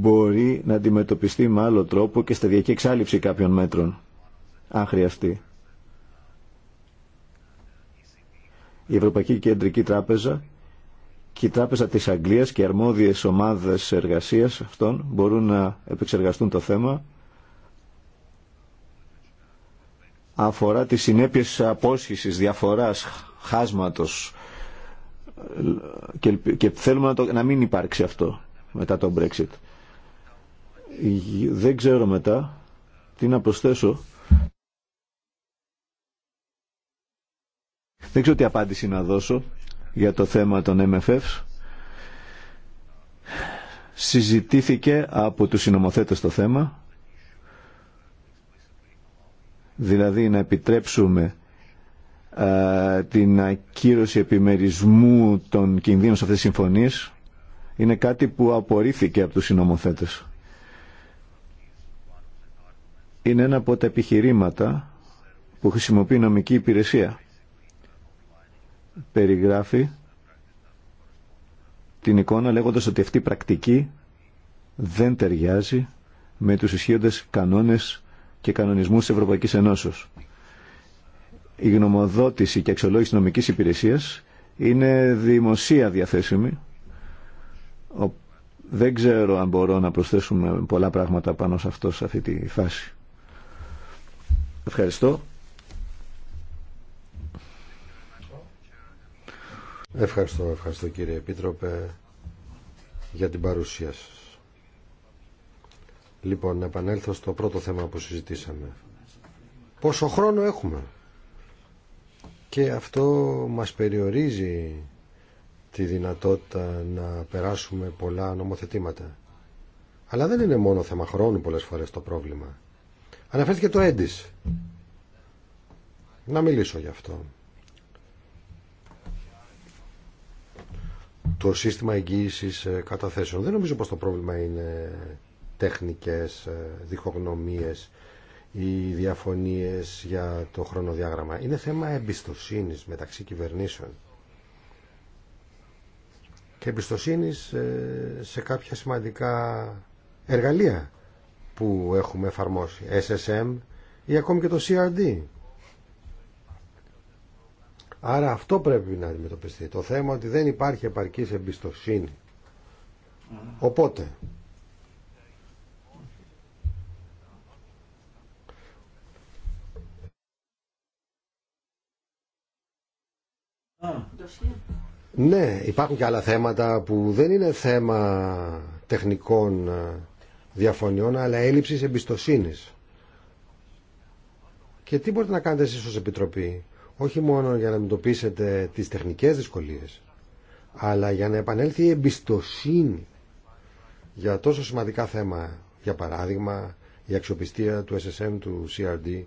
μπορεί να αντιμετωπιστεί με άλλο τρόπο και σταδιακή εξάλληψη κάποιων μέτρων αν χρειαστεί. η Ευρωπαϊκή Κεντρική Τράπεζα και η Τράπεζα της Αγγλίας και αρμόδιες ομάδες εργασίας αυτών μπορούν να επεξεργαστούν το θέμα αφορά τις συνέπειες απόσχησης, διαφοράς, χάσματος και θέλουμε να, να μην υπάρξει αυτό μετά το Brexit. Δεν ξέρω μετά τι να προσθέσω Δεν ξέρω τι απάντηση να δώσω για το θέμα των MFF. Συζητήθηκε από τους συνομοθέτες το θέμα, δηλαδή να επιτρέψουμε την ακύρωση επιμερισμού των κινδύνων σε αυτές τις συμφωνίες είναι κάτι που απορρίφθηκε από τους συνομοθέτες. Είναι ένα από τα επιχειρήματα που χρησιμοποιεί η νομική υπηρεσία περιγράφει την εικόνα λέγοντας ότι αυτή η πρακτική δεν ταιριάζει με τους ισχύοντες κανόνες και κανονισμούς της Ευρωπαϊκής Ενώσεως. Η γνωμοδότηση και αξιολόγηση νομικής υπηρεσίας είναι δημοσία διαθέσιμη. Δεν ξέρω αν μπορώ να προσθέσουμε πολλά πράγματα πάνω σε αυτό σε αυτή τη φάση. Ευχαριστώ. Ευχαριστώ, ευχαριστώ κύριε Επίτροπε για την παρουσία σας. Λοιπόν, να επανέλθω στο πρώτο θέμα που συζητήσαμε. Πόσο χρόνο έχουμε. Και αυτό μας περιορίζει τη δυνατότητα να περάσουμε πολλά νομοθετήματα. Αλλά δεν είναι μόνο θέμα χρόνου πολλές φορές το πρόβλημα. Αναφέρθηκε το έντις. Να μιλήσω γι' αυτό. το σύστημα εγγύησης ε, καταθέσεων. Δεν νομίζω πως το πρόβλημα είναι τεχνικές ε, διχογνωμίες ή διαφωνίες για το χρονοδιάγραμμα. Είναι θέμα εμπιστοσύνης μεταξύ κυβερνήσεων και εμπιστοσύνης ε, σε κάποια σημαντικά εργαλεία που έχουμε εφαρμόσει. SSM ή ακόμη και το CRD Άρα αυτό πρέπει να αντιμετωπιστεί. Το θέμα ότι δεν υπάρχει επαρκής εμπιστοσύνη. Οπότε, Ναι, υπάρχουν και άλλα θέματα που δεν είναι θέμα τεχνικών ε, διαφωνιών, αλλά έλλειψης εμπιστοσύνης. Και τι μπορείτε να κάνετε εσείς ως Επιτροπή όχι μόνο για να αντιμετωπίσετε τις τεχνικές δυσκολίες, αλλά για να επανέλθει η εμπιστοσύνη για τόσο σημαντικά θέμα, για παράδειγμα η αξιοπιστία του SSM, του CRD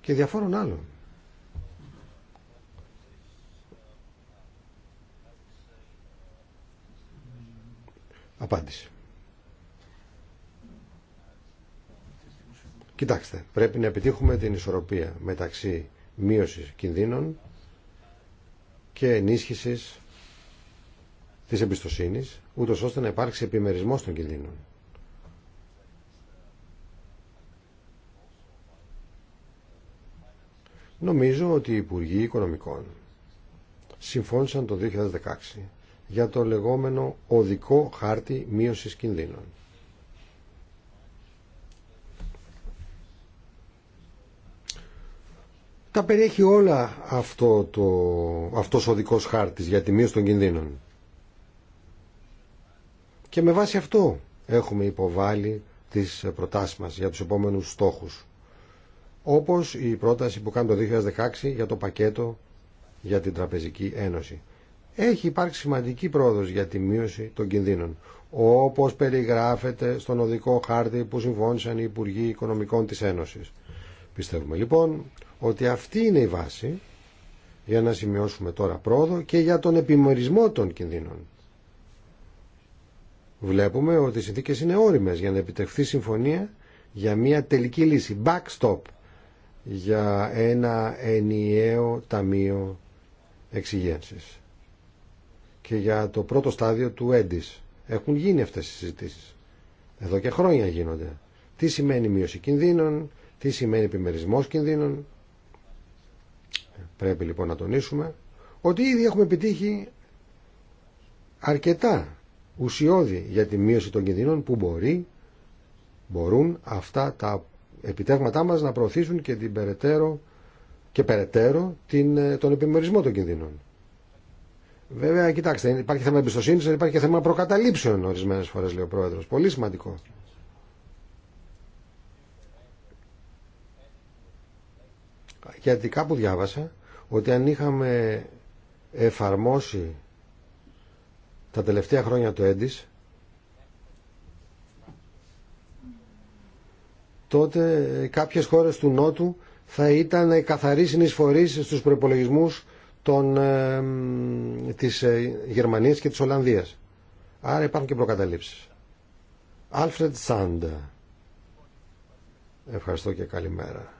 και διαφόρων άλλων. Απάντηση. Κοιτάξτε, πρέπει να επιτύχουμε την ισορροπία μεταξύ μείωσης κινδύνων και ενίσχυσης της εμπιστοσύνης, ούτως ώστε να υπάρξει επιμερισμός των κινδύνων. Νομίζω ότι οι Υπουργοί Οικονομικών συμφώνησαν το 2016 για το λεγόμενο οδικό χάρτη μείωσης κινδύνων. Τα περιέχει όλα αυτό το, αυτός ο δικός χάρτης για τη μείωση των κινδύνων. Και με βάση αυτό έχουμε υποβάλει τις προτάσεις μας για τους επόμενους στόχους. Όπως η πρόταση που κάνει το 2016 για το πακέτο για την Τραπεζική Ένωση. Έχει υπάρξει σημαντική πρόοδος για τη μείωση των κινδύνων, όπως περιγράφεται στον οδικό χάρτη που συμφώνησαν οι Υπουργοί Οικονομικών της Ένωσης. Πιστεύουμε λοιπόν ότι αυτή είναι η βάση για να σημειώσουμε τώρα πρόοδο και για τον επιμερισμό των κινδύνων. Βλέπουμε ότι οι συνθήκε είναι όριμες για να επιτευχθεί συμφωνία για μια τελική λύση, backstop, για ένα ενιαίο ταμείο εξυγένση και για το πρώτο στάδιο του έντις. Έχουν γίνει αυτές οι συζητήσει. Εδώ και χρόνια γίνονται. Τι σημαίνει μείωση κινδύνων, τι σημαίνει επιμερισμός κινδύνων. Πρέπει λοιπόν να τονίσουμε ότι ήδη έχουμε επιτύχει αρκετά ουσιώδη για τη μείωση των κινδύνων που μπορεί, μπορούν αυτά τα επιτεύγματά μας να προωθήσουν και, την περαιτέρω, και περαιτέρω την, ε, τον επιμερισμό των κινδύνων. Βέβαια, κοιτάξτε, υπάρχει θέμα εμπιστοσύνη, υπάρχει και θέμα προκαταλήψεων ορισμένε φορέ, λέει ο Πρόεδρο. Πολύ σημαντικό. γιατί κάπου διάβασα ότι αν είχαμε εφαρμόσει τα τελευταία χρόνια το έντις τότε κάποιες χώρες του Νότου θα ήταν καθαρή συνεισφορή στους προπολογισμού των, ε, της ε, Γερμανίας και της Ολλανδίας. Άρα υπάρχουν και προκαταλήψεις. Άλφρεντ Σάντα. Ευχαριστώ και καλημέρα.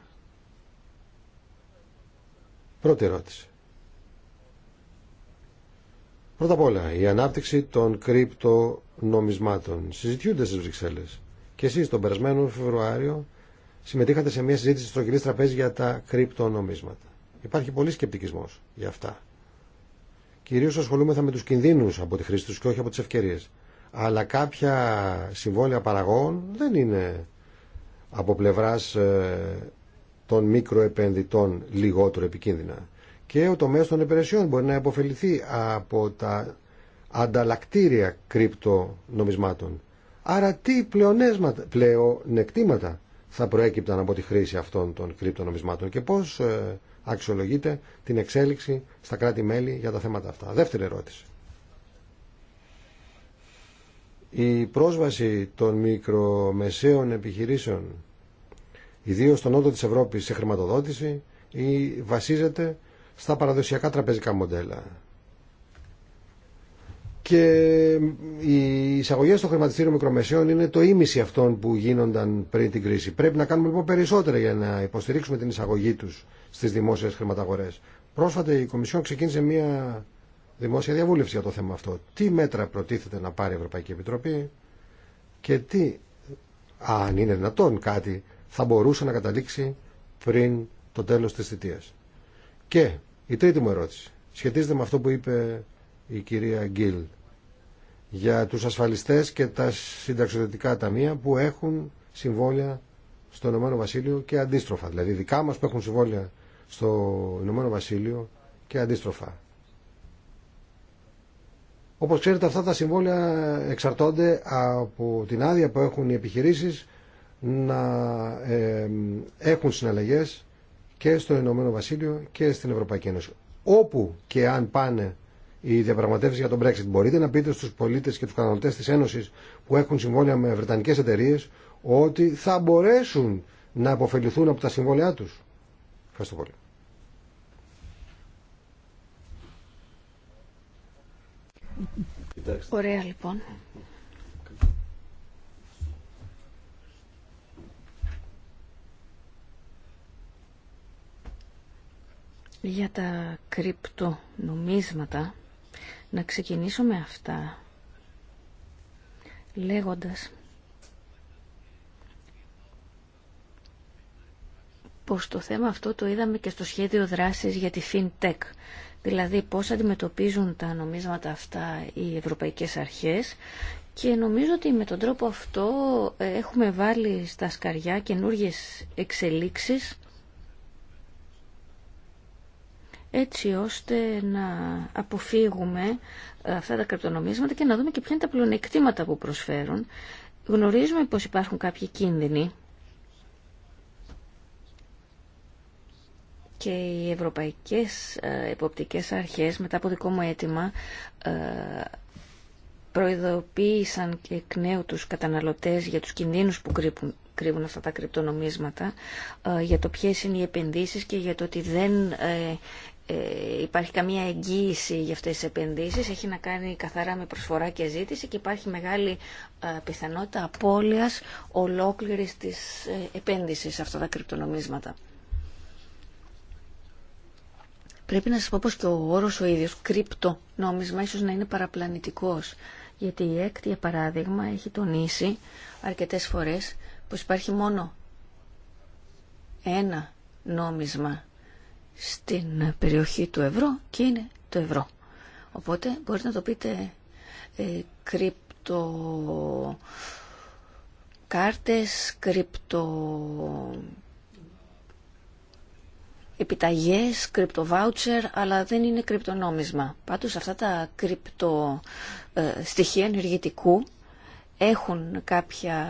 Πρώτη ερώτηση. Πρώτα απ' όλα, η ανάπτυξη των κρυπτονομισμάτων συζητιούνται στις Βρυξέλλες. Και εσείς τον περασμένο Φεβρουάριο συμμετείχατε σε μια συζήτηση στο Κυρίς Τραπέζι για τα κρυπτονομίσματα. Υπάρχει πολύ σκεπτικισμός για αυτά. Κυρίως ασχολούμεθα με τους κινδύνους από τη χρήση τους και όχι από τις ευκαιρίες. Αλλά κάποια συμβόλαια παραγών δεν είναι από πλευράς ε, των μικροεπενδυτών λιγότερο επικίνδυνα. Και ο τομέας των υπηρεσιών μπορεί να υποφεληθεί από τα ανταλλακτήρια κρυπτονομισμάτων. Άρα τι πλεονέσματα, πλεονεκτήματα θα προέκυπταν από τη χρήση αυτών των κρυπτονομισμάτων και πώς ε, αξιολογείται την εξέλιξη στα κράτη-μέλη για τα θέματα αυτά. Δεύτερη ερώτηση. Η πρόσβαση των μικρομεσαίων επιχειρήσεων ιδίω στον νότο τη Ευρώπη σε χρηματοδότηση ή βασίζεται στα παραδοσιακά τραπεζικά μοντέλα. Και οι εισαγωγέ στο χρηματιστήριο μικρομεσαίων είναι το ίμιση αυτών που γίνονταν πριν την κρίση. Πρέπει να κάνουμε λοιπόν περισσότερα για να υποστηρίξουμε την εισαγωγή του στι δημόσιε χρηματαγορέ. Πρόσφατα η Κομισιόν ξεκίνησε μία δημόσια διαβούλευση για το θέμα αυτό. Τι μέτρα προτίθεται να πάρει η Ευρωπαϊκή Επιτροπή και τι, αν είναι δυνατόν κάτι, θα μπορούσε να καταλήξει πριν το τέλος της θητείας. Και η τρίτη μου ερώτηση σχετίζεται με αυτό που είπε η κυρία Γκίλ για τους ασφαλιστές και τα συνταξιδοτικά ταμεία που έχουν συμβόλια στο Ηνωμένο Βασίλειο και αντίστροφα. Δηλαδή δικά μας που έχουν συμβόλαια στο Ηνωμένο Βασίλειο και αντίστροφα. Όπως ξέρετε αυτά τα συμβόλια εξαρτώνται από την άδεια που έχουν οι επιχειρήσεις να ε, έχουν συναλλαγές και στο Ηνωμένο Βασίλειο και στην Ευρωπαϊκή Ένωση. Όπου και αν πάνε οι διαπραγματεύσει για τον Brexit, μπορείτε να πείτε στους πολίτες και του καταναλωτέ της Ένωσης που έχουν συμβόλαια με βρετανικές εταιρείε ότι θα μπορέσουν να αποφεληθούν από τα συμβόλαιά τους. Ευχαριστώ πολύ. Ωραία λοιπόν. για τα κρυπτονομίσματα να ξεκινήσω με αυτά λέγοντας πως το θέμα αυτό το είδαμε και στο σχέδιο δράσης για τη FinTech. Δηλαδή πώς αντιμετωπίζουν τα νομίσματα αυτά οι ευρωπαϊκές αρχές και νομίζω ότι με τον τρόπο αυτό ε, έχουμε βάλει στα σκαριά καινούργιες εξελίξεις έτσι ώστε να αποφύγουμε αυτά τα κρυπτονομίσματα και να δούμε και ποια είναι τα πλεονεκτήματα που προσφέρουν. Γνωρίζουμε πως υπάρχουν κάποιοι κίνδυνοι και οι ευρωπαϊκές ε, εποπτικές αρχές μετά από δικό μου αίτημα ε, προειδοποίησαν εκ νέου τους καταναλωτές για τους κινδύνους που κρύβουν, κρύβουν αυτά τα κρυπτονομίσματα, ε, για το ποιες είναι οι επενδύσεις και για το ότι δεν ε, υπάρχει καμία εγγύηση για αυτές τις επενδύσεις, έχει να κάνει καθαρά με προσφορά και ζήτηση και υπάρχει μεγάλη ε, πιθανότητα απώλειας ολόκληρης της ε, επένδυσης σε αυτά τα κρυπτονομίσματα. Πρέπει να σας πω πως και ο όρος ο ίδιος, κρυπτονόμισμα, ίσως να είναι παραπλανητικός. Γιατί η ΕΚΤ, για παράδειγμα, έχει τονίσει αρκετές φορές πως υπάρχει μόνο ένα νόμισμα στην περιοχή του ευρώ και είναι το ευρώ. Οπότε μπορείτε να το πείτε ε, κρυπτο κάρτες, κρυπτο επιταγές, κρυπτοβάουτσερ, αλλά δεν είναι κρυπτονόμισμα. Πάντως αυτά τα κρυπτο ε, στοιχεία ενεργητικού έχουν κάποια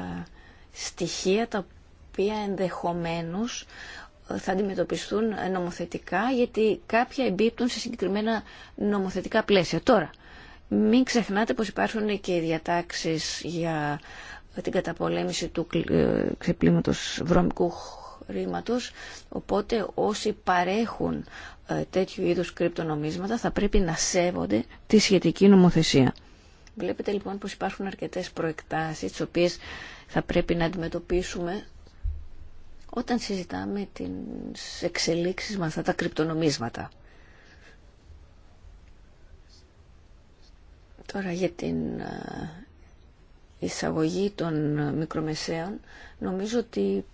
στοιχεία τα οποία ενδεχομένως θα αντιμετωπιστούν ε, νομοθετικά γιατί κάποια εμπίπτουν σε συγκεκριμένα νομοθετικά πλαίσια. Τώρα, μην ξεχνάτε πως υπάρχουν και διατάξεις για την καταπολέμηση του ε, ξεπλήματος βρώμικου χρήματος, οπότε όσοι παρέχουν ε, τέτοιου είδους κρυπτονομίσματα θα πρέπει να σέβονται τη σχετική νομοθεσία. Βλέπετε λοιπόν πως υπάρχουν αρκετές προεκτάσεις τις οποίες θα πρέπει να αντιμετωπίσουμε όταν συζητάμε τις εξελίξεις με αυτά τα κρυπτονομίσματα. Τώρα για την ε, εισαγωγή των ε, μικρομεσαίων νομίζω ότι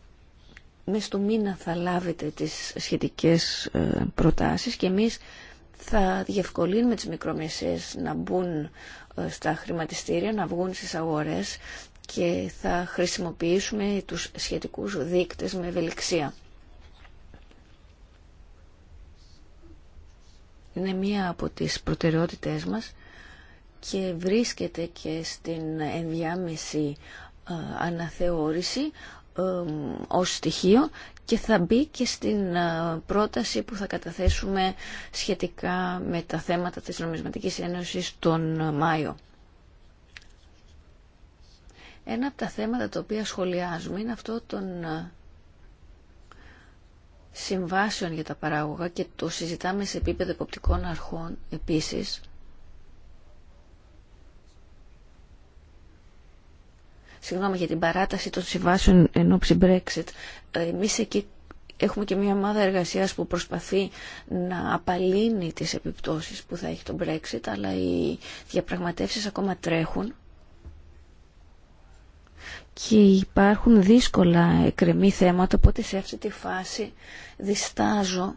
μέσα στο μήνα θα λάβετε τις σχετικές ε, προτάσεις και εμείς θα διευκολύνουμε τις μικρομεσαίες να μπουν στα χρηματιστήρια, να βγουν στις αγορές και θα χρησιμοποιήσουμε τους σχετικούς δείκτες με ευελιξία. Είναι μία από τις προτεραιότητές μας και βρίσκεται και στην ενδιάμεση ε, αναθεώρηση ε, ως στοιχείο και θα μπει και στην ε, πρόταση που θα καταθέσουμε σχετικά με τα θέματα της Νομισματικής Ένωσης τον Μάιο. Ένα από τα θέματα τα οποία σχολιάζουμε είναι αυτό των ε, συμβάσεων για τα παράγωγα και το συζητάμε σε επίπεδο εποπτικών αρχών επίσης. Συγγνώμη για την παράταση των συμβάσεων εν ώψη Brexit. Ε, εμείς εκεί έχουμε και μια ομάδα εργασίας που προσπαθεί να απαλύνει τις επιπτώσεις που θα έχει το Brexit, αλλά οι διαπραγματεύσεις ακόμα τρέχουν και υπάρχουν δύσκολα εκρεμή θέματα, οπότε σε αυτή τη φάση διστάζω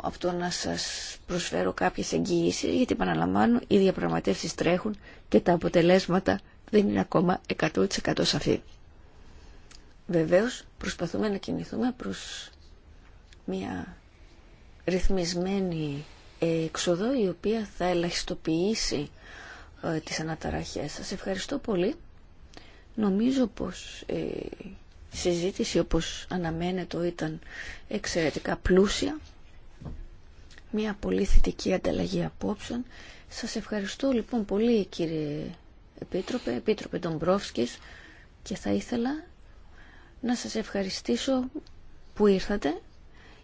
από το να σας προσφέρω κάποιες εγγυήσεις γιατί επαναλαμβάνω οι διαπραγματεύσεις τρέχουν και τα αποτελέσματα δεν είναι ακόμα 100% σαφή. Βεβαίως προσπαθούμε να κινηθούμε προς μια ρυθμισμένη εξοδό η οποία θα ελαχιστοποιήσει ε, τις αναταραχές σας. Ευχαριστώ πολύ. Νομίζω πως ε, η συζήτηση όπως αναμένεται ήταν εξαιρετικά πλούσια. Μια πολύ θετική ανταλλαγή απόψεων. Σας ευχαριστώ λοιπόν πολύ κύριε Επίτροπε, Επίτροπε Ντομπρόφσκης και θα ήθελα να σας ευχαριστήσω που ήρθατε.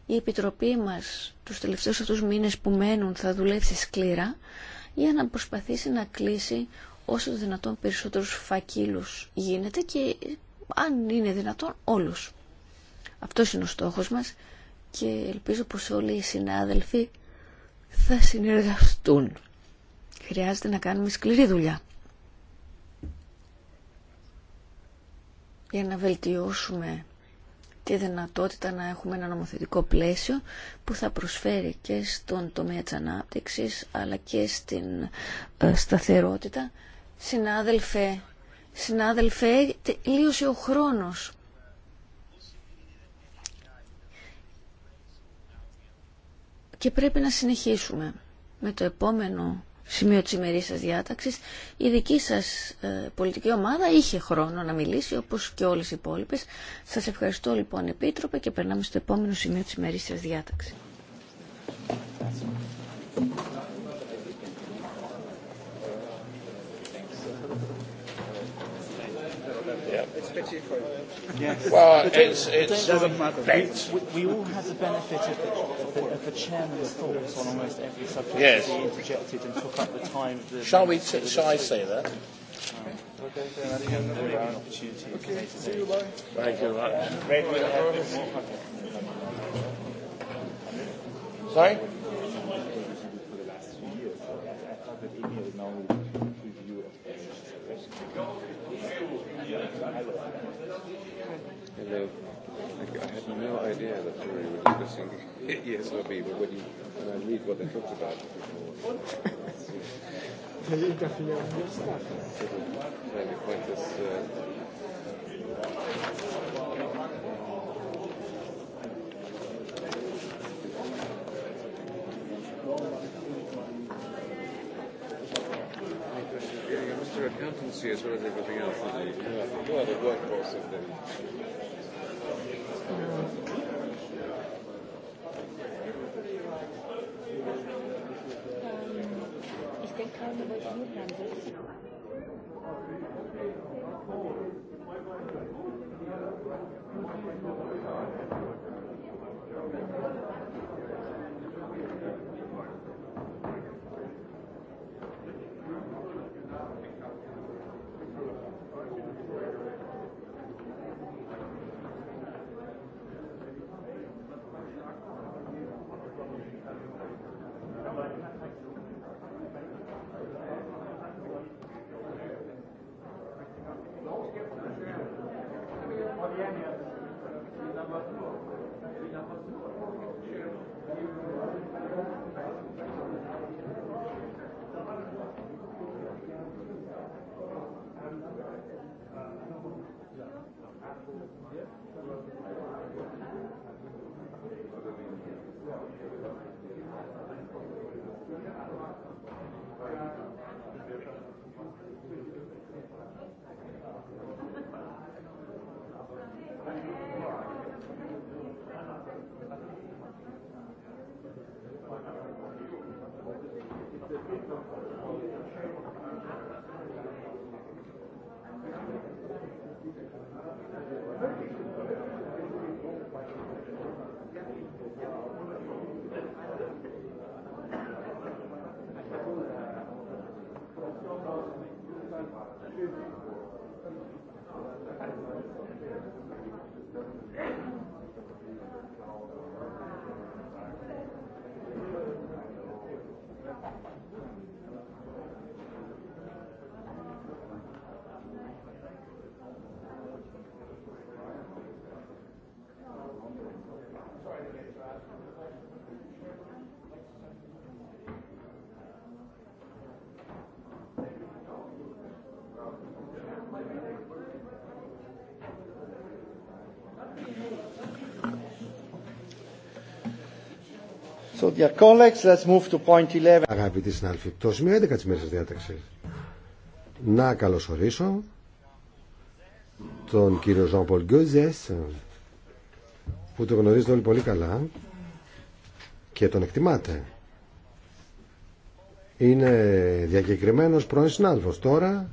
Η Επιτροπή μας τους τελευταίους αυτούς μήνες που μένουν θα δουλέψει σκληρά για να προσπαθήσει να κλείσει όσο δυνατόν περισσότερους φακίλους γίνεται και αν είναι δυνατόν όλους. Αυτός είναι ο στόχος μας και ελπίζω πως όλοι οι συνάδελφοι θα συνεργαστούν. Χρειάζεται να κάνουμε σκληρή δουλειά. για να βελτιώσουμε τη δυνατότητα να έχουμε ένα νομοθετικό πλαίσιο που θα προσφέρει και στον τομέα της ανάπτυξης αλλά και στην ε, σταθερότητα Συνάδελφε, συνάδελφε, τελείωσε ο χρόνος. Και πρέπει να συνεχίσουμε με το επόμενο σημείο της ημερής σας διάταξης. Η δική σας ε, πολιτική ομάδα είχε χρόνο να μιλήσει, όπως και όλες οι υπόλοιπες. Σας ευχαριστώ λοιπόν Επίτροπε και περνάμε στο επόμενο σημείο της ημερής σας διάταξης. Yeah. It's pity Well, it's, it's doesn't matter. We, we we all have the benefit of the, of the, of the chairman's thoughts on almost every subject. Yes. He interjected and took up the time. the shall we? shall the I say that? Okay, you, bye. much. Sorry? Thank you. Hello. I had no idea that Tori were discussing be, but when, you, when I read what they talked about, accountancy as well as everything else. Well, the workforce of the. Thank you. Yeah. Sorry, So, dear colleagues, let's move to point 11. Αγαπητοί συνάδελφοι, το σημείο 11 της μέρας διάταξης. Να καλωσορίσω τον κύριο Ζαν Πολ που το γνωρίζετε όλοι πολύ καλά και τον εκτιμάτε. Είναι διακεκριμένος πρώην συνάδελφος. Τώρα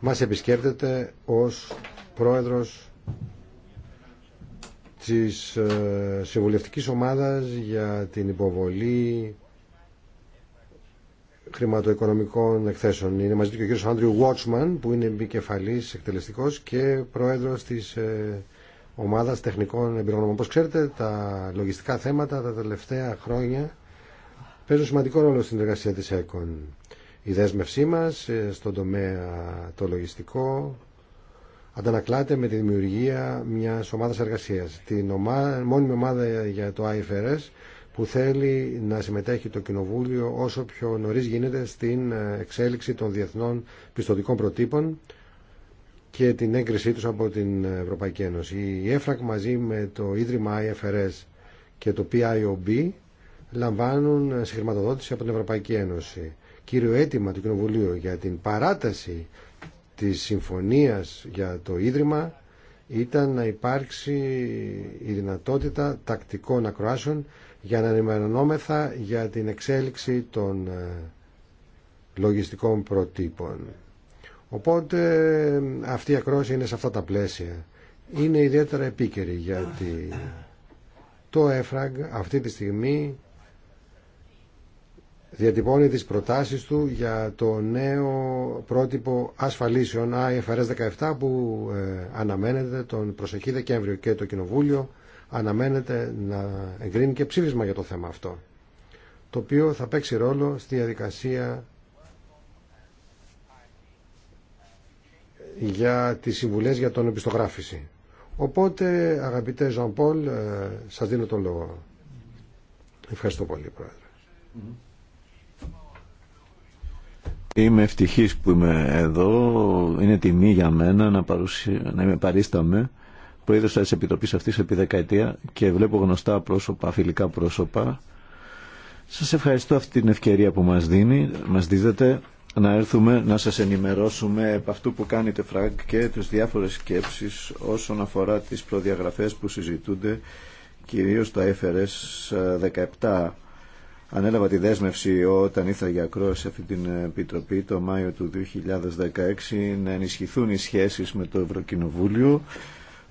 μας επισκέπτεται ως πρόεδρος της ε, συμβουλευτικής ομάδας για την υποβολή χρηματοοικονομικών εκθέσεων. Είναι μαζί του και ο κύριος Άντριου Βότσμαν που είναι επικεφαλής εκτελεστικός και πρόεδρος της ε, ομάδας τεχνικών εμπειρογνωμών. Όπως ξέρετε τα λογιστικά θέματα τα τελευταία χρόνια παίζουν σημαντικό ρόλο στην εργασία της ΕΚΟΝ. Η δέσμευσή μας ε, στον τομέα το λογιστικό αντανακλάται με τη δημιουργία μια ομάδα εργασία. Την ομάδα, μόνιμη ομάδα για το IFRS που θέλει να συμμετέχει το Κοινοβούλιο όσο πιο νωρί γίνεται στην ε, εξέλιξη των διεθνών πιστοτικών προτύπων και την έγκρισή τους από την Ευρωπαϊκή Ένωση. Η ΕΦΡΑΚ μαζί με το Ίδρυμα IFRS και το PIOB λαμβάνουν ε, συγχρηματοδότηση από την Ευρωπαϊκή Ένωση. Κύριο αίτημα του Κοινοβουλίου για την παράταση της συμφωνίας για το Ίδρυμα ήταν να υπάρξει η δυνατότητα τακτικών ακροάσεων για να ενημερωνόμεθα για την εξέλιξη των ε, λογιστικών προτύπων. Οπότε ε, αυτή η ακρόαση είναι σε αυτά τα πλαίσια. Είναι ιδιαίτερα επίκαιρη γιατί το ΕΦΡΑΓ αυτή τη στιγμή διατυπώνει τις προτάσεις του για το νέο πρότυπο ασφαλίσεων IFRS 17 που ε, αναμένεται τον προσεχή Δεκέμβριο και το Κοινοβούλιο αναμένεται να εγκρίνει και ψήφισμα για το θέμα αυτό το οποίο θα παίξει ρόλο στη διαδικασία για τις συμβουλές για τον επιστογράφηση. Οπότε, αγαπητέ Ζαν Πολ, ε, σας δίνω τον λόγο. Ευχαριστώ πολύ, Πρόεδρε. Είμαι ευτυχής που είμαι εδώ. Είναι τιμή για μένα να, παρουσι... να είμαι παρίσταμε. Πρόεδρος τη Επιτροπής αυτής επί δεκαετία και βλέπω γνωστά πρόσωπα, φιλικά πρόσωπα. Σας ευχαριστώ αυτή την ευκαιρία που μας δίνει, μας δίδεται να έρθουμε να σας ενημερώσουμε από αυτού που κάνετε Φραγκ και τις διάφορες σκέψεις όσον αφορά τις προδιαγραφές που συζητούνται κυρίως τα FRS 17 Ανέλαβα τη δέσμευση όταν ήρθα για ακρόαση αυτή την επιτροπή το Μάιο του 2016 να ενισχυθούν οι σχέσεις με το Ευρωκοινοβούλιο.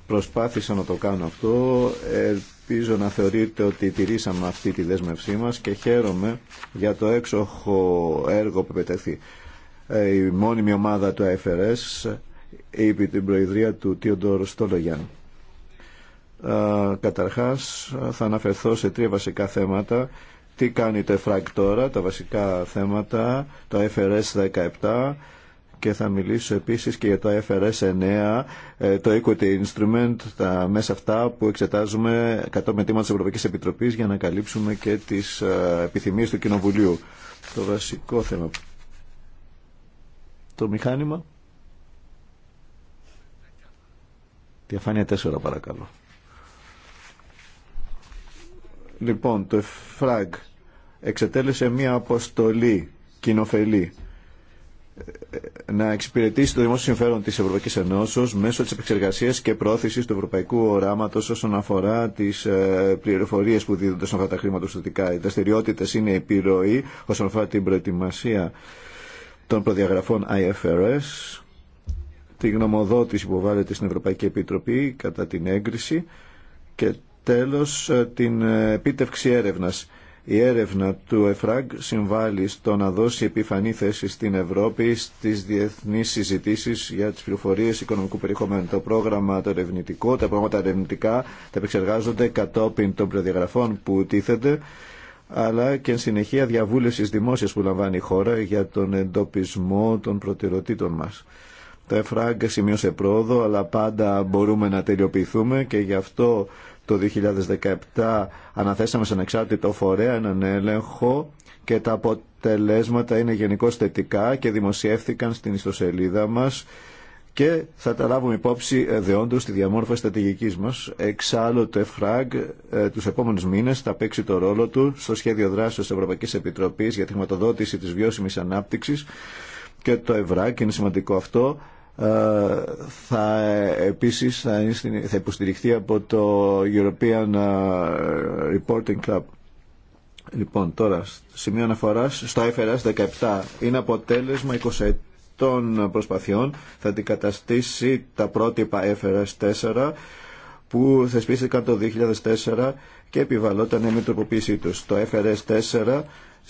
Προσπάθησα να το κάνω αυτό. Ελπίζω να θεωρείτε ότι τηρήσαμε αυτή τη δέσμευσή μας και χαίρομαι για το έξοχο έργο που πετεθεί. Η μόνιμη ομάδα του ΑΕΦΡΕΣ είπε την προεδρία του Τίοντορ Στολογιάν. Ε, καταρχάς θα αναφερθώ σε τρία βασικά θέματα τι κάνει το ΕΦΡΑΚ τώρα, τα βασικά θέματα, το FRS 17 και θα μιλήσω επίσης και για το FRS 9, ε, το Equity Instrument, τα μέσα αυτά που εξετάζουμε κατά τίμα της Ευρωπαϊκής Επιτροπής για να καλύψουμε και τις ε, επιθυμίες του Κοινοβουλίου. Το βασικό θέμα. Το μηχάνημα. Διαφάνεια 4 παρακαλώ. Λοιπόν, το FRAG εξετέλεσε μία αποστολή κοινοφελή να εξυπηρετήσει το δημόσιο συμφέρον της Ευρωπαϊκής Ενώσεως μέσω της επεξεργασίας και πρόθεσης του ευρωπαϊκού οράματος όσον αφορά τις ε, πληροφορίες που δίδονται στον αυτά τα χρηματοστατικά. Οι δραστηριότητε είναι η επιρροή όσον αφορά την προετοιμασία των προδιαγραφών IFRS, τη γνωμοδότηση που βάλεται στην Ευρωπαϊκή Επιτροπή κατά την έγκριση και τέλος ε, την ε, επίτευξη έρευνας η έρευνα του ΕΦΡΑΓ συμβάλλει στο να δώσει επιφανή θέση στην Ευρώπη στι διεθνεί συζητήσει για τι πληροφορίε οικονομικού περιεχομένου. Το πρόγραμμα το ερευνητικό, τα πρόγραμματα ερευνητικά τα επεξεργάζονται κατόπιν των προδιαγραφών που τίθεται, αλλά και εν συνεχεία διαβούλευση δημόσια που λαμβάνει η χώρα για τον εντοπισμό των προτεραιοτήτων μα. Το ΕΦΡΑΓ σημείωσε πρόοδο, αλλά πάντα μπορούμε να τελειοποιηθούμε και γι' αυτό το 2017 αναθέσαμε σε εξάρτητο φορέα έναν έλεγχο και τα αποτελέσματα είναι γενικώ θετικά και δημοσιεύθηκαν στην ιστοσελίδα μας και θα τα λάβουμε υπόψη ε, δεόντως στη διαμόρφωση στρατηγικής μας. Εξάλλου το ΕΦΡΑΓ ε, τους επόμενους μήνες θα παίξει το ρόλο του στο σχέδιο δράσης της Ευρωπαϊκής Επιτροπής για τη χρηματοδότηση της βιώσιμης ανάπτυξης και το ΕΒΡΑΚ, είναι σημαντικό αυτό, θα επίσης θα, είναι, θα υποστηριχθεί από το European ε, Reporting Club. Λοιπόν, τώρα, σημείο αναφοράς στο IFRS 17 είναι αποτέλεσμα 20 ετών προσπαθειών. Θα αντικαταστήσει τα πρότυπα FRS 4 που θεσπίστηκαν το 2004 και επιβαλόταν η μετροποποίησή τους. Το FRS 4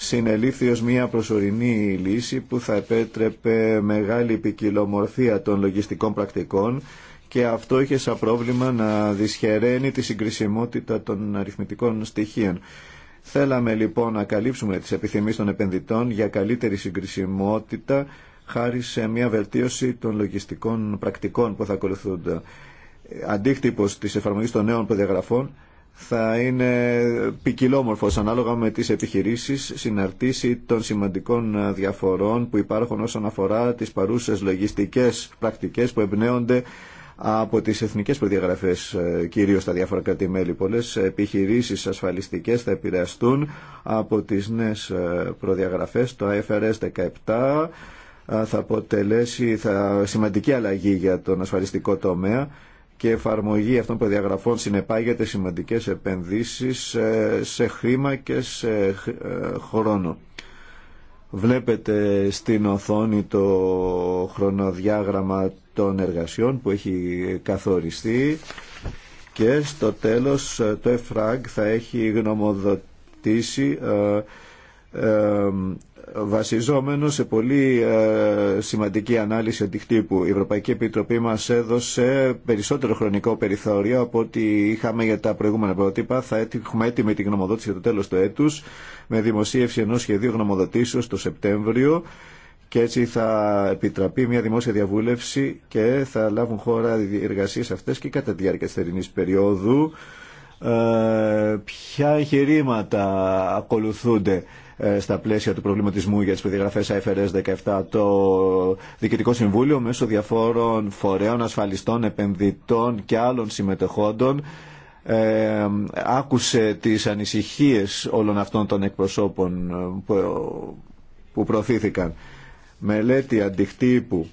συνελήφθη ως μια προσωρινή λύση που θα επέτρεπε μεγάλη ποικιλομορφία των λογιστικών πρακτικών και αυτό είχε σαν πρόβλημα να δυσχεραίνει τη συγκρισιμότητα των αριθμητικών στοιχείων. Θέλαμε λοιπόν να καλύψουμε τις επιθυμίες των επενδυτών για καλύτερη συγκρισιμότητα χάρη σε μια βελτίωση των λογιστικών πρακτικών που θα ακολουθούνται. Αντίκτυπος της εφαρμογής των νέων προδιαγραφών θα είναι ποικιλόμορφος ανάλογα με τις επιχειρήσεις συναρτήσει των σημαντικών διαφορών που υπάρχουν όσον αφορά τις παρούσες λογιστικές πρακτικές που εμπνέονται από τις εθνικές προδιαγραφές ε, κυρίως στα διάφορα κράτη-μέλη. Πολλές επιχειρήσεις ασφαλιστικές θα επηρεαστούν από τις νέες ε, προδιαγραφές. Το IFRS 17 ε, θα αποτελέσει θα, σημαντική αλλαγή για τον ασφαλιστικό τομέα και εφαρμογή αυτών των διαγραφών συνεπάγεται σημαντικές επενδύσεις ε, σε χρήμα και σε ε, χρόνο. Βλέπετε στην οθόνη το χρονοδιάγραμμα των εργασιών που έχει καθοριστεί και στο τέλος ε, το ΕΦΡΑΓ θα έχει γνωμοδοτήσει βασιζόμενο σε πολύ ε, σημαντική ανάλυση αντιχτύπου. Η Ευρωπαϊκή Επιτροπή μας έδωσε περισσότερο χρονικό περιθώριο από ό,τι είχαμε για τα προηγούμενα πρότυπα. Θα έχουμε έτοιμη την γνωμοδότηση για το τέλος του έτους με δημοσίευση ενός σχεδίου γνωμοδοτήσεως το Σεπτέμβριο και έτσι θα επιτραπεί μια δημόσια διαβούλευση και θα λάβουν χώρα οι εργασίες αυτές και κατά τη διάρκεια της θερινής περίοδου. Ε, ποια εγχειρήματα ακολουθούνται ε, στα πλαίσια του προβληματισμού για τι περιγραφε IFRS 17 το Διοικητικό Συμβούλιο μέσω διαφόρων φορέων, ασφαλιστών, επενδυτών και άλλων συμμετεχόντων ε, άκουσε τις ανησυχίες όλων αυτών των εκπροσώπων ε, που, που προωθήθηκαν. Μελέτη αντιχτύπου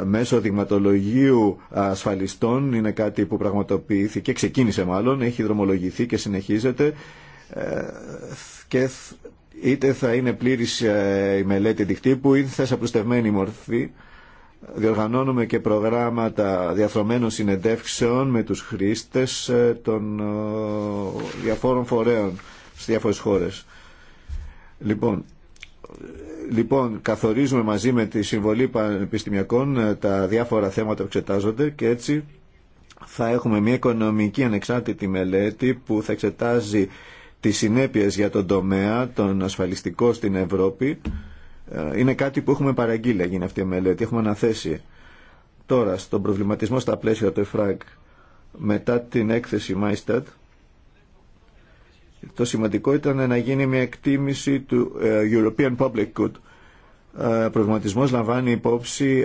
ε, μέσω δειγματολογίου ασφαλιστών είναι κάτι που πραγματοποιήθηκε, ξεκίνησε μάλλον, έχει δρομολογηθεί και συνεχίζεται και είτε θα είναι πλήρης ε, η μελέτη δικτύπου είτε θα απλουστευμένη μορφή διοργανώνουμε και προγράμματα διαθρωμένων συνεντεύξεων με τους χρήστες ε, των ε, διαφόρων φορέων στις διάφορες χώρες. Λοιπόν, λοιπόν, καθορίζουμε μαζί με τη Συμβολή Πανεπιστημιακών τα διάφορα θέματα που εξετάζονται και έτσι θα έχουμε μια οικονομική ανεξάρτητη μελέτη που θα εξετάζει τις συνέπειες για τον τομέα, τον ασφαλιστικό στην Ευρώπη, ε, είναι κάτι που έχουμε παραγγείλει, έγινε αυτή η μελέτη, έχουμε αναθέσει. Τώρα, στον προβληματισμό στα πλαίσια του ΕΦΡΑΚ, μετά την έκθεση Μάιστατ, το σημαντικό ήταν να γίνει μια εκτίμηση του ε, European Public Good. Ε, προβληματισμός λαμβάνει υπόψη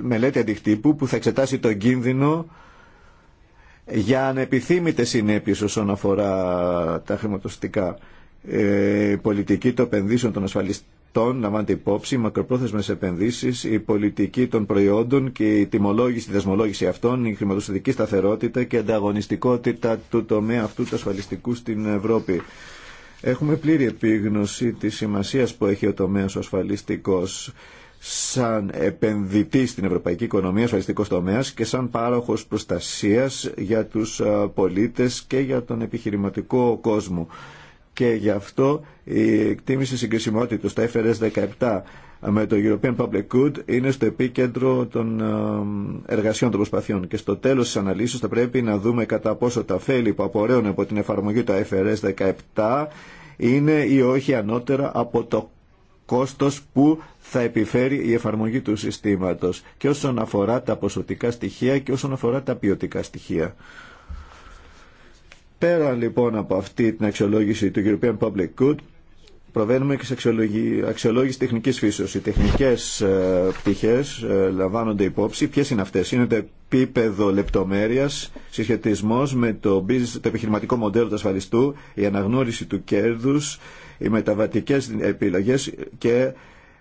μελέτη αντιχτύπου που θα εξετάσει τον κίνδυνο για ανεπιθύμητες συνέπειες όσον αφορά τα χρηματοστικά. Ε, πολιτική των επενδύσεων των ασφαλιστών λαμβάνεται υπόψη, οι μακροπρόθεσμες επενδύσεις, η πολιτική των προϊόντων και η τιμολόγηση, η δεσμολόγηση αυτών, η χρηματοστατική σταθερότητα και η ανταγωνιστικότητα του τομέα αυτού του ασφαλιστικού στην Ευρώπη. Έχουμε πλήρη επίγνωση της σημασίας που έχει ο τομέας ο ασφαλιστικός σαν επενδυτή στην ευρωπαϊκή οικονομία, ασφαλιστικό τομέα και σαν πάροχο προστασία για του πολίτε και για τον επιχειρηματικό κόσμο. Και γι' αυτό η εκτίμηση συγκρισιμότητα στα FRS 17 με το European Public Good είναι στο επίκεντρο των εργασιών των προσπαθειών. Και στο τέλος της αναλύσεως θα πρέπει να δούμε κατά πόσο τα φέλη που απορρέουν από την εφαρμογή του FRS 17 είναι ή όχι ανώτερα από το κόστος που θα επιφέρει η εφαρμογή του συστήματος και όσον αφορά τα ποσοτικά στοιχεία και όσον αφορά τα ποιοτικά στοιχεία. Πέρα λοιπόν από αυτή την αξιολόγηση του European Public Good προβαίνουμε και σε αξιολόγηση τεχνικής φύσεως. Οι τεχνικές ε, πτυχές ε, λαμβάνονται υπόψη. Ποιες είναι αυτές. Είναι το επίπεδο λεπτομέρειας, συσχετισμός με το, το επιχειρηματικό μοντέλο του ασφαλιστού, η αναγνώριση του κέρδους, οι μεταβατικές επιλογές και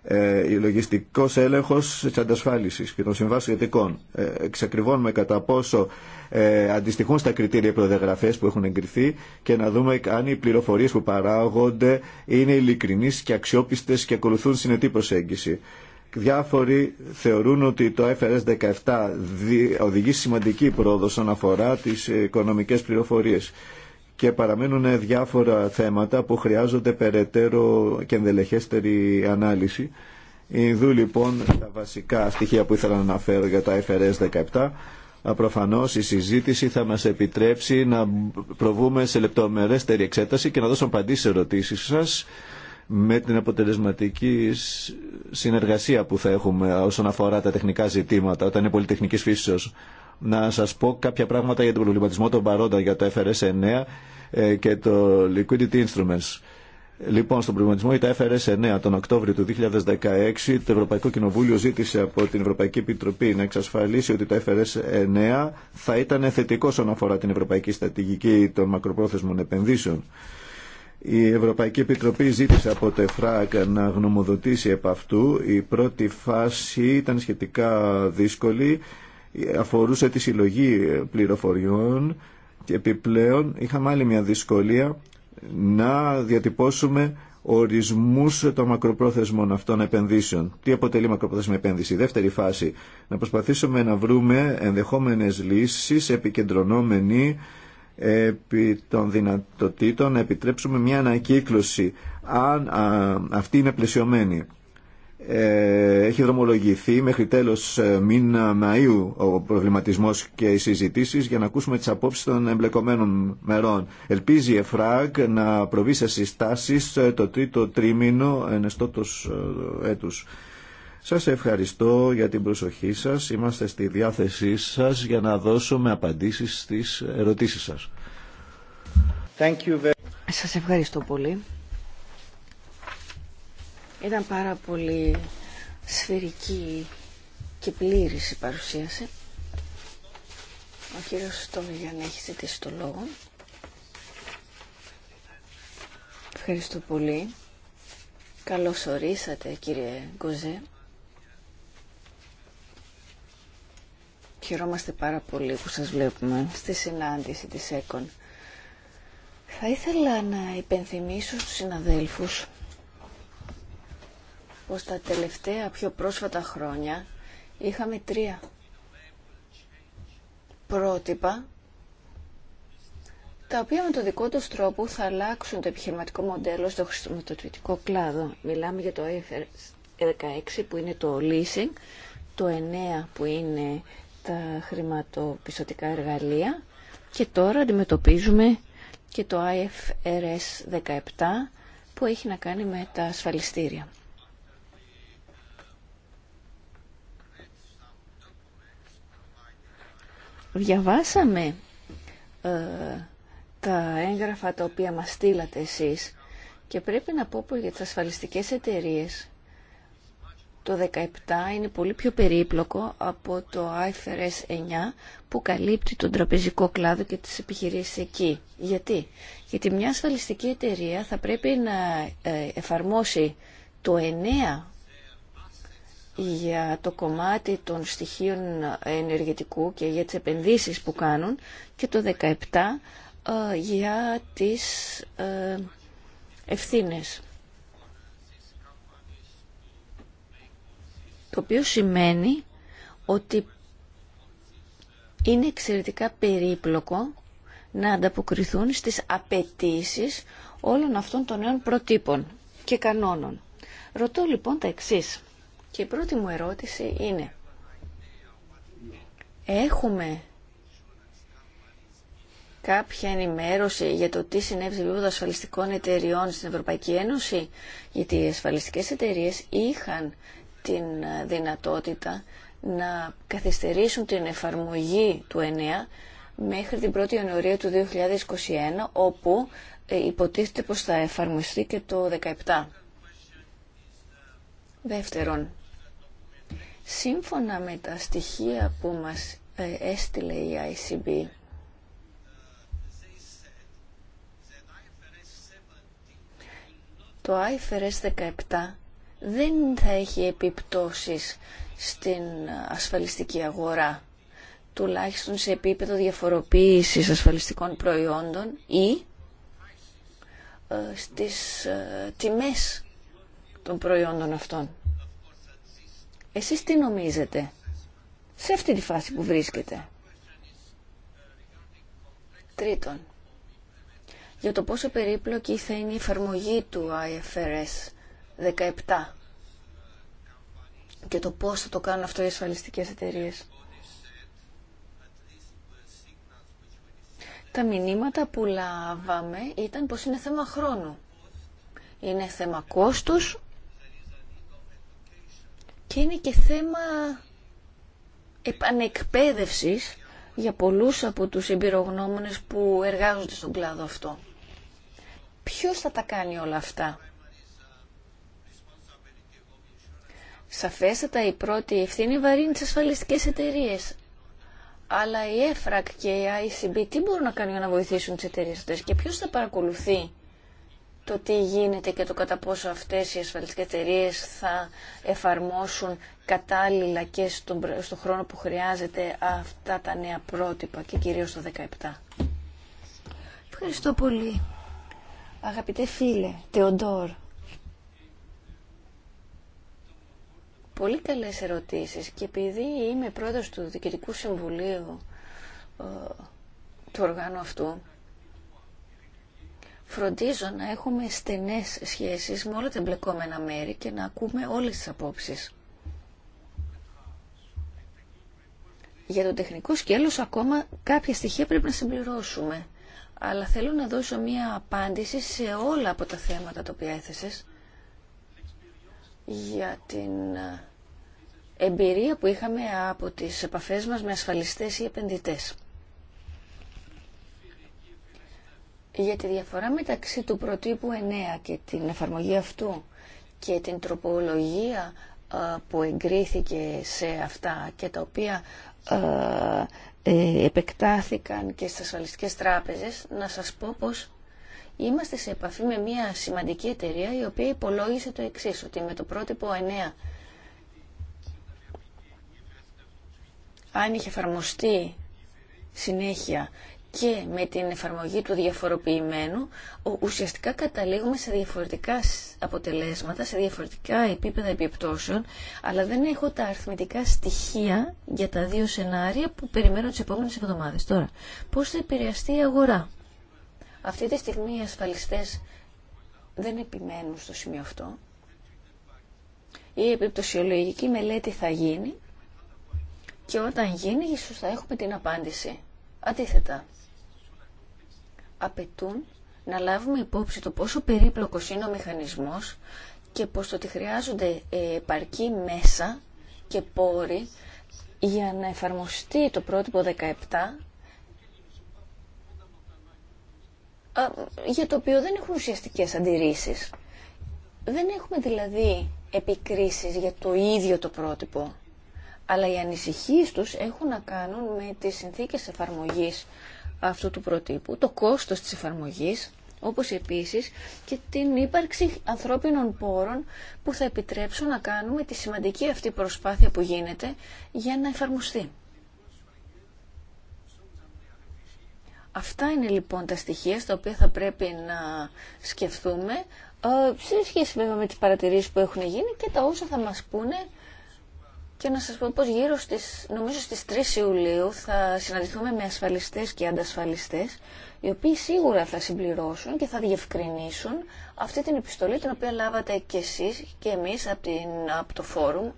ε, λογιστικό έλεγχο τη αντασφάλιση και των συμβάσεων ειδικών. Ε, εξακριβώνουμε κατά πόσο ε, αντιστοιχούν στα κριτήρια προδιαγραφέ που έχουν εγκριθεί και να δούμε αν οι πληροφορίε που παράγονται είναι ειλικρινεί και αξιόπιστε και ακολουθούν συνετή προσέγγιση. Διάφοροι θεωρούν ότι το FRS 17 οδηγεί σημαντική πρόοδο όσον αφορά τι οικονομικέ πληροφορίε και παραμένουν διάφορα θέματα που χρειάζονται περαιτέρω και ενδελεχέστερη ανάλυση. Ινδού λοιπόν τα βασικά στοιχεία που ήθελα να αναφέρω για τα FRS 17. Προφανώς η συζήτηση θα μας επιτρέψει να προβούμε σε λεπτομερέστερη εξέταση και να δώσουμε απαντήσεις σε ερωτήσεις σας με την αποτελεσματική συνεργασία που θα έχουμε όσον αφορά τα τεχνικά ζητήματα, όταν είναι πολυτεχνικής φύσεως να σας πω κάποια πράγματα για τον προβληματισμό των παρόντων για το FRS 9 ε, και το Liquidity Instruments. Λοιπόν, στον προβληματισμό για το FRS 9 τον Οκτώβριο του 2016 το Ευρωπαϊκό Κοινοβούλιο ζήτησε από την Ευρωπαϊκή Επιτροπή να εξασφαλίσει ότι το FRS 9 θα ήταν θετικό όσον αφορά την Ευρωπαϊκή Στατηγική των Μακροπρόθεσμων Επενδύσεων. Η Ευρωπαϊκή Επιτροπή ζήτησε από το ΕΦΡΑΚ να γνωμοδοτήσει επ' αυτού. Η πρώτη φάση ήταν σχετικά δύσκολη αφορούσε τη συλλογή ε, πληροφοριών και επιπλέον είχαμε άλλη μια δυσκολία να διατυπώσουμε ορισμούς των μακροπρόθεσμων αυτών επενδύσεων. Τι αποτελεί μακροπρόθεσμη επένδυση. δεύτερη φάση, να προσπαθήσουμε να βρούμε ενδεχόμενες λύσεις επικεντρωνόμενοι επί των δυνατοτήτων να επιτρέψουμε μια ανακύκλωση αν αυτή είναι πλαισιωμένη. Ε, έχει δρομολογηθεί μέχρι τέλος ε, μήνα Μαΐου ο προβληματισμός και οι συζητήσεις για να ακούσουμε τις απόψεις των εμπλεκομένων μερών. Ελπίζει η ΕΦΡΑΚ να προβεί σε συστάσεις ε, το τρίτο τρίμηνο ενεστώτος έτους. Σας ευχαριστώ για την προσοχή σας. Είμαστε στη διάθεσή σας για να δώσουμε απαντήσεις στις ερωτήσεις σας. Thank Σας ευχαριστώ πολύ. Ήταν πάρα πολύ σφαιρική και πλήρης η παρουσίαση. Ο κύριος Στόμιγιαν έχει ζητήσει το λόγο. Ευχαριστώ πολύ. Καλώς ορίσατε κύριε Γκοζέ. Χαιρόμαστε πάρα πολύ που σας βλέπουμε στη συνάντηση της ΕΚΟΝ. Θα ήθελα να υπενθυμίσω στους συναδέλφους πως τα τελευταία πιο πρόσφατα χρόνια είχαμε τρία πρότυπα τα οποία με το δικό τους τρόπο θα αλλάξουν το επιχειρηματικό μοντέλο στο χρηματοδοτικό κλάδο. Μιλάμε για το IFRS 16 που είναι το leasing, το 9 που είναι τα χρηματοπιστωτικά εργαλεία και τώρα αντιμετωπίζουμε και το IFRS 17 που έχει να κάνει με τα ασφαλιστήρια. Διαβάσαμε ε, τα έγγραφα τα οποία μας στείλατε εσείς και πρέπει να πω πως για τις ασφαλιστικές εταιρείες το 17 είναι πολύ πιο περίπλοκο από το IFRS 9 που καλύπτει τον τραπεζικό κλάδο και τις επιχειρήσεις εκεί. Γιατί? Γιατί μια ασφαλιστική εταιρεία θα πρέπει να ε, εφαρμόσει το 9 για το κομμάτι των στοιχείων ενεργητικού και για τις επενδύσεις που κάνουν και το 17 ε, για τις ε, ευθύνες. Το οποίο σημαίνει ότι είναι εξαιρετικά περίπλοκο να ανταποκριθούν στις απαιτήσει όλων αυτών των νέων προτύπων και κανόνων. Ρωτώ λοιπόν τα εξής. Και η πρώτη μου ερώτηση είναι έχουμε κάποια ενημέρωση για το τι συνέβη σε επίπεδο ασφαλιστικών εταιριών στην Ευρωπαϊκή Ένωση, γιατί οι ασφαλιστικές εταιρείες είχαν την δυνατότητα να καθυστερήσουν την εφαρμογή του 9 μέχρι την 1η Ιανουαρίου του 2021, όπου ε, υποτίθεται πως θα εφαρμοστεί και το 17. Δεύτερον, Σύμφωνα με τα στοιχεία που μας ε, έστειλε η ICB, το IFRS 17 δεν θα έχει επιπτώσεις στην ασφαλιστική αγορά, τουλάχιστον σε επίπεδο διαφοροποίησης ασφαλιστικών προϊόντων ή ε, στις ε, τιμές των προϊόντων αυτών. Εσείς τι νομίζετε σε αυτή τη φάση που βρίσκεται. Τρίτον, για το πόσο περίπλοκη θα είναι η εφαρμογή του IFRS 17 και το πώς θα το κάνουν αυτό οι ασφαλιστικές εταιρείες. Τα μηνύματα που λάβαμε ήταν πως είναι θέμα χρόνου. Είναι θέμα κόστους και είναι και θέμα επανεκπαίδευσης για πολλούς από τους εμπειρογνώμονες που εργάζονται στον κλάδο αυτό. Ποιος θα τα κάνει όλα αυτά. Σαφέστατα η πρώτη ευθύνη βαρύνει τις ασφαλιστικές εταιρείες. Αλλά η ΕΦΡΑΚ και η ICB τι μπορούν να κάνουν για να βοηθήσουν τις εταιρείες αυτές και ποιος θα παρακολουθεί το τι γίνεται και το κατά πόσο αυτές οι ασφαλιστικές εταιρείε θα εφαρμόσουν κατάλληλα και στον, χρόνο που χρειάζεται αυτά τα νέα πρότυπα και κυρίως το 17. Ευχαριστώ πολύ. Αγαπητέ φίλε, Τεοντόρ. Πολύ καλές ερωτήσεις και επειδή είμαι πρόεδρος του Διοικητικού Συμβουλίου ε, του οργάνου αυτού, φροντίζω να έχουμε στενές σχέσεις με όλα τα εμπλεκόμενα μέρη και να ακούμε όλες τις απόψεις. Για το τεχνικό σκέλος ακόμα κάποια στοιχεία πρέπει να συμπληρώσουμε. Αλλά θέλω να δώσω μία απάντηση σε όλα από τα θέματα τα οποία έθεσες για την ε, εμπειρία που είχαμε από τις επαφές μας με ασφαλιστές ή επενδυτές. για τη διαφορά μεταξύ του προτύπου 9 και την εφαρμογή αυτού και την τροπολογία ε, που εγκρίθηκε σε αυτά και τα οποία ε, ε, επεκτάθηκαν και στις ασφαλιστικές τράπεζες, να σας πω πως είμαστε σε επαφή με μια σημαντική εταιρεία η οποία υπολόγισε το εξής, ότι με το πρότυπο 9 αν είχε εφαρμοστεί συνέχεια και με την εφαρμογή του διαφοροποιημένου ουσιαστικά καταλήγουμε σε διαφορετικά αποτελέσματα, σε διαφορετικά επίπεδα επιπτώσεων, αλλά δεν έχω τα αριθμητικά στοιχεία για τα δύο σενάρια που περιμένω τις επόμενες εβδομάδες. Τώρα, πώς θα επηρεαστεί η αγορά. Αυτή τη στιγμή οι ασφαλιστές δεν επιμένουν στο σημείο αυτό. Η επιπτωσιολογική μελέτη θα γίνει και όταν γίνει ίσως θα έχουμε την απάντηση. Αντίθετα, απαιτούν να λάβουμε υπόψη το πόσο περίπλοκος είναι ο μηχανισμός και πως το ότι χρειάζονται ε, επαρκή μέσα και πόροι για να εφαρμοστεί το πρότυπο 17 για το οποίο δεν έχουν ουσιαστικές αντιρρήσεις. Δεν έχουμε δηλαδή επικρίσεις για το ίδιο το πρότυπο, αλλά οι ανησυχίες τους έχουν να κάνουν με τις συνθήκες εφαρμογής αυτού του προτύπου, το κόστος της εφαρμογής, όπως επίσης και την ύπαρξη ανθρώπινων πόρων που θα επιτρέψουν να κάνουμε τη σημαντική αυτή προσπάθεια που γίνεται για να εφαρμοστεί. Αυτά είναι λοιπόν τα στοιχεία στα οποία θα πρέπει να σκεφτούμε ε, σε σχέση με τις παρατηρήσεις που έχουν γίνει και τα όσα θα μας πούνε και να σας πω πως γύρω στις, νομίζω στις 3 Ιουλίου θα συναντηθούμε με ασφαλιστές και αντασφαλιστές, οι οποίοι σίγουρα θα συμπληρώσουν και θα διευκρινίσουν αυτή την επιστολή την οποία λάβατε και εσείς και εμείς από, την, από το φόρουμ,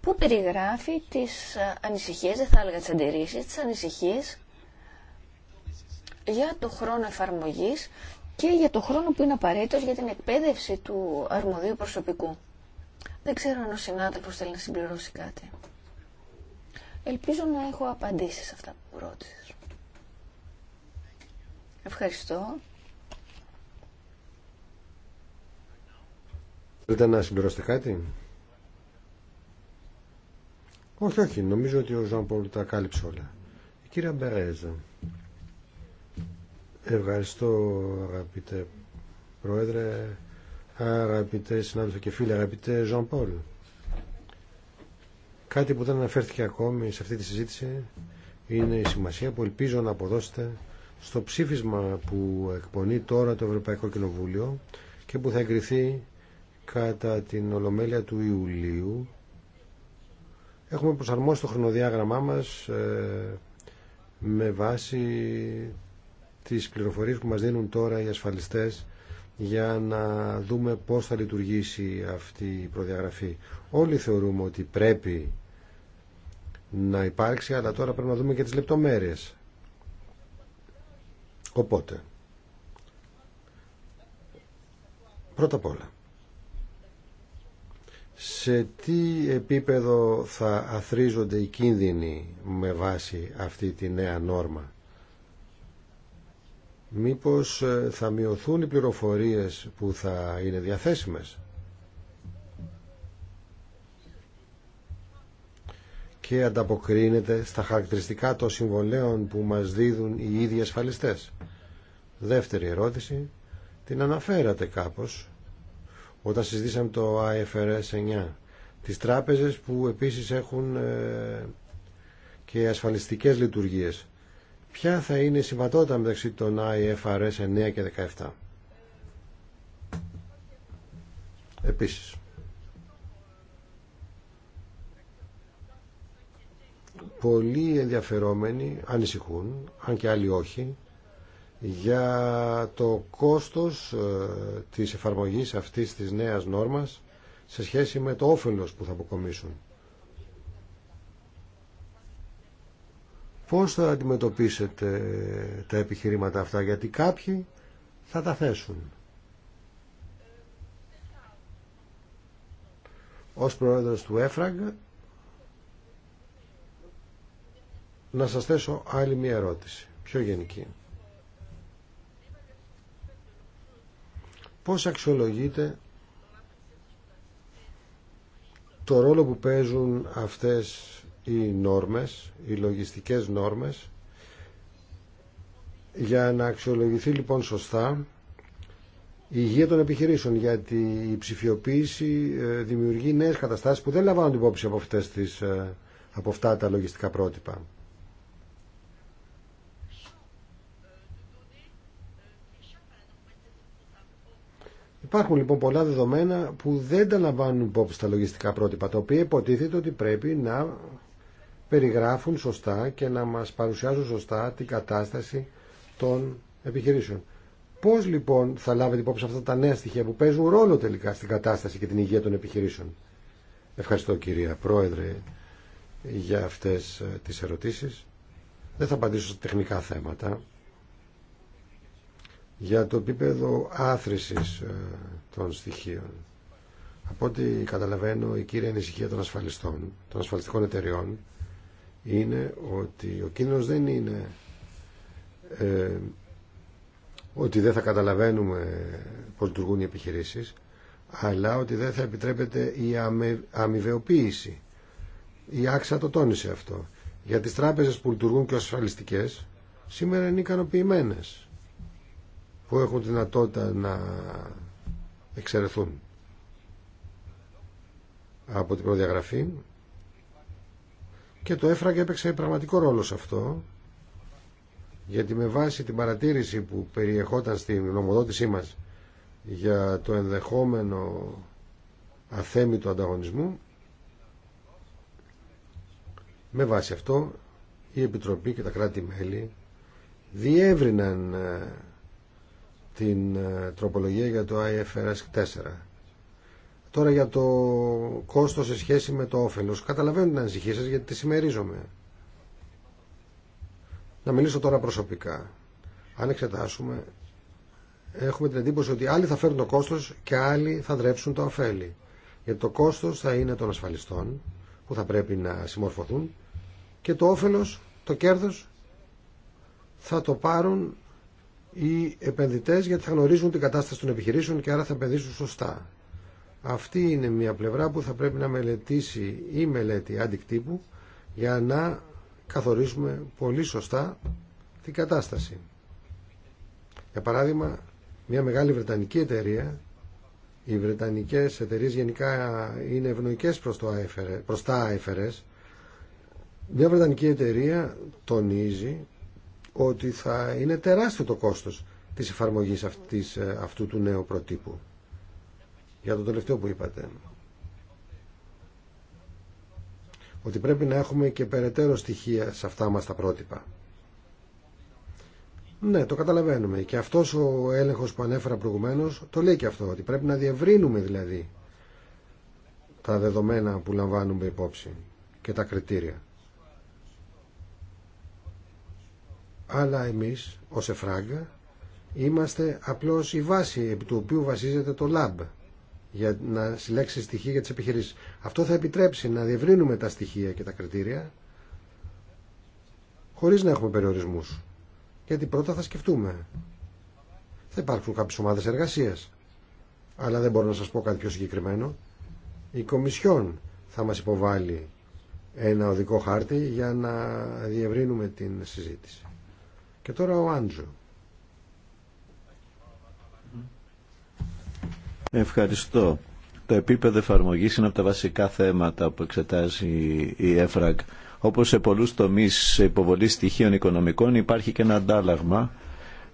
που περιγράφει τις ανησυχίες, δεν θα έλεγα τις αντιρρήσεις, τις ανησυχίες για το χρόνο εφαρμογής και για το χρόνο που είναι απαραίτητος για την εκπαίδευση του αρμοδίου προσωπικού. Δεν ξέρω αν ο συνάδελφος θέλει να συμπληρώσει κάτι. Ελπίζω να έχω απαντήσει σε αυτά που ρώτησες. Ευχαριστώ. Θέλετε να συμπληρώσετε κάτι. Όχι, όχι. Νομίζω ότι ο Ζαν Πολ τα κάλυψε όλα. Η κυρία Μπερέζα. Ευχαριστώ αγαπητέ Πρόεδρε. Αγαπητέ συνάδελφοι και φίλοι, αγαπητέ Ζων Πολ. Κάτι που δεν αναφέρθηκε ακόμη σε αυτή τη συζήτηση είναι η σημασία που ελπίζω να αποδώσετε στο ψήφισμα που εκπονεί τώρα το Ευρωπαϊκό Κοινοβούλιο και που θα εγκριθεί κατά την Ολομέλεια του Ιουλίου. Έχουμε προσαρμόσει το χρονοδιάγραμμά μας ε, με βάση τις πληροφορίες που μας δίνουν τώρα οι ασφαλιστές για να δούμε πώς θα λειτουργήσει αυτή η προδιαγραφή. Όλοι θεωρούμε ότι πρέπει να υπάρξει, αλλά τώρα πρέπει να δούμε και τις λεπτομέρειες. Οπότε, πρώτα απ' όλα, σε τι επίπεδο θα αθρίζονται οι κίνδυνοι με βάση αυτή τη νέα νόρμα μήπως ε, θα μειωθούν οι πληροφορίες που θα είναι διαθέσιμες και ανταποκρίνεται στα χαρακτηριστικά των συμβολέων που μας δίδουν οι ίδιοι ασφαλιστές. Δεύτερη ερώτηση, την αναφέρατε κάπως όταν συζητήσαμε το IFRS 9. Τις τράπεζες που επίσης έχουν ε, και ασφαλιστικές λειτουργίες ποια θα είναι η συμβατότητα μεταξύ των IFRS 9 και 17. Επίσης, πολλοί ενδιαφερόμενοι ανησυχούν, αν και άλλοι όχι, για το κόστος ε, της εφαρμογής αυτής της νέας νόρμας σε σχέση με το όφελος που θα αποκομίσουν. Πώς θα αντιμετωπίσετε τα επιχειρήματα αυτά, γιατί κάποιοι θα τα θέσουν. Ως πρόεδρος του ΕΦΡΑΓ να σας θέσω άλλη μία ερώτηση, πιο γενική. Πώς αξιολογείτε το ρόλο που παίζουν αυτές οι νόρμες, οι λογιστικές νόρμες. Για να αξιολογηθεί λοιπόν σωστά η υγεία των επιχειρήσεων, γιατί η ψηφιοποίηση ε, δημιουργεί νέες καταστάσεις που δεν λαμβάνουν την υπόψη από, αυτές τις, ε, από αυτά τα λογιστικά πρότυπα. Υπάρχουν λοιπόν πολλά δεδομένα που δεν τα λαμβάνουν υπόψη τα λογιστικά πρότυπα, τα οποία υποτίθεται ότι πρέπει να περιγράφουν σωστά και να μας παρουσιάζουν σωστά την κατάσταση των επιχειρήσεων. Πώς λοιπόν θα λάβετε υπόψη αυτά τα νέα στοιχεία που παίζουν ρόλο τελικά στην κατάσταση και την υγεία των επιχειρήσεων. Ευχαριστώ κυρία Πρόεδρε για αυτές ε, τις ερωτήσεις. Δεν θα απαντήσω στα τεχνικά θέματα. Για το επίπεδο άθρησης ε, των στοιχείων. Από ό,τι καταλαβαίνω η κύρια ανησυχία των ασφαλιστών, των ασφαλιστικών εταιριών είναι ότι ο κίνδυνος δεν είναι ε, ότι δεν θα καταλαβαίνουμε πώς λειτουργούν οι επιχειρήσεις, αλλά ότι δεν θα επιτρέπεται η αμοιβεοποίηση. Η Άξα το τόνισε αυτό. Για τις τράπεζες που λειτουργούν και ως ασφαλιστικές, σήμερα είναι ικανοποιημένε που έχουν δυνατότητα να εξαιρεθούν από την προδιαγραφή και το ΕΦΡΑΚ έπαιξε πραγματικό ρόλο σε αυτό γιατί με βάση την παρατήρηση που περιεχόταν στην νομοδότησή μας για το ενδεχόμενο του ανταγωνισμού με βάση αυτό η Επιτροπή και τα κράτη-μέλη διεύρυναν ε, την ε, τροπολογία για το IFRS 4 Τώρα για το κόστος σε σχέση με το όφελος. Καταλαβαίνω την ανησυχία σας γιατί τη συμμερίζομαι. Να μιλήσω τώρα προσωπικά. Αν εξετάσουμε, έχουμε την εντύπωση ότι άλλοι θα φέρουν το κόστος και άλλοι θα δρέψουν το ωφέλη. Γιατί το κόστος θα είναι των ασφαλιστών που θα πρέπει να συμμορφωθούν και το όφελος, το κέρδος θα το πάρουν οι επενδυτές γιατί θα γνωρίζουν την κατάσταση των επιχειρήσεων και άρα θα επενδύσουν σωστά. Αυτή είναι μια πλευρά που θα πρέπει να μελετήσει η μελέτη αντικτύπου για να καθορίσουμε πολύ σωστά την κατάσταση. Για παράδειγμα, μια μεγάλη βρετανική εταιρεία, οι βρετανικές εταιρείες γενικά είναι ευνοϊκές προς, το προς τα IFRS, μια βρετανική εταιρεία τονίζει ότι θα είναι τεράστιο το κόστος της εφαρμογής αυτής, ε, αυτού του νέου προτύπου για το τελευταίο που είπατε ότι πρέπει να έχουμε και περαιτέρω στοιχεία σε αυτά μας τα πρότυπα. Ναι, το καταλαβαίνουμε. Και αυτός ο έλεγχος που ανέφερα προηγουμένως το λέει και αυτό, ότι πρέπει να διευρύνουμε δηλαδή τα δεδομένα που λαμβάνουμε υπόψη και τα κριτήρια. Αλλά εμείς ως Εφράγκα είμαστε απλώς η βάση επί του οποίου βασίζεται το ΛΑΜΠ για να συλλέξει στοιχεία για τις επιχειρήσεις. Αυτό θα επιτρέψει να διευρύνουμε τα στοιχεία και τα κριτήρια χωρίς να έχουμε περιορισμούς. Γιατί πρώτα θα σκεφτούμε. Θα υπάρχουν κάποιες ομάδες εργασίας. Αλλά δεν μπορώ να σας πω κάτι πιο συγκεκριμένο. Η Κομισιόν θα μας υποβάλει ένα οδικό χάρτη για να διευρύνουμε την συζήτηση. Και τώρα ο Άντζο. Ευχαριστώ. Το επίπεδο εφαρμογής είναι από τα βασικά θέματα που εξετάζει η ΕΦΡΑΚ. Όπως σε πολλούς τομείς υποβολής στοιχείων οικονομικών υπάρχει και ένα αντάλλαγμα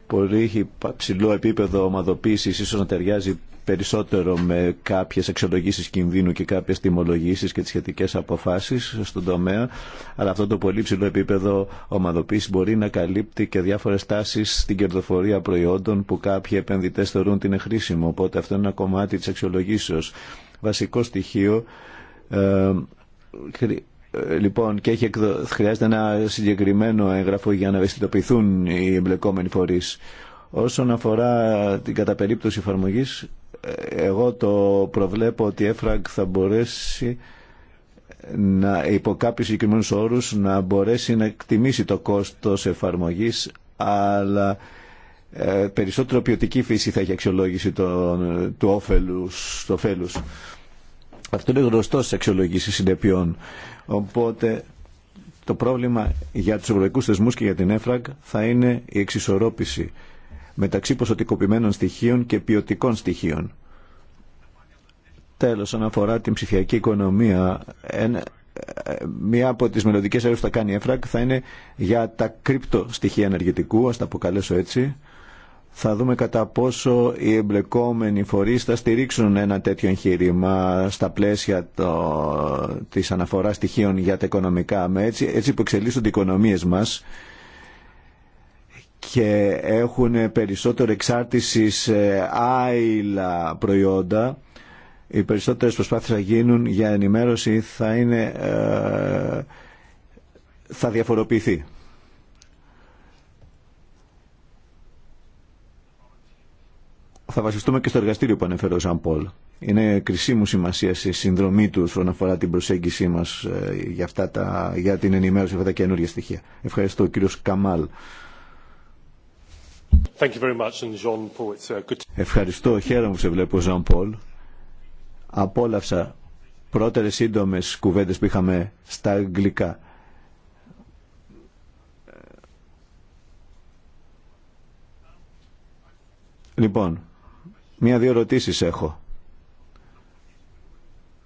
πολύ ψηλό επίπεδο ομαδοποίησης ίσως να ταιριάζει περισσότερο με κάποιες αξιολογήσεις κινδύνου και κάποιες τιμολογήσει και τι σχετικέ αποφάσεις στον τομέα, αλλά αυτό το πολύ ψηλό επίπεδο ομαδοποίηση μπορεί να καλύπτει και διάφορες τάσει στην κερδοφορία προϊόντων που κάποιοι επενδυτέ θεωρούν ότι είναι χρήσιμο, οπότε αυτό είναι ένα κομμάτι τη αξιολογήσεω. Βασικό στοιχείο ε, ε, λοιπόν, και έχει χρειάζεται ένα συγκεκριμένο έγγραφο για να ευαισθητοποιηθούν οι εμπλεκόμενοι φορεί. Όσον αφορά την κατά περίπτωση εφαρμογή, ε, εγώ το προβλέπω ότι η ΕΦΡΑΚ θα μπορέσει να, υπό κάποιου συγκεκριμένου όρου να μπορέσει να εκτιμήσει το κόστος εφαρμογής αλλά ε, περισσότερο ποιοτική φύση θα έχει αξιολόγηση του όφελους, το φέλους. Αυτό είναι γνωστό στι αξιολογήσει συνεπειών. Οπότε το πρόβλημα για του ευρωπαϊκού θεσμού και για την ΕΦΡΑΚ θα είναι η εξισορρόπηση μεταξύ ποσοτικοποιημένων στοιχείων και ποιοτικών στοιχείων. Τέλος, όσον αφορά την ψηφιακή οικονομία, ε, μία από τις μελλοντικέ έρευνες που θα κάνει η ΕΦΡΑΚ θα είναι για τα κρυπτο στοιχεία ενεργητικού, ας τα αποκαλέσω έτσι, θα δούμε κατά πόσο οι εμπλεκόμενοι φορείς θα στηρίξουν ένα τέτοιο εγχείρημα στα πλαίσια το, της αναφοράς στοιχείων για τα οικονομικά. Με έτσι, έτσι που εξελίσσονται οι οικονομίες μας και έχουν περισσότερο εξάρτηση σε άειλα προϊόντα, οι περισσότερες προσπάθειες θα γίνουν για ενημέρωση θα, είναι, ε, θα διαφοροποιηθεί. θα βασιστούμε και στο εργαστήριο που ανέφερε ο Ζαν Πολ. Είναι κρισίμου σημασία η συνδρομή του όσον αφορά την προσέγγιση μα ε, για, αυτά τα, για την ενημέρωση αυτά τα καινούργια στοιχεία. Ευχαριστώ, κύριο Καμάλ. Ευχαριστώ, χαίρομαι που σε βλέπω, Ζαν Πολ. Απόλαυσα πρώτερε σύντομε κουβέντε που είχαμε στα αγγλικά. Λοιπόν, Μία-δύο ερωτήσει έχω.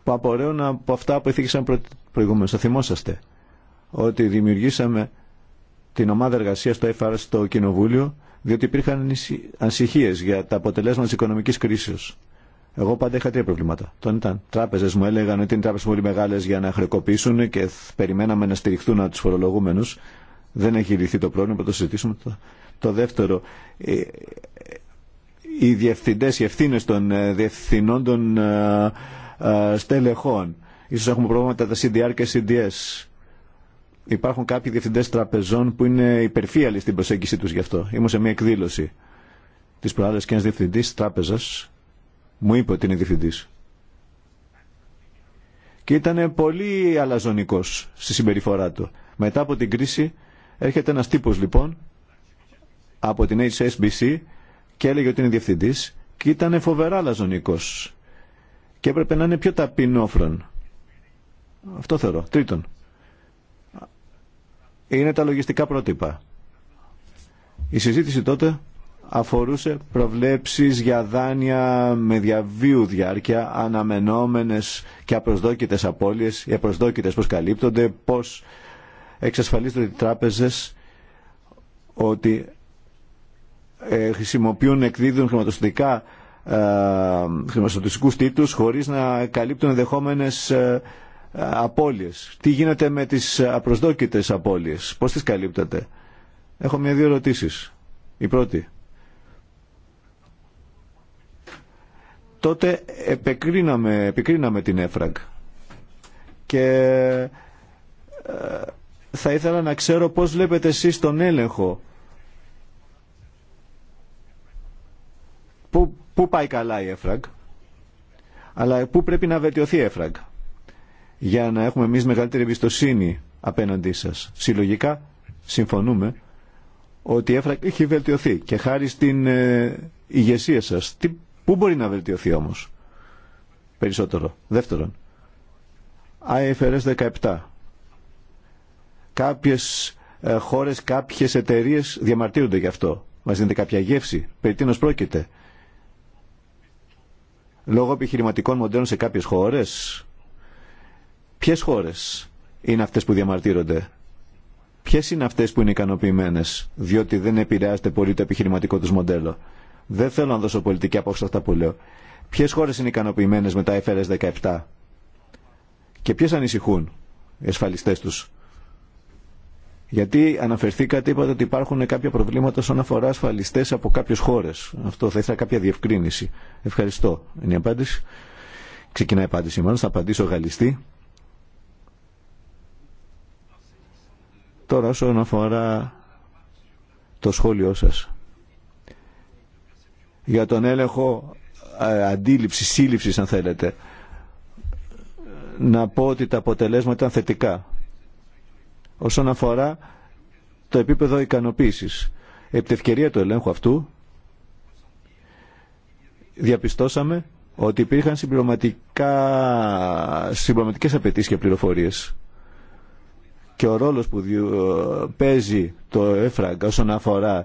Που απορρέουν από αυτά που ηθήκησαν προ... προηγουμένω. Θα θυμόσαστε ότι δημιουργήσαμε την ομάδα εργασία στο ΕΦΑΡ στο Κοινοβούλιο, διότι υπήρχαν ανησυχίε για τα αποτελέσματα τη οικονομική κρίση. Εγώ πάντα είχα τρία προβλήματα. Τον ήταν τράπεζε μου έλεγαν ότι είναι τράπεζε πολύ μεγάλε για να χρεοκοπήσουν και περιμέναμε να στηριχθούν από του φορολογούμενου. Δεν έχει λυθεί το πρόβλημα, θα το συζητήσουμε. Το δεύτερο, ε, οι διευθυντές, οι ευθύνες των ε, διευθυνών των ε, ε, στελεχών. Ίσως έχουμε προβλήματα τα CDR και CDS. Υπάρχουν κάποιοι διευθυντές τραπεζών που είναι υπερφύαλοι στην προσέγγιση τους γι' αυτό. Ήμουν σε μια εκδήλωση της προάλλας και ένας διευθυντής τράπεζας μου είπε ότι είναι διευθυντής. Και ήταν πολύ αλαζονικός στη συμπεριφορά του. Μετά από την κρίση έρχεται ένας τύπος λοιπόν από την HSBC και έλεγε ότι είναι διευθυντή και ήταν φοβερά λαζονικό. και έπρεπε να είναι πιο ταπεινόφρον. Αυτό θεωρώ. Τρίτον, είναι τα λογιστικά πρότυπα. Η συζήτηση τότε αφορούσε προβλέψεις για δάνεια με διαβίου διάρκεια, αναμενόμενες και απροσδόκητες απώλειες, οι απροσδόκητες πώς καλύπτονται, πώς εξασφαλίζονται οι τράπεζες ότι ε, χρησιμοποιούν, εκδίδουν χρηματοστατικά ε, χρηματοδοτικούς τίτλους χωρίς να καλύπτουν ενδεχόμενες ε, απώλειες. Τι γίνεται με τις απροσδόκητες απώλειες, πώς τις καλύπτεται. Έχω μια-δύο ερωτήσεις. Η πρώτη. Τότε επικρίναμε την ΕΦΡΑΓ και θα ήθελα να ξέρω πώς βλέπετε εσείς τον έλεγχο Πού, πάει καλά η ΕΦΡΑΓ, αλλά πού πρέπει να βελτιωθεί η ΕΦΡΑΓ για να έχουμε εμεί μεγαλύτερη εμπιστοσύνη απέναντί σα. Συλλογικά συμφωνούμε ότι η ΕΦΡΑΚ έχει βελτιωθεί και χάρη στην ε, ηγεσία σας. Τι, πού μπορεί να βελτιωθεί όμως περισσότερο. Δεύτερον, IFRS 17. Κάποιες ε, χώρες, κάποιες εταιρείες διαμαρτύρονται γι' αυτό. Μας δίνετε κάποια γεύση. Περί τίνος πρόκειται λόγω επιχειρηματικών μοντέλων σε κάποιες χώρες. Ποιες χώρες είναι αυτές που διαμαρτύρονται. Ποιες είναι αυτές που είναι ικανοποιημένες διότι δεν επηρεάζεται πολύ το επιχειρηματικό τους μοντέλο. Δεν θέλω να δώσω πολιτική απόψη αυτά που λέω. Ποιες χώρες είναι ικανοποιημένε με τα FRS 17 και ποιες ανησυχούν οι ασφαλιστές τους. Γιατί αναφερθήκατε, είπατε ότι υπάρχουν κάποια προβλήματα όσον αφορά ασφαλιστέ από κάποιε χώρε. Αυτό θα ήθελα κάποια διευκρίνηση. Ευχαριστώ. Είναι η απάντηση. Ξεκινάει η απάντηση μάλλον. Θα απαντήσω γαλλιστή. Τώρα όσον αφορά το σχόλιο σας για τον έλεγχο ε, αντίληψη, σύλληψη αν θέλετε να πω ότι τα αποτελέσματα ήταν θετικά όσον αφορά το επίπεδο ικανοποίησης. Επί ευκαιρία του ελέγχου αυτού διαπιστώσαμε ότι υπήρχαν συμπληρωματικές απαιτήσεις και πληροφορίες. Και ο ρόλος που παίζει το ΕΦΡΑΓ όσον αφορά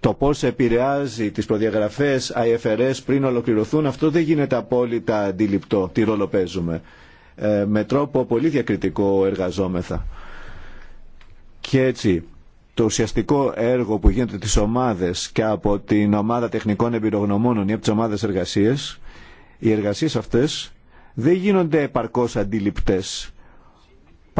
το πώς επηρεάζει τις προδιαγραφές IFRS πριν ολοκληρωθούν, αυτό δεν γίνεται απόλυτα αντιληπτό τι ρόλο παίζουμε. Ε, με τρόπο πολύ διακριτικό εργαζόμεθα. Και έτσι το ουσιαστικό έργο που γίνεται τις ομάδες και από την ομάδα τεχνικών εμπειρογνωμόνων ή από τις ομάδες εργασίες, οι εργασίες αυτές δεν γίνονται επαρκώς αντιληπτές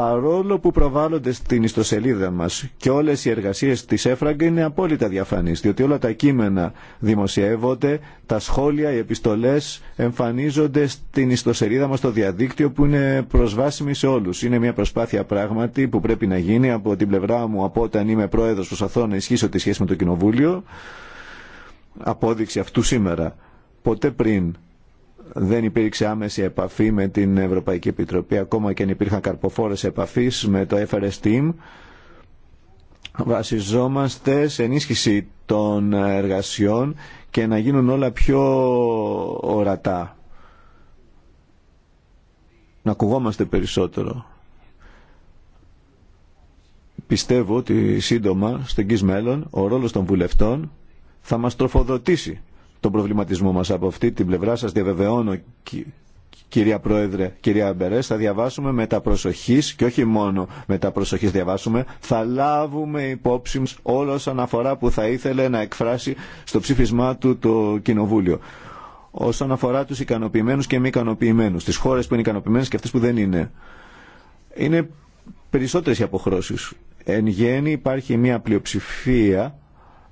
παρόλο που προβάλλονται στην ιστοσελίδα μας και όλες οι εργασίες της έφραγκ είναι απόλυτα διαφανείς, διότι όλα τα κείμενα δημοσιεύονται, τα σχόλια, οι επιστολές εμφανίζονται στην ιστοσελίδα μας στο διαδίκτυο που είναι προσβάσιμη σε όλους. Είναι μια προσπάθεια πράγματι που πρέπει να γίνει από την πλευρά μου από όταν είμαι πρόεδρος προσπαθώ να ισχύσω τη σχέση με το Κοινοβούλιο. Απόδειξη αυτού σήμερα. Ποτέ πριν δεν υπήρξε άμεση επαφή με την Ευρωπαϊκή Επιτροπή, ακόμα και αν υπήρχαν καρποφόρες επαφής με το FRS Team. Βασιζόμαστε σε ενίσχυση των εργασιών και να γίνουν όλα πιο ορατά. Να ακουγόμαστε περισσότερο. Πιστεύω ότι σύντομα, στο εγγύς μέλλον, ο ρόλος των βουλευτών θα μας τροφοδοτήσει τον προβληματισμό μας. Από αυτή την πλευρά σας διαβεβαιώνω, κυρία Πρόεδρε, κυρία Μπερές, θα διαβάσουμε με τα προσοχής και όχι μόνο με τα προσοχής διαβάσουμε, θα λάβουμε υπόψη μας όλο όσον αφορά που θα ήθελε να εκφράσει στο ψήφισμά του το Κοινοβούλιο. Όσον αφορά τους ικανοποιημένους και μη ικανοποιημένους, τις χώρες που είναι ικανοποιημένες και αυτές που δεν είναι. Είναι περισσότερες οι αποχρώσεις. Εν γέννη υπάρχει μια πλειοψηφία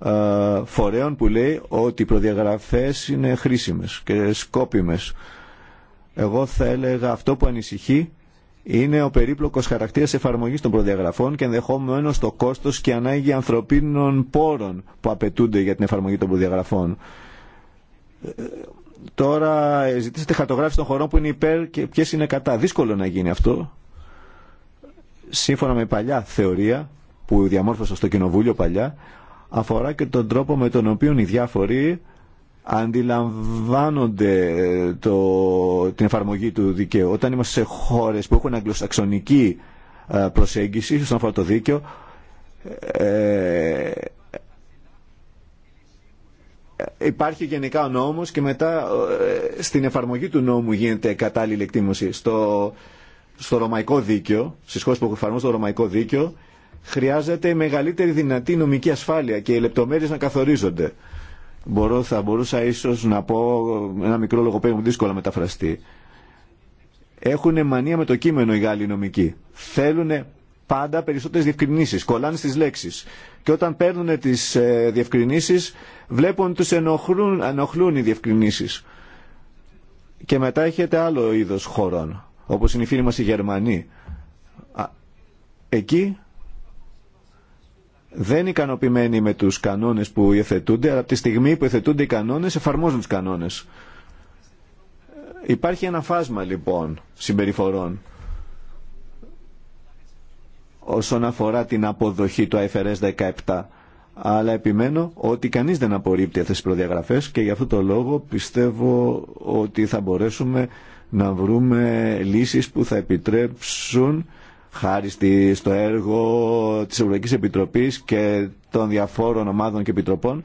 ε, φορέων που λέει ότι οι προδιαγραφές είναι χρήσιμες και σκόπιμες. Εγώ θα έλεγα αυτό που ανησυχεί είναι ο περίπλοκος χαρακτήρας εφαρμογής των προδιαγραφών και ενδεχόμενο το κόστος και ανάγκη ανθρωπίνων πόρων που απαιτούνται για την εφαρμογή των προδιαγραφών. Τώρα ε, ζητήσετε χαρτογράφηση των χωρών που είναι υπέρ και ποιε είναι κατά. Δύσκολο να γίνει αυτό. Σύμφωνα με παλιά θεωρία που διαμόρφωσα στο Κοινοβούλιο παλιά, αφορά και τον τρόπο με τον οποίο οι διάφοροι αντιλαμβάνονται το, την εφαρμογή του δικαίου. Όταν είμαστε σε χώρες που έχουν αγγλοσαξονική ε, προσέγγιση στον αφορά το δίκαιο, ε, υπάρχει γενικά ο νόμος και μετά ε, στην εφαρμογή του νόμου γίνεται κατάλληλη εκτίμωση. Στο, στο ρωμαϊκό δίκαιο, στις χώρες που εφαρμόσει το ρωμαϊκό δίκαιο, Χρειάζεται μεγαλύτερη δυνατή νομική ασφάλεια και οι λεπτομέρειες να καθορίζονται. Μπορώ, θα μπορούσα ίσως να πω ένα μικρό λόγο που δύσκολα μεταφραστεί. Έχουν μανία με το κείμενο οι Γάλλοι νομικοί. Θέλουν πάντα περισσότερε διευκρινήσει. Κολλάνε στι λέξει. Και όταν παίρνουν τι ε, βλέπουν του ενοχλούν, ενοχλούν οι διευκρινήσει. Και μετά έχετε άλλο είδο χωρών, όπω είναι οι φίλοι μα οι Γερμανοί. εκεί δεν ικανοποιημένοι με τους κανόνες που υιοθετούνται, αλλά από τη στιγμή που υιοθετούνται οι κανόνες εφαρμόζουν τους κανόνες. Υπάρχει ένα φάσμα λοιπόν συμπεριφορών όσον αφορά την αποδοχή του IFRS 17. Αλλά επιμένω ότι κανείς δεν απορρίπτει αυτές τις προδιαγραφές και γι' αυτό το λόγο πιστεύω ότι θα μπορέσουμε να βρούμε λύσεις που θα επιτρέψουν χάρη στο έργο της Ευρωπαϊκής Επιτροπής και των διαφόρων ομάδων και επιτροπών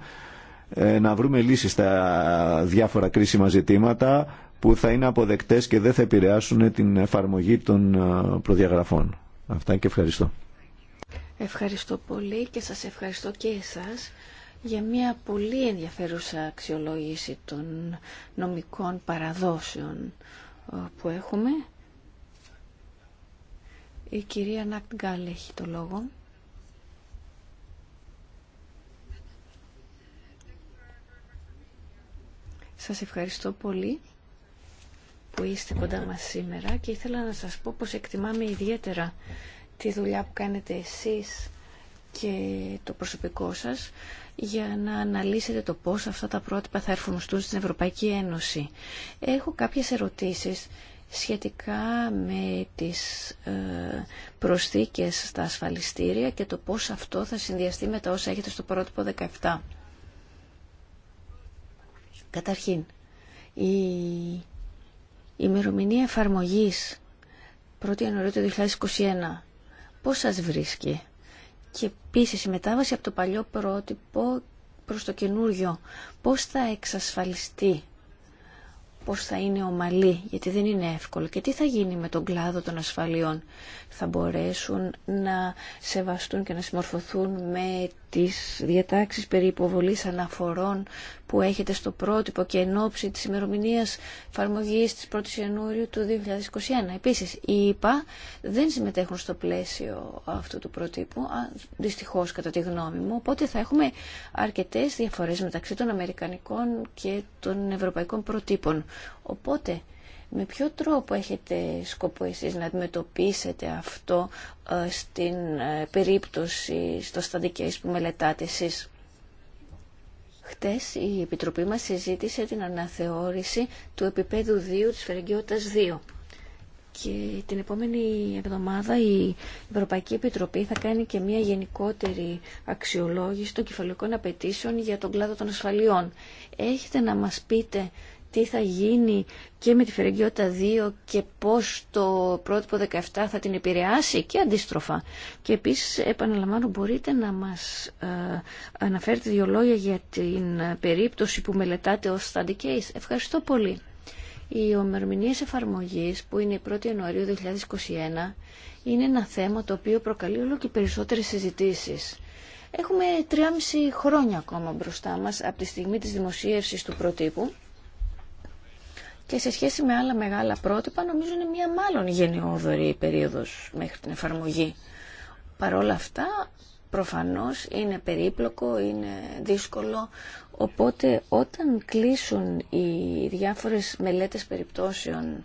ε, να βρούμε λύσεις στα διάφορα κρίσιμα ζητήματα που θα είναι αποδεκτές και δεν θα επηρεάσουν την εφαρμογή των ε, προδιαγραφών. Αυτά και ευχαριστώ. Ευχαριστώ πολύ και σας ευχαριστώ και εσάς για μια πολύ ενδιαφέρουσα αξιολόγηση των νομικών παραδόσεων ε, που έχουμε. Η κυρία Νακτγκάλ έχει το λόγο. Σας ευχαριστώ πολύ που είστε κοντά μας σήμερα και ήθελα να σας πω πως εκτιμάμε ιδιαίτερα τη δουλειά που κάνετε εσείς και το προσωπικό σας για να αναλύσετε το πώς αυτά τα πρότυπα θα έρθουν στην Ευρωπαϊκή Ένωση. Έχω κάποιες ερωτήσεις σχετικά με τις ε, προσθήκες στα ασφαλιστήρια και το πώς αυτό θα συνδυαστεί με τα όσα έχετε στο πρότυπο 17. Καταρχήν, η ημερομηνία εφαρμογής 1η Ιανουαρίου του 2021 πώς σας βρίσκει και επίση η μετάβαση από το παλιό πρότυπο προς το καινούριο πώς θα εξασφαλιστεί πώς θα είναι ομαλή, γιατί δεν είναι εύκολο. Και τι θα γίνει με τον κλάδο των ασφαλιών. Θα μπορέσουν να σεβαστούν και να συμμορφωθούν με τις διατάξεις περί υποβολής αναφορών που έχετε στο πρότυπο και εν ώψη της ημερομηνία εφαρμογή της 1ης Ιανουαρίου του 2021. Επίσης, οι ΙΠΑ δεν συμμετέχουν στο πλαίσιο αυτού του πρότυπου, δυστυχώ κατά τη γνώμη μου, οπότε θα έχουμε αρκετές διαφορές μεταξύ των Αμερικανικών και των Ευρωπαϊκών προτύπων. Οπότε, με ποιο τρόπο έχετε σκοπό εσείς να αντιμετωπίσετε αυτό ε, στην ε, περίπτωση, στο στατικές που μελετάτε εσείς. Χτες η Επιτροπή μας συζήτησε την αναθεώρηση του επίπεδου 2 της Φερεγγιώτας 2. Και την επόμενη εβδομάδα η Ευρωπαϊκή Επιτροπή θα κάνει και μια γενικότερη αξιολόγηση των κεφαλικών απαιτήσεων για τον κλάδο των ασφαλιών. Έχετε να μας πείτε τι θα γίνει και με τη Φερεγγιότητα 2 και πώς το πρότυπο 17 θα την επηρεάσει και αντίστροφα. Και επίσης, επαναλαμβάνω, μπορείτε να μας ε, αναφέρετε δύο λόγια για την περίπτωση που μελετάτε ως study case. Ευχαριστώ πολύ. Οι ομερμηνίες εφαρμογής που είναι η 1η Ιανουαρίου 2021 είναι ένα θέμα το οποίο προκαλεί όλο και περισσότερες συζητήσεις. Έχουμε 3,5 χρόνια ακόμα μπροστά μας από τη στιγμή της δημοσίευσης του προτύπου και σε σχέση με άλλα μεγάλα πρότυπα νομίζω είναι μια μάλλον γενναιόδορη περίοδος μέχρι την εφαρμογή. Παρ' όλα αυτά προφανώς είναι περίπλοκο, είναι δύσκολο, οπότε όταν κλείσουν οι διάφορες μελέτες περιπτώσεων,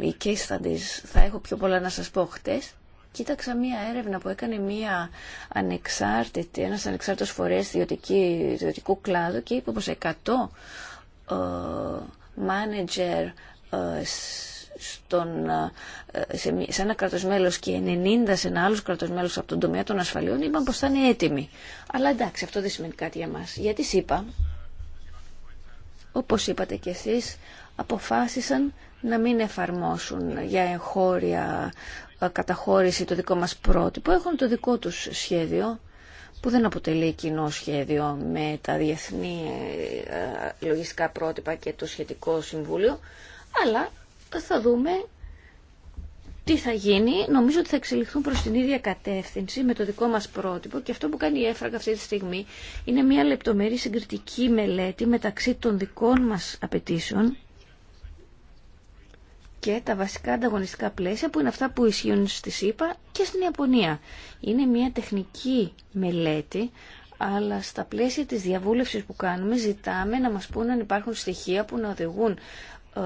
ε, οι case studies, θα έχω πιο πολλά να σας πω χτες, Κοίταξα μία έρευνα που έκανε μία ανεξάρτητη, ένας ανεξάρτητος φορέας ιδιωτικού κλάδου και είπε πως 100 μάνετζερ στον, ε, σε, ένα κράτος μέλος και 90 σε ένα άλλο κράτος μέλος από τον τομέα των ασφαλείων είπαν πως θα είναι έτοιμοι. Αλλά εντάξει, αυτό δεν σημαίνει κάτι για μας. Γιατί είπα, όπως είπατε κι εσείς, αποφάσισαν να μην εφαρμόσουν για εγχώρια ε, καταχώρηση το δικό μας πρότυπο. Έχουν το δικό τους σχέδιο που δεν αποτελεί κοινό σχέδιο με τα διεθνή ε, λογιστικά πρότυπα και το σχετικό συμβούλιο, αλλά θα δούμε τι θα γίνει. Νομίζω ότι θα εξελιχθούν προς την ίδια κατεύθυνση με το δικό μας πρότυπο και αυτό που κάνει η ΕΦΡΑΚ αυτή τη στιγμή είναι μια λεπτομερή συγκριτική μελέτη μεταξύ των δικών μας απαιτήσεων και τα βασικά ανταγωνιστικά πλαίσια που είναι αυτά που ισχύουν στη ΣΥΠΑ και στην Ιαπωνία. Είναι μια τεχνική μελέτη αλλά στα πλαίσια της διαβούλευσης που κάνουμε ζητάμε να μας πούν αν υπάρχουν στοιχεία που να οδηγούν ε,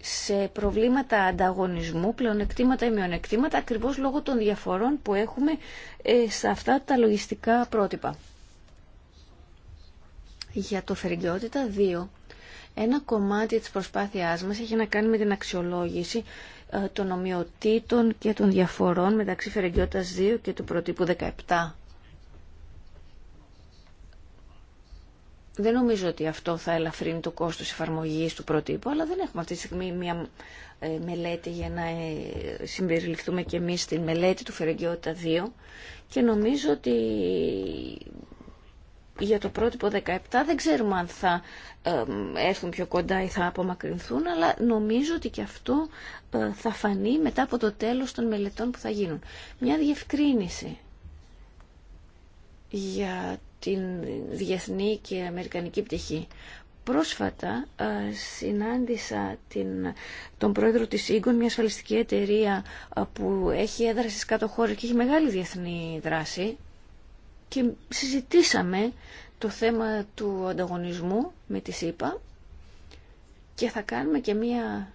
σε προβλήματα ανταγωνισμού, πλεονεκτήματα ή μειονεκτήματα, ακριβώς λόγω των διαφορών που έχουμε ε, σε αυτά τα λογιστικά πρότυπα. Για το φερικαιότητα 2 ένα κομμάτι της προσπάθειάς μας έχει να κάνει με την αξιολόγηση ε, των ομοιοτήτων και των διαφορών μεταξύ Φερεγγιώτας 2 και του προτύπου 17. Δεν νομίζω ότι αυτό θα ελαφρύνει το κόστος εφαρμογής του προτύπου, αλλά δεν έχουμε αυτή τη στιγμή μια ε, μελέτη για να ε, συμπεριληφθούμε και εμείς στην μελέτη του Φερεγγιώτα 2 και νομίζω ότι για το πρότυπο 17 δεν ξέρουμε αν θα έρθουν πιο κοντά ή θα απομακρυνθούν, αλλά νομίζω ότι και αυτό ε, θα φανεί μετά από το τέλος των μελετών που θα γίνουν. Μια διευκρίνηση για την διεθνή και αμερικανική πτυχή. Πρόσφατα ε, συνάντησα την, τον πρόεδρο της Ίγκον, μια ασφαλιστική εταιρεία ε, που έχει έδραση στις κάτω χώρες και έχει μεγάλη διεθνή δράση και συζητήσαμε το θέμα του ανταγωνισμού με τη ΣΥΠΑ και θα κάνουμε και μία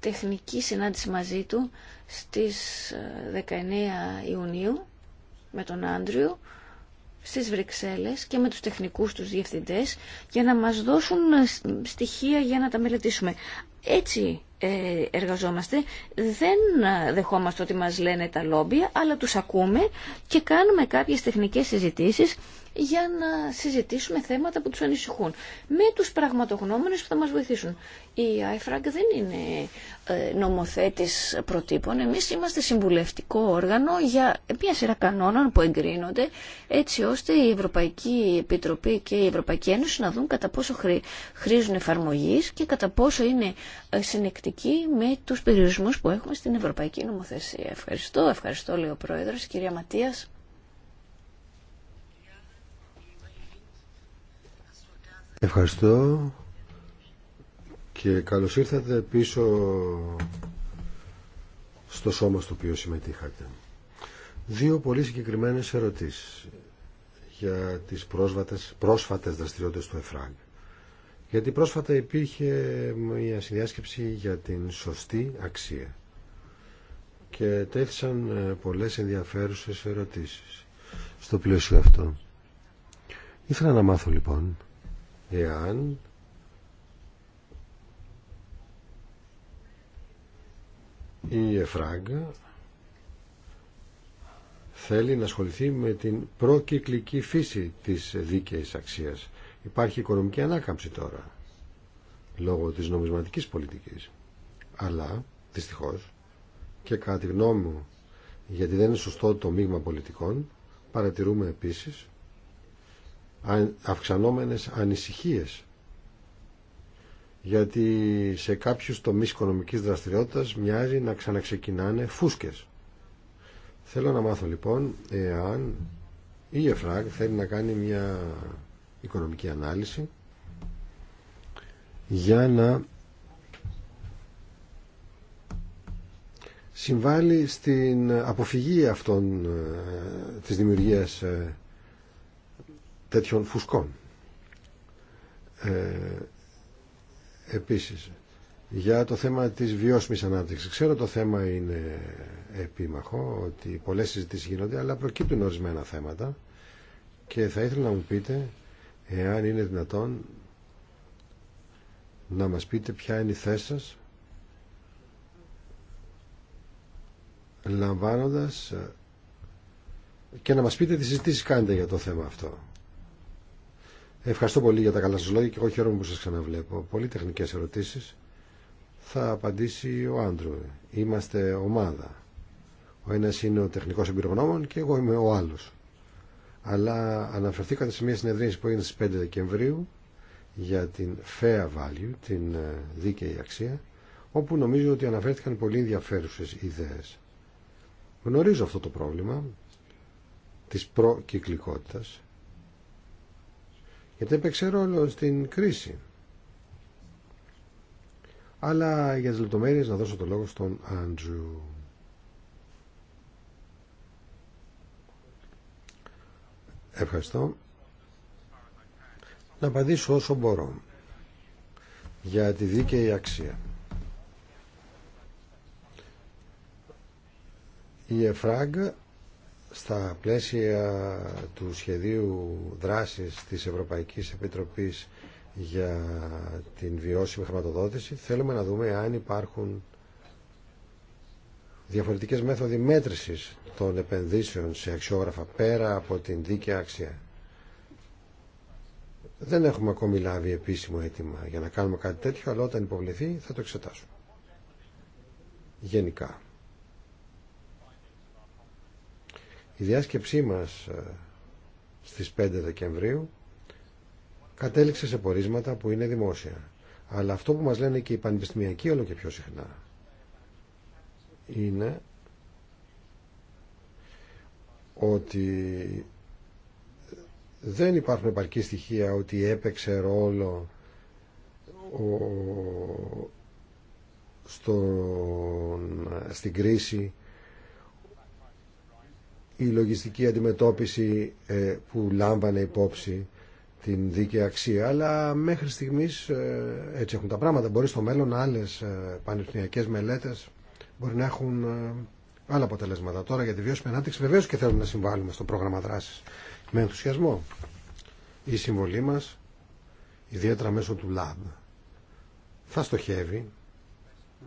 τεχνική συνάντηση μαζί του στις 19 ε, Ιουνίου με τον Άντριο στις Βρυξέλλες και με τους τεχνικούς τους διευθυντές για να μας δώσουν ε, στοιχεία για να τα μελετήσουμε. Έτσι ε, εργαζόμαστε. Δεν ε, δεχόμαστε ότι μας λένε τα λόμπια, αλλά τους ακούμε και κάνουμε κάποιες τεχνικές συζητήσεις για να συζητήσουμε θέματα που τους ανησυχούν με τους πραγματογνώμενες που θα μας βοηθήσουν. Η ΆΕΦΡΑΚ δεν είναι ε, νομοθέτης προτύπων. Εμείς είμαστε συμβουλευτικό όργανο για μια σειρά κανόνων που εγκρίνονται έτσι ώστε η Ευρωπαϊκή Επιτροπή και η Ευρωπαϊκή Ένωση να δουν κατά πόσο χρήζουν εφαρμογής και κατά πόσο είναι ε, συνεκτικοί με τους περιορισμούς που έχουμε στην Ευρωπαϊκή Νομοθεσία. Ευχαριστώ, ευχαριστώ λέει ο Πρόεδρος, κυρία Ματίας. Ευχαριστώ και καλώς ήρθατε πίσω στο σώμα στο οποίο συμμετείχατε. Δύο πολύ συγκεκριμένες ερωτήσεις για τις πρόσβατες, πρόσφατες δραστηριότητες του ΕΦΡΑΓ. Γιατί πρόσφατα υπήρχε μια συνδιάσκεψη για την σωστή αξία και τέθησαν ε, πολλές ενδιαφέρουσες ερωτήσεις στο πλαίσιο αυτό. Ήθελα να μάθω λοιπόν εάν η ΕΦΡΑΓ θέλει να ασχοληθεί με την προκυκλική φύση της δίκαιης αξίας. Υπάρχει οικονομική ανάκαμψη τώρα, λόγω της νομισματικής πολιτικής. Αλλά, δυστυχώς, και κατά τη γνώμη μου, γιατί δεν είναι σωστό το μείγμα πολιτικών, παρατηρούμε επίσης αυξανόμενες ανησυχίες γιατί σε κάποιους τομείς οικονομικής δραστηριότητας μοιάζει να ξαναξεκινάνε φούσκες. Θέλω να μάθω λοιπόν εάν η ΕΦΡΑΚ θέλει να κάνει μια οικονομική ανάλυση για να συμβάλλει στην αποφυγή αυτών ε, της δημιουργίας ε, τέτοιων φουσκών. Ε, επίσης, για το θέμα της βιώσιμης ανάπτυξης. Ξέρω το θέμα είναι επίμαχο, ότι πολλές συζητήσεις γίνονται, αλλά προκύπτουν ορισμένα θέματα και θα ήθελα να μου πείτε, εάν είναι δυνατόν, να μας πείτε ποια είναι η θέση σας, λαμβάνοντας ε, και να μας πείτε τι συζητήσεις κάνετε για το θέμα αυτό. Ευχαριστώ πολύ για τα καλά σας λόγια και εγώ χαίρομαι που σας ξαναβλέπω. Πολύ τεχνικές ερωτήσεις. Θα απαντήσει ο Άντρου. Είμαστε ομάδα. Ο ένας είναι ο τεχνικός εμπειρογνώμων και εγώ είμαι ο άλλος. Αλλά αναφερθήκατε σε μια συνεδρίαση που έγινε στις 5 Δεκεμβρίου για την fair value, την ε, δίκαιη αξία, όπου νομίζω ότι αναφέρθηκαν πολύ ενδιαφέρουσε ιδέες. Γνωρίζω αυτό το πρόβλημα της προκυκλικότητας γιατί έπαιξε ρόλο στην κρίση. Αλλά για τις λεπτομέρειες να δώσω το λόγο στον Άντζου. Ευχαριστώ. Να απαντήσω όσο μπορώ για τη δίκαιη αξία. Η ΕΦΡΑΓΚ στα πλαίσια του σχεδίου δράσης της Ευρωπαϊκής Επιτροπής για την βιώσιμη χρηματοδότηση θέλουμε να δούμε αν υπάρχουν διαφορετικές μέθοδοι μέτρησης των επενδύσεων σε αξιόγραφα πέρα από την δίκαια αξία. Δεν έχουμε ακόμη λάβει επίσημο αίτημα για να κάνουμε κάτι τέτοιο, αλλά όταν υποβληθεί θα το εξετάσουμε. Γενικά. Η διάσκεψή μας ε, στις 5 Δεκεμβρίου κατέληξε σε πορίσματα που είναι δημόσια. Αλλά αυτό που μας λένε και οι πανεπιστημιακοί όλο και πιο συχνά είναι ότι δεν υπάρχουν επαρκή στοιχεία ότι έπαιξε ρόλο ο, στην κρίση η λογιστική αντιμετώπιση ε, που λάμβανε υπόψη την δίκαια αξία. Αλλά μέχρι στιγμής ε, έτσι έχουν τα πράγματα. Μπορεί στο μέλλον άλλες ε, πανεπιστημιακές μελέτες μπορεί να έχουν άλλα αποτελέσματα. Τώρα για τη βιώσιμη ανάπτυξη βεβαίως και θέλουμε να συμβάλλουμε στο πρόγραμμα δράσης με ενθουσιασμό. Η συμβολή μας, ιδιαίτερα μέσω του ΛΑΜ, θα στοχεύει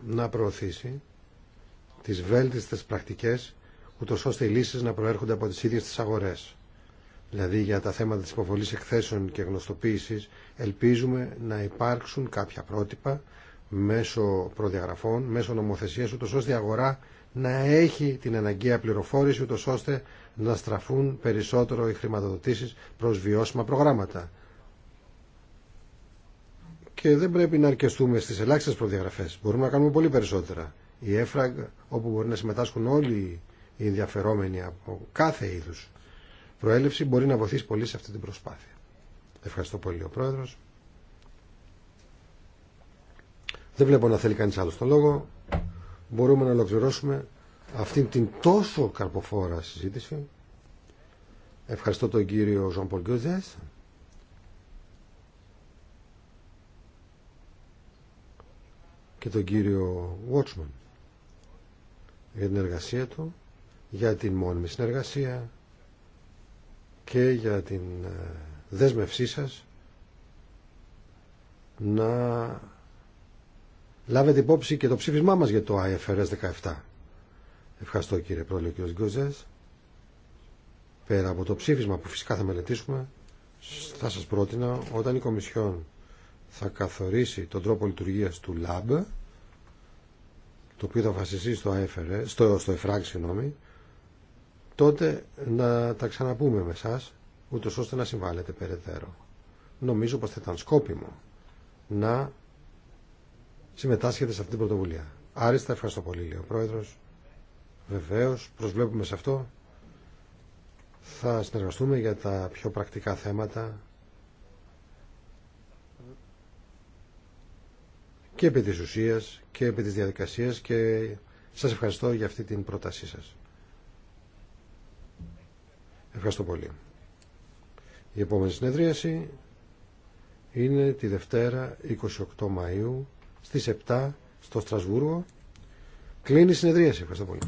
να προωθήσει τις βέλτιστες πρακτικές ούτω ώστε οι λύσει να προέρχονται από τι ίδιε τι αγορέ. Δηλαδή για τα θέματα τη υποβολής εκθέσεων και γνωστοποίηση ελπίζουμε να υπάρξουν κάποια πρότυπα μέσω προδιαγραφών, μέσω νομοθεσία, ούτω ώστε η αγορά να έχει την αναγκαία πληροφόρηση, ούτω ώστε να στραφούν περισσότερο οι χρηματοδοτήσει προ βιώσιμα προγράμματα. Και δεν πρέπει να αρκεστούμε στι ελάχιστε προδιαγραφέ. Μπορούμε να κάνουμε πολύ περισσότερα. Η ΕΦΡΑΓ, όπου μπορεί να συμμετάσχουν όλοι οι ενδιαφερόμενοι από κάθε είδους προέλευση μπορεί να βοηθήσει πολύ σε αυτή την προσπάθεια. Ευχαριστώ πολύ ο Πρόεδρος. Δεν βλέπω να θέλει κανείς άλλο το λόγο. Μπορούμε να ολοκληρώσουμε αυτήν την τόσο καρποφόρα συζήτηση. Ευχαριστώ τον κύριο Ζων Πολ και τον κύριο Βότσμαν για την εργασία του για την μόνιμη συνεργασία και για την ε, δέσμευσή σας να λάβετε υπόψη και το ψήφισμά μας για το IFRS 17. Ευχαριστώ κύριε Πρόεδρε και Γκοζές. Πέρα από το ψήφισμα που φυσικά θα μελετήσουμε, θα σας πρότεινα όταν η Κομισιόν θα καθορίσει τον τρόπο λειτουργίας του ΛΑΜΠ, το οποίο θα βασιστεί στο, IFRS, στο, στο e συγγνώμη, τότε να τα ξαναπούμε με εσά, ούτω ώστε να συμβάλλετε περαιτέρω. Νομίζω πως θα ήταν σκόπιμο να συμμετάσχετε σε αυτή την πρωτοβουλία. Άριστα, ευχαριστώ πολύ, λέει ο Πρόεδρος. Βεβαίως, προσβλέπουμε σε αυτό. Θα συνεργαστούμε για τα πιο πρακτικά θέματα και επί της ουσίας και επί της διαδικασίας και σας ευχαριστώ για αυτή την πρότασή σας. Ευχαριστώ πολύ. Η επόμενη συνεδρίαση είναι τη Δευτέρα 28 Μαΐου στις 7 στο Στρασβούργο. Κλείνει η συνεδρίαση. Ευχαριστώ πολύ.